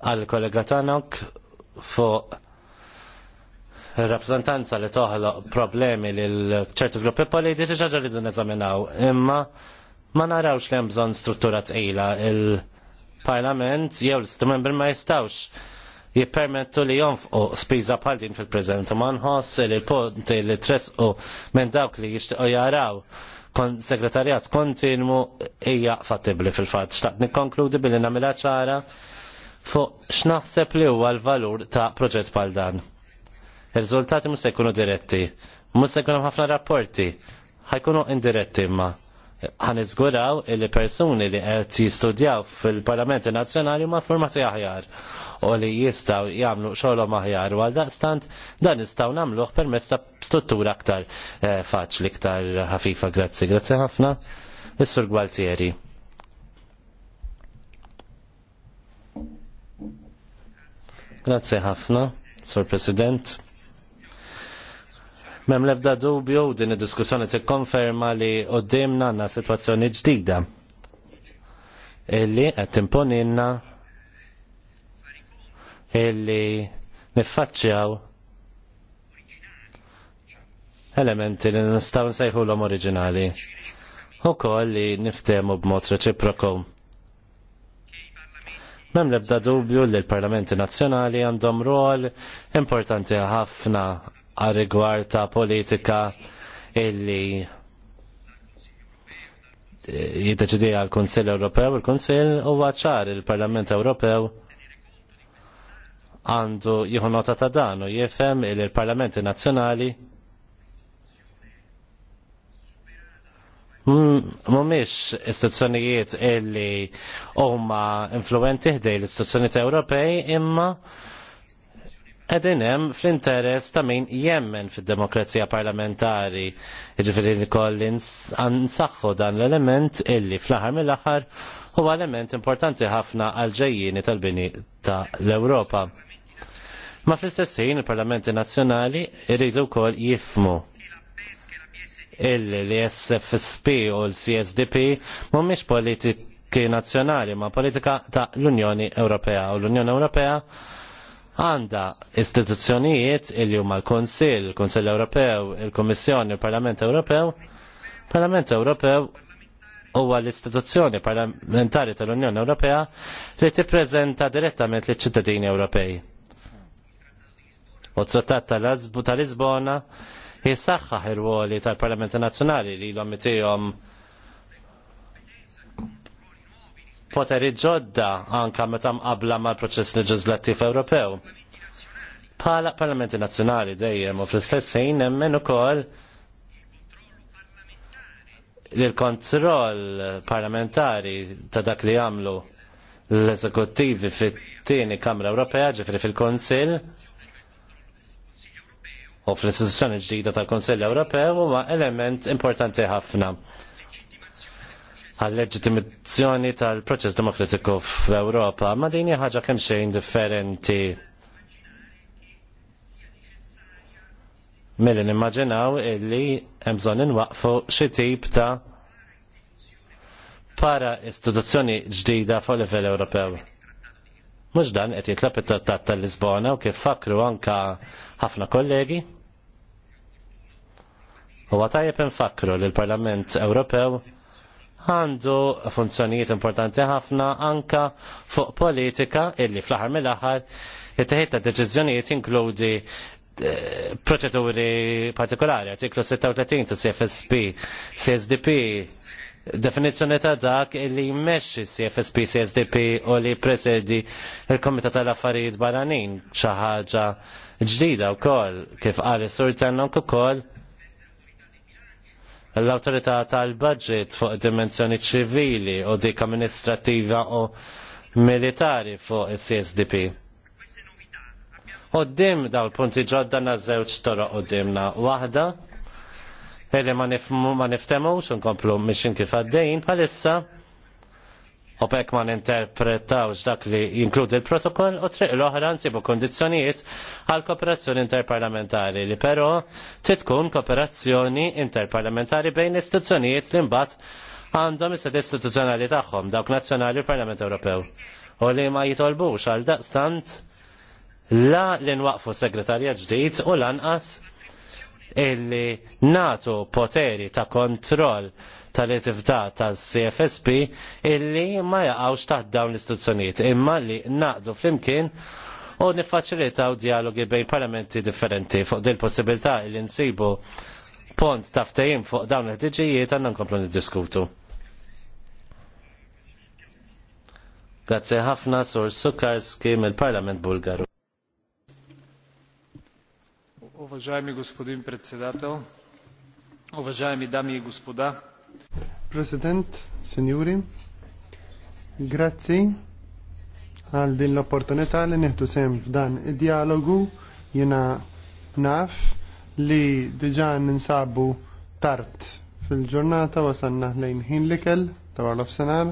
Speaker 5: għal kollega Tanok fuq rappresentanza li toħloq problemi li ċertu gruppi politiċi xaġa li dun Imma ma narawx li hemm bżonn struttura tqila il-Parlament jew l-Sistema membri ma jistawx jippermettu li jonfqu spiża bħal din fil-preżent u ma nħoss li l-punti li u minn dawk li jixtiequ jaraw kon segretarjat kontinmu hija fattibli fil-fatt. Xtaqt nikkonkludi billi nagħmilha ċara fuq x'naħseb li huwa l-valur ta' proġett bħal dan. Il-rizultati mhux se jkunu diretti, Mus se jkunu ħafna rapporti, ħajkunu indiretti imma. Għan izguraw li persuni li qed jistudjaw fil-Parlamenti Nazzjonali ma' formati aħjar u li jistgħu jagħmlu xogħolhom aħjar u għal daqstant dan jistaw nagħmluh permezz ta' struttura aktar eh, faċli, ktar ħafifa, grazzi, grazzi ħafna. Is-Sur Gualtieri. Grazie ħafna, Sur President. Mem lebda dubju din id-diskussjoni tikkonferma li għoddimna għandna sitwazzjoni ġdida illi qed timponinna illi niffaċċjaw elementi li nistgħu om oriġinali u koll li niftemu b'mod reċiproku. Mem lebda dubju li l-Parlamenti Nazzjonali għandhom rol importanti ħafna għal rigward ta' politika illi jiddeċidi għal Konsil Ewropew, il-Konsil huwa ċar il-Parlament Ewropew għandu jieħu nota ta' dan u jifem il parlamenti Nazzjonali mhumiex istituzzjonijiet illi huma influenti ħdej l-istituzzjonijiet Ewropej imma Edin hemm fl-interess ta' min jemmen fid-demokrazija parlamentari. Jiġifieri li nsaħħu dan l-element illi fl-aħħar mill-aħħar huwa element importanti ħafna għal ġejjini tal-bini ta' l-Ewropa. Ma fl-istess ħin il-Parlamenti Nazzjonali jridu wkoll jifmu il-SFSP u l-CSDP mhumiex politiki nazzjonali ma politika ta' l-Unjoni Ewropea u l-Unjoni Ewropea għanda istituzzjonijiet il huma l-Konsil, il-Konsil Ewropew, il-Kommissjoni, il-Parlament Ewropew. Parlament Ewropew huwa l-istituzzjoni parlamentari tal-Unjoni Ewropea li tippreżenta direttament liċ ċittadini Ewropej. U trattat tal-Lisbona jisaxħaħ ir-ruoli tal-Parlamenti Nazzjonali li l-omitijom poteri ġodda anka meta mqabla mal-proċess leġislattiv Ewropew. Pala parlamenti nazzjonali dejjem u fl-istess ħin hemmhekk ukoll il-kontroll parlamentari ta' dak li jagħmlu l-eżekuttivi fit-tieni Kamra Ewropea ġifri fil kunsill u fl-istituzzjoni ġdida tal kunsill Ewropew huwa element importanti ħafna għal-leġitimizzjoni tal-proċess demokratiku f'Ewropa, ma din hija ħaġa kemm xejn differenti Milli nimmaġinaw illi hemm bżonn inwaqfu xi tip ta' para istituzzjoni ġdida fuq livell Ewropew. Mhux dan qed jitlab it-Trattat tal-Lisbona u kif fakru anka ħafna kollegi. Huwa tajjeb infakru li l-Parlament Ewropew għandu funzjonijiet importanti ħafna anka fuq politika illi fl-aħħar mill-aħħar it-teħid ta' deċiżjonijiet inkludi eh, proċeduri partikolari, artiklu 36 ta' CFSP, CSDP, definizjoni ta' dak illi jmexxi CFSP, CSDP u li presedi il-Komitat tal-Affarijiet Barranin xi ħaġa ġdida wkoll kif qal is-Sur Tennok ukoll l-autorità tal-budget fuq dimensjoni ċivili u dik amministrativa u militari fuq il-CSDP. U dim daw punti ġodda na żewġ toroq u dimna. Waħda, illi ma xun nkomplu mixin kif għaddejn, bħalissa u bekk ma ninterpretawx dak li jinkludi l-protokoll u triq l-oħra nsibu kondizjonijiet għal kooperazzjoni interparlamentari li però titkun kooperazzjoni interparlamentari bejn istituzzjonijiet li mbagħad għandhom is-set istituzzjonali tagħhom dawk nazzjonali u Parlament Ewropew u li ma jitolbux għal daqstant la li nwaqfu segretarja ġdid u lanqas illi natu poteri ta' kontroll tal-attività ta' cfsp illi ma jaqgħux taħt dawn l istituzzjoniet imma li naqdu flimkien u niffaċilitaw dialogi bejn parlamenti differenti fuq dil possibilità li nsibu pont ta' fuq dawn l-ħtiġijiet għanna nkomplu niddiskutu. Grazie ħafna sur Sukarski mill-Parlament Bulgaru. Уважаеми господин председател, уважаеми дами и господа.
Speaker 6: Президент, сеньори, грации għal din l-opportunità li nieħdu sem f'dan id-dialogu jiena naf li diġà ninsabu tard fil-ġurnata wasanna lejn ħin likel tawar l-ofsenar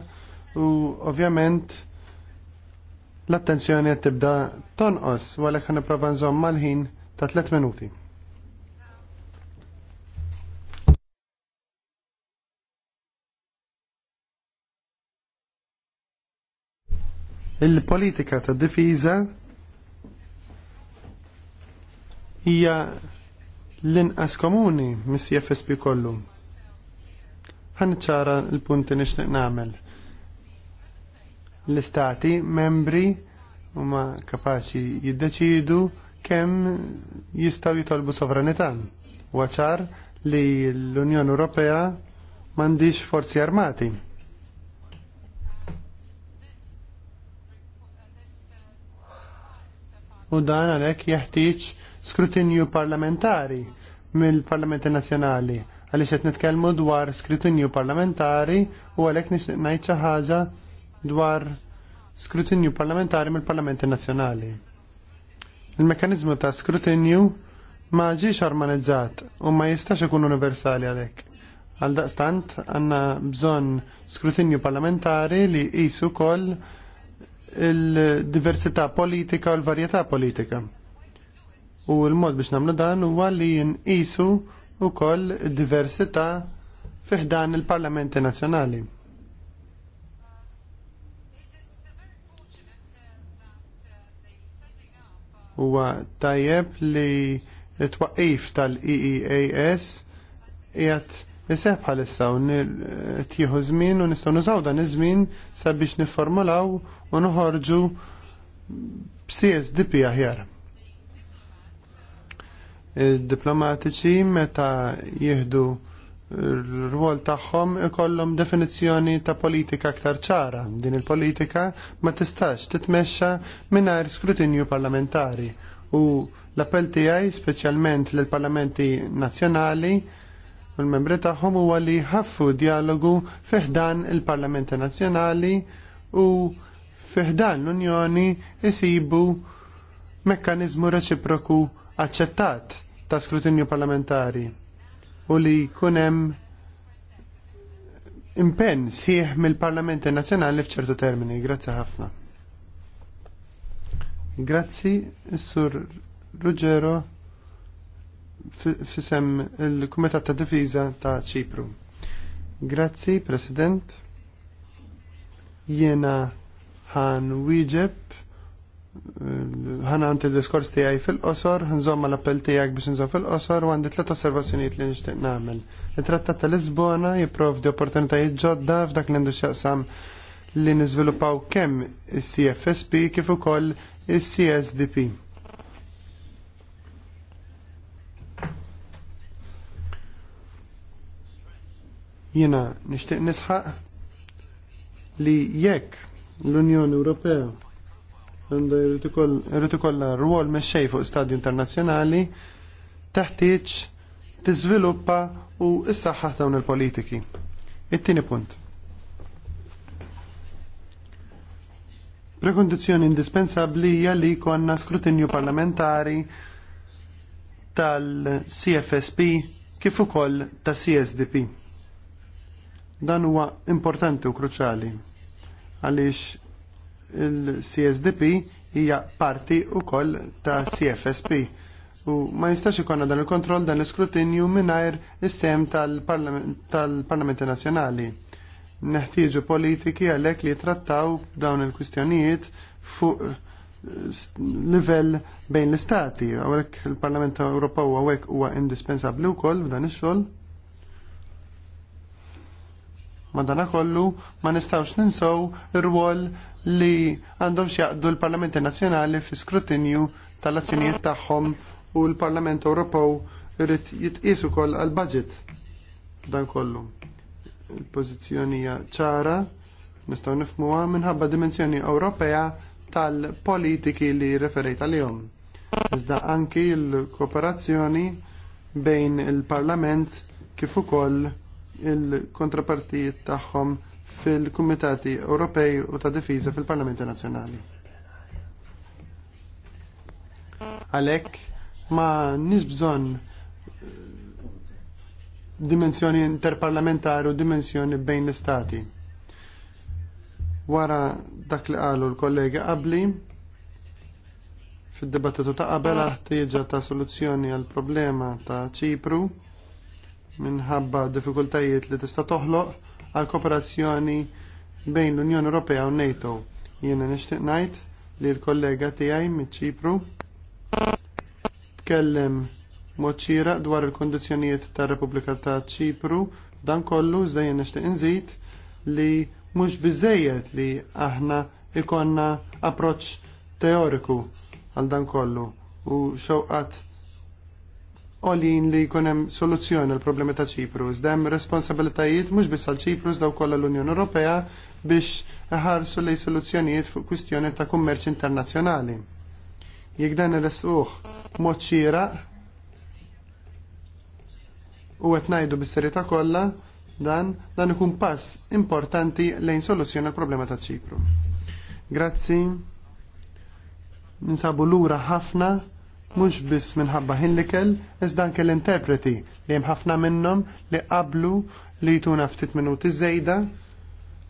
Speaker 6: u ovvjament l-attenzjoni qed tibda tonqos u għalhekk ħanipprova nżomm mal-ħin ta' 3 minuti. Il-politika ta' difiża hija l-inqas komuni mis-CFSP kollu. ċara l-punti nixtieq nagħmel. L-istati membri huma kapaċi jiddeċidu kemm jistgħu jitolbu sovranità. Waċar li l-Unjoni Ewropea m'għandix forzi armati. U dan għalhekk jeħtieġ skrutinju parlamentari mill-Parlamenti Nazzjonali għaliex qed nitkellmu dwar skrutinju parlamentari u għalhekk nixtieq ngħid xi ħaġa dwar skrutinju parlamentari mill-Parlamenti Nazzjonali. Il-mekanizmu ta' skrutinju ma ġiex armonizzat u ma jistax ikun universali għalhekk. Għal daqstant għandna bżonn skrutinju parlamentari li jisu wkoll il-diversità politika u l-varjetà politika. U l-mod biex nagħmlu dan huwa li u wkoll id-diversità fiħdan il-Parlamenti Nazzjonali. Huwa tajjeb li t-twaqif tal-EEAS qiegħed Nisseħ bħalissa u tieħu żmien u nistgħu nużaw dan iż-żmien sabiex nifformulaw u noħorġu b'CSDP aħjar. Il-diplomatiċi meta jieħdu r-rwol tagħhom ikollhom definizzjoni ta' politika aktar ċara. Din il-politika ma tistax titmexxa mingħajr skrutinju parlamentari u l-appell tiegħi speċjalment lill parlamenti nazzjonali u l-membri tagħhom huwa li ħaffu dialogu fiħdan il-Parlamenti Nazzjonali u fiħdan l-Unjoni jisibu mekkaniżmu reċiproku aċċettat ta' skrutinju parlamentari u li kunem impenn sħiħ mill-Parlament Nazzjonali f'ċertu termini. Grazzi ħafna. Grazzi, Sur Ruggero, fisem il-Kumitat ta' Difiża ta' Ċipru. Grazzi, President. Jena ħan wieġeb ħana għanti diskors tijaj fil-qosor, nżomma l-appell tijak biex nżom fil-qosor, u għandi tlet osservazzjoniet li nishtiq namel. Il-trattat ta' Lisbona di opportunitajiet ġodda f'dak li għandu xaqsam li nizviluppaw kemm is-CFSP kif ukoll is-CSDP. Jena nishtiq nisħaq li jekk l-Unjoni Ewropea irrid ikollha rwol mexxej fuq stadju internazzjonali taħtieġ tiżviluppa u issaħħaħ dawn il-politiki. It-tieni punt. Prekondizzjoni indispensabbli hija li jkollna skrutinju parlamentari tal-CFSP kif ukoll ta' CSDP. Dan huwa importanti u kruċali għaliex il-CSDP hija parti wkoll ta' CFSP. U ma jistax ikonna dan il-kontroll dan l-iskrutinju mingħajr is-sem tal-Parlamenti Nazzjonali. Neħtieġu politiki għalhekk li jitrattaw dawn il-kwistjonijiet fuq eh, livell bejn l-istati. Għawek il-Parlament Ewropew għawek huwa indispensabbli wkoll b'dan ix-xogħol. Madana kollu ma nistawx ninsaw ir-rwol li għandhom xjaqdu l-Parlamenti Nazzjonali fi skrutinju tal-azzjonijiet tagħhom u l-Parlament Ewropew irid jitqisu ukoll għall budget dan kollu. Il-pożizzjoni hija ċara, nistgħu nifhmuha minħabba dimensjoni Ewropea tal-politiki li referejt għalihom. Iżda anki l-kooperazzjoni bejn il-Parlament kif ukoll il-kontrapartijiet tagħhom fil-Kumitati Ewropej u ta' Difiża fil-Parlamenti Nazzjonali. Għalhekk ma nix bżonn eh, dimensjoni interparlamentari u dimensjoni bejn l-istati. Wara dak li qalu l-kollega qabli, fid-dibattitu ta' qabel ħtieġa ta' soluzzjoni għal problema ta' Ċipru minħabba diffikultajiet li tista' toħloq għal kooperazzjoni bejn l-Unjoni Ewropea u NATO. Jiena nixtieq ngħid li l-kollega tiegħi miċ-Ċipru tkellem mod xieraq dwar il-kondizzjonijiet tar-Repubblika ta' Ċipru dan kollu iżda jien nixtieq inżid li mhux biżejjed li aħna ikonna approċċ teoriku għal dan kollu u xewqat olin li jkunem soluzzjoni l problemi ta' Ċipru. Zdem responsabilitajiet mux biss għal Ċipru daw kolla l-Unjoni Ewropea biex ħarsu li soluzzjonijiet fuq kwistjoni ta' kummerċ internazzjonali. Jek dan il mod xieraq u qed ngħidu bis serita kollha dan dan ikun pass importanti lejn soluzzjoni l problema ta' Ċipru. Grazzi. Ninsabu lura ħafna mhux biss minħabba ħin li kell, iżda anke l-interpreti li hemm ħafna minnhom li qablu li jtuna ftit minuti żejda,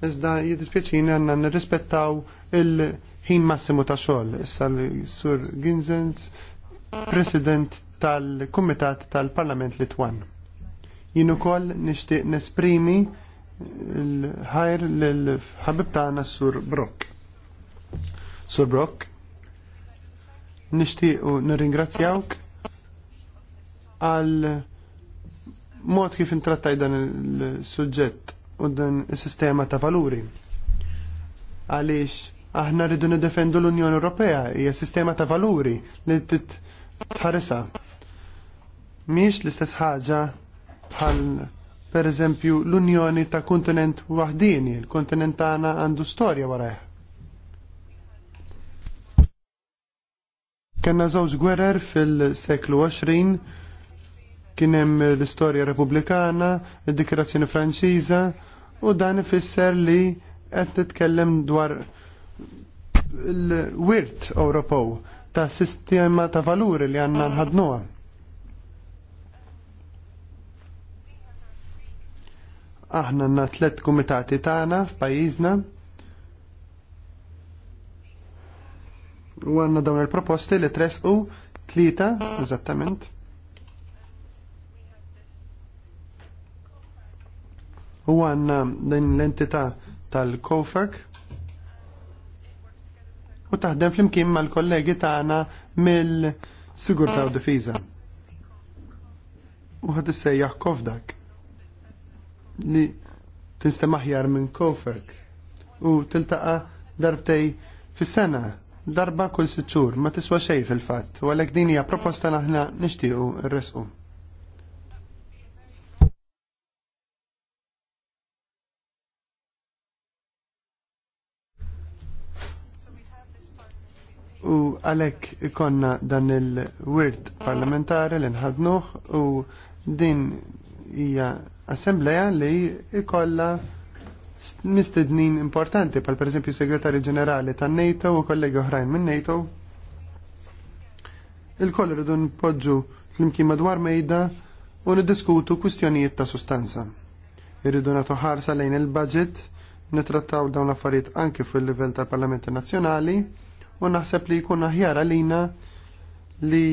Speaker 6: iżda jiddispjaċini għandna nirrispettaw il-ħin massimu ta' xogħol. Issa li sur Ginzens, President tal-Kumitat tal-Parlament Litwan. Jien ukoll nixtieq nesprimi l-ħajr l-ħabib tagħna Sur Brok. Sur Brok nixtiequ nirringrazzjawk għal mod kif intrattaj dan il-suġġett u dan is-sistema ta' valuri. Għaliex aħna rridu nidefendu l-Unjoni Ewropea hija sistema ta' valuri li titħarisa. Miex l-istess ħaġa bħal per eżempju l-unjoni ta' kontinent wahdini, il-kontinent tagħna għandu storja warajħ. Kenna żewġ gwerer fil-seklu 20 kien hemm l-istorja repubblikana, id-dikirazzjoni Franċiża u dan ifisser li qed titkellem dwar l-wirt Ewropew ta' sistema ta' valuri li għandna nħadnuha. aħna għanna tlet kumitati tagħna f'pajjiżna u għanna dawn il-proposti li tres u tlita, eżattament. U għanna din l-entità tal-COFAC u taħdem fl-imkien mal-kollegi tagħna mill-Sigurtà u Difiża. U ħad issejjaħ Kofdak li tinstema' aħjar minn Kofak u tiltaqa' darbtej fis-sena darba kull sitt ma tiswa xej fil-fatt, u għalhekk din hija proposta naħna nixtiequ rresqu. U għalek ikonna dan il-wirt parlamentari li nħadnuħ u din hija assembleja li ikolla mistednin importanti, pal per segretarju ġenerali tan NATO u kollegi oħrajn minn NATO. Il-koll rridu npoġġu flimkien madwar mejda u niddiskutu kwistjonijiet ta' sustanza. Irridu nagħtu ħarsa lejn il-budget, nitrattaw dawn l-affarijiet anke fil-livell tal-Parlamenti Nazzjonali u naħseb li jkun aħjar għalina li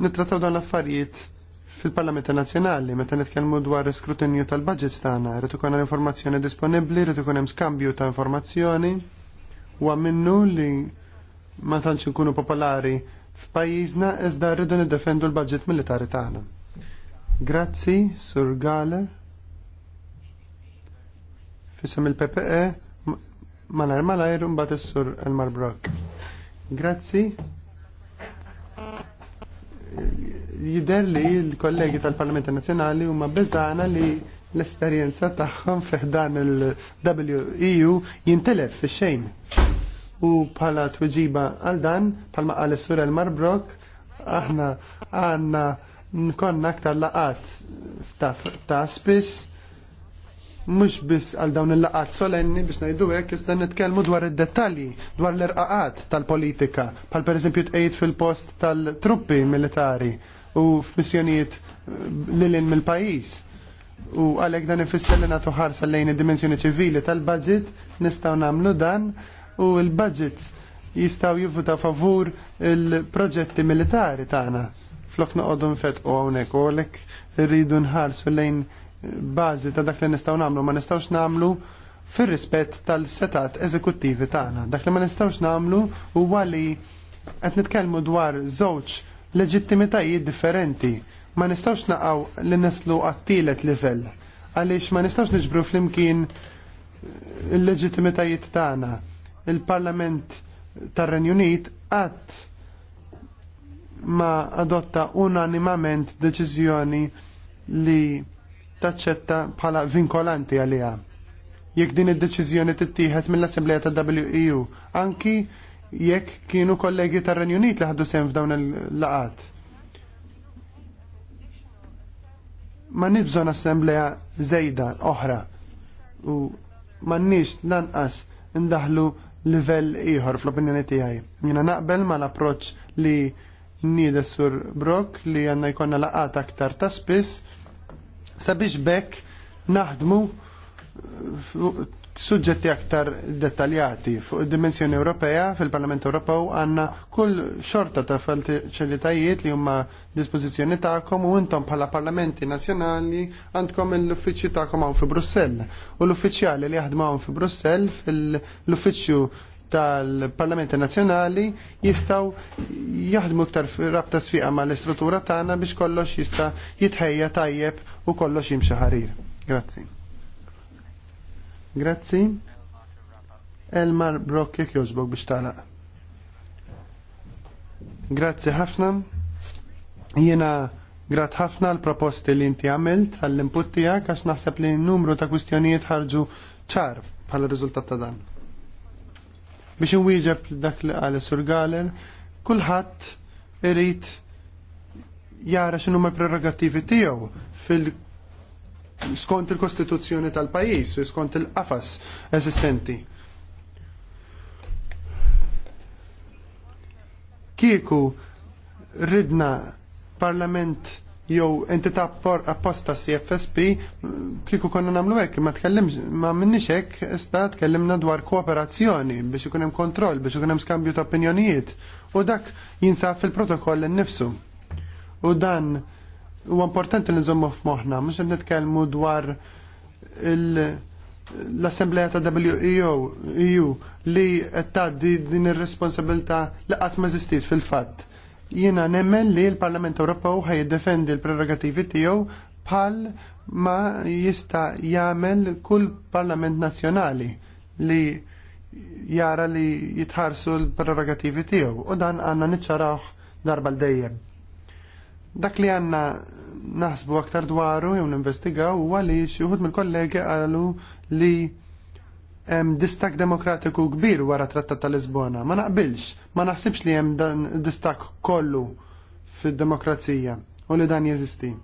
Speaker 6: nitrattaw dawn l-affarijiet fil-Parlament Nazzjonali, meta nitkellmu dwar iskrutinju tal-budgets tagħna, irid ikun l informazzjoni disponibbli, irid ikun hemm skambju ta' informazzjoni u minnu li ma tantx inkunu popolari f'pajjiżna iżda rridu niddefendu l-budget militari tagħna. Grazzi, Sur Gale. Fisem il-PPE Malar malajr mbagħad is-sur Elmar Brock. Grazzi jider li l-kollegi tal parlament Nazjonali huma beżana li l-esperjenza tagħhom dan il-WEU jintelef fi xejn. U bħala tweġiba għal dan, bħalma qal is-sur marbrok aħna għandna nkonna aktar laqat ta' spiss mhux biss għal dawn il-laqat solenni biex ngħidu hekk jista' nitkellmu dwar id-dettalji dwar l-irqaqat tal-politika, bħal pereżempju tqejjed fil-post tal-truppi militari u f'missjonijiet eh, lilin mill-pajjiż. U għalhekk dan ifisser li natu ħarsa lejn id-dimensjoni ċivili tal-budget nistgħu nagħmlu dan u l-budgets jistgħu ta' favur il-proġetti militari tagħna flok noqogħdu nfetqu hawnhekk u għalhekk irridu nħarsu lejn bażi ta' dak li nistgħu nagħmlu ma nistawx nagħmlu fir-rispett tal-setat eżekuttivi tagħna. Dak li ma nistgħux nagħmlu huwa li qed nitkellmu dwar żewġ leġittimitajiet differenti. Ma nistgħux naqgħu li neslu għat-tielet livell għaliex ma nistgħux niġbru flimkien il-leġittimitajiet tagħna. Il-Parlament tar-Renju Unit qatt ma adotta unanimament deċiżjoni li taċċetta bħala vinkolanti għaliha. Jekk din id-deċiżjoni tittieħed mill-Assembleja ta' WEU, anki jekk kienu kollegi tar-Renju Unit li ħaddu sehem f'dawn il-laqat. Ma nibżon assembleja zejda oħra u ma nix lanqas ndaħlu livell ieħor fl-opinjoni tiegħi. Jiena naqbel mal approċċ li nides sur Brock li għandna jkollna laqat aktar ta' spiss sabiex bekk naħdmu suġġetti aktar dettaljati fuq id-dimensjoni Ewropea fil-Parlament Ewropew għandna kull xorta ta' faċilitajiet li huma dispożizzjoni tagħkom u intom bħala parlamenti nazzjonali għandkom l-uffiċċju tagħkom hawn fi Brussell u l-uffiċjali li jaħdmu hawn fi Brussell fil-uffiċċju tal-Parlamenti Nazzjonali jistaw jaħdmu iktar rabta sfiqa ma l-istruttura tagħna biex kollox jista' jitħejja tajjeb u kollox jimxi ħarir. Grazzi. Grazzi. Elmar Brock jekk jogħġbok biex tagħlaq. Grazzi ħafna. Jiena grat ħafna l-proposti li inti għamilt għall-input tiegħek għax naħseb li n-numru ta' kwistjonijiet ħarġu ċar bħala riżultat ta' dan. Biex inwieġeb dak li qal sur Galen, kulħadd irid jara xinu ma' prerogattivi tiegħu fil skont il-Kostituzzjoni tal-pajjiż u skont il-qafas eżistenti. Kieku ridna parlament jew entità apposta CFSP kieku konna namlu hekk ma tkellimx ma minnix hekk iżda tkellimna dwar kooperazzjoni biex ikun hemm kontroll biex ikun hemm skambju ta' opinjonijiet u dak jinsab fil-protokoll innifsu. U dan huwa importanti li nżommu f'moħħna mhux qed nitkellmu dwar l-Assembleja ta' WEO EU li qed tgħaddi din ir-responsabilità li qatt ma fil-fatt Jiena nemmen li l-Parlament Ewropew ħaj jiddefendi l-prerogativi tiegħu bħal ma jista jagħmel kull Parlament Nazzjonali li jara li jitħarsu l-prerogativi tiegħu u dan għandna niċċaraw darba l-dejjem. Dak li għanna naħsbu aktar dwaru jew ninvestigaw huwa li xi wħud mill-kollegi qalu li hemm distak demokratiku kbir wara Trattat ta' Lisbona. Ma naqbilx, ma naħsibx li hemm dan distak kollu fid-demokrazija u li dan jeżisti.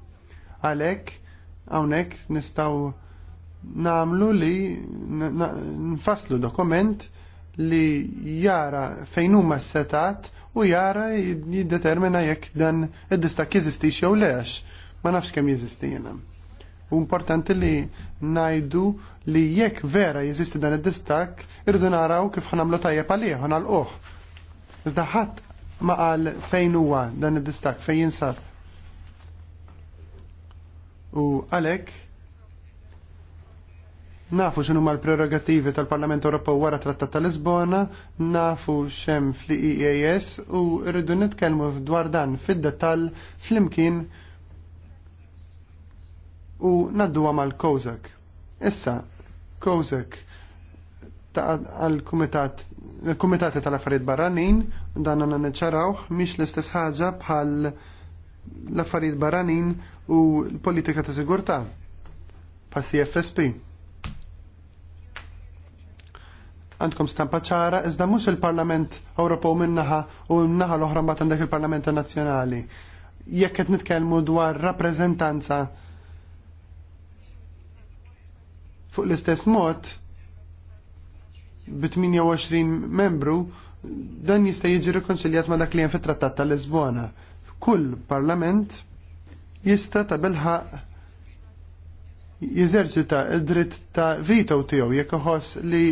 Speaker 6: Għalhekk hawnhekk nistgħu namlu li nfasslu dokument li jara fejn huma s-setat u jara jiddetermina jekk dan id-distak jeżisti jew lex. ma nafx kemm jeżisti jiena. U importanti li najdu li jekk vera jeżisti dan id-distak, irridu naraw kif ħanamlu tajjeb għalih, ħanalquh. Iżda ħadd ma qal fejn huwa dan id-distak, fejn jinsab. U għalhekk Nafu x'inhu ma l-prerogativi tal-Parlament Ewropew wara Trattat tal-Lisbona, nafu x'hemm fl-EEAS u rridu nitkellmu dwar dan fid-dettall flimkien u naddu mal Kozak. Issa, Kozek għal-Kumitat il-Kumitati tal-Affarijiet Barranin dan għandna niċċarawh mhix l-istess ħaġa bħal l-Affarijiet Barranin u l-Politika ta' Sigurtà pa' CFSP. Għandkom stampa ċara, iżda mhux il-Parlament Ewropew minnaħa u minnaħa l-oħra mbagħad għandek il-Parlament Nazzjonali. Jekk qed nitkellmu dwar rappreżentanza Fuq l-istess mod, b 28 membru, dan jista' jiġi rekonċiljat ma' dak li hemm fit-Trattat tal-Lisbona. Kull parlament jista' ta' bilħaq jeżerċita id-dritt ta' veto tiegħu jekk iħoss li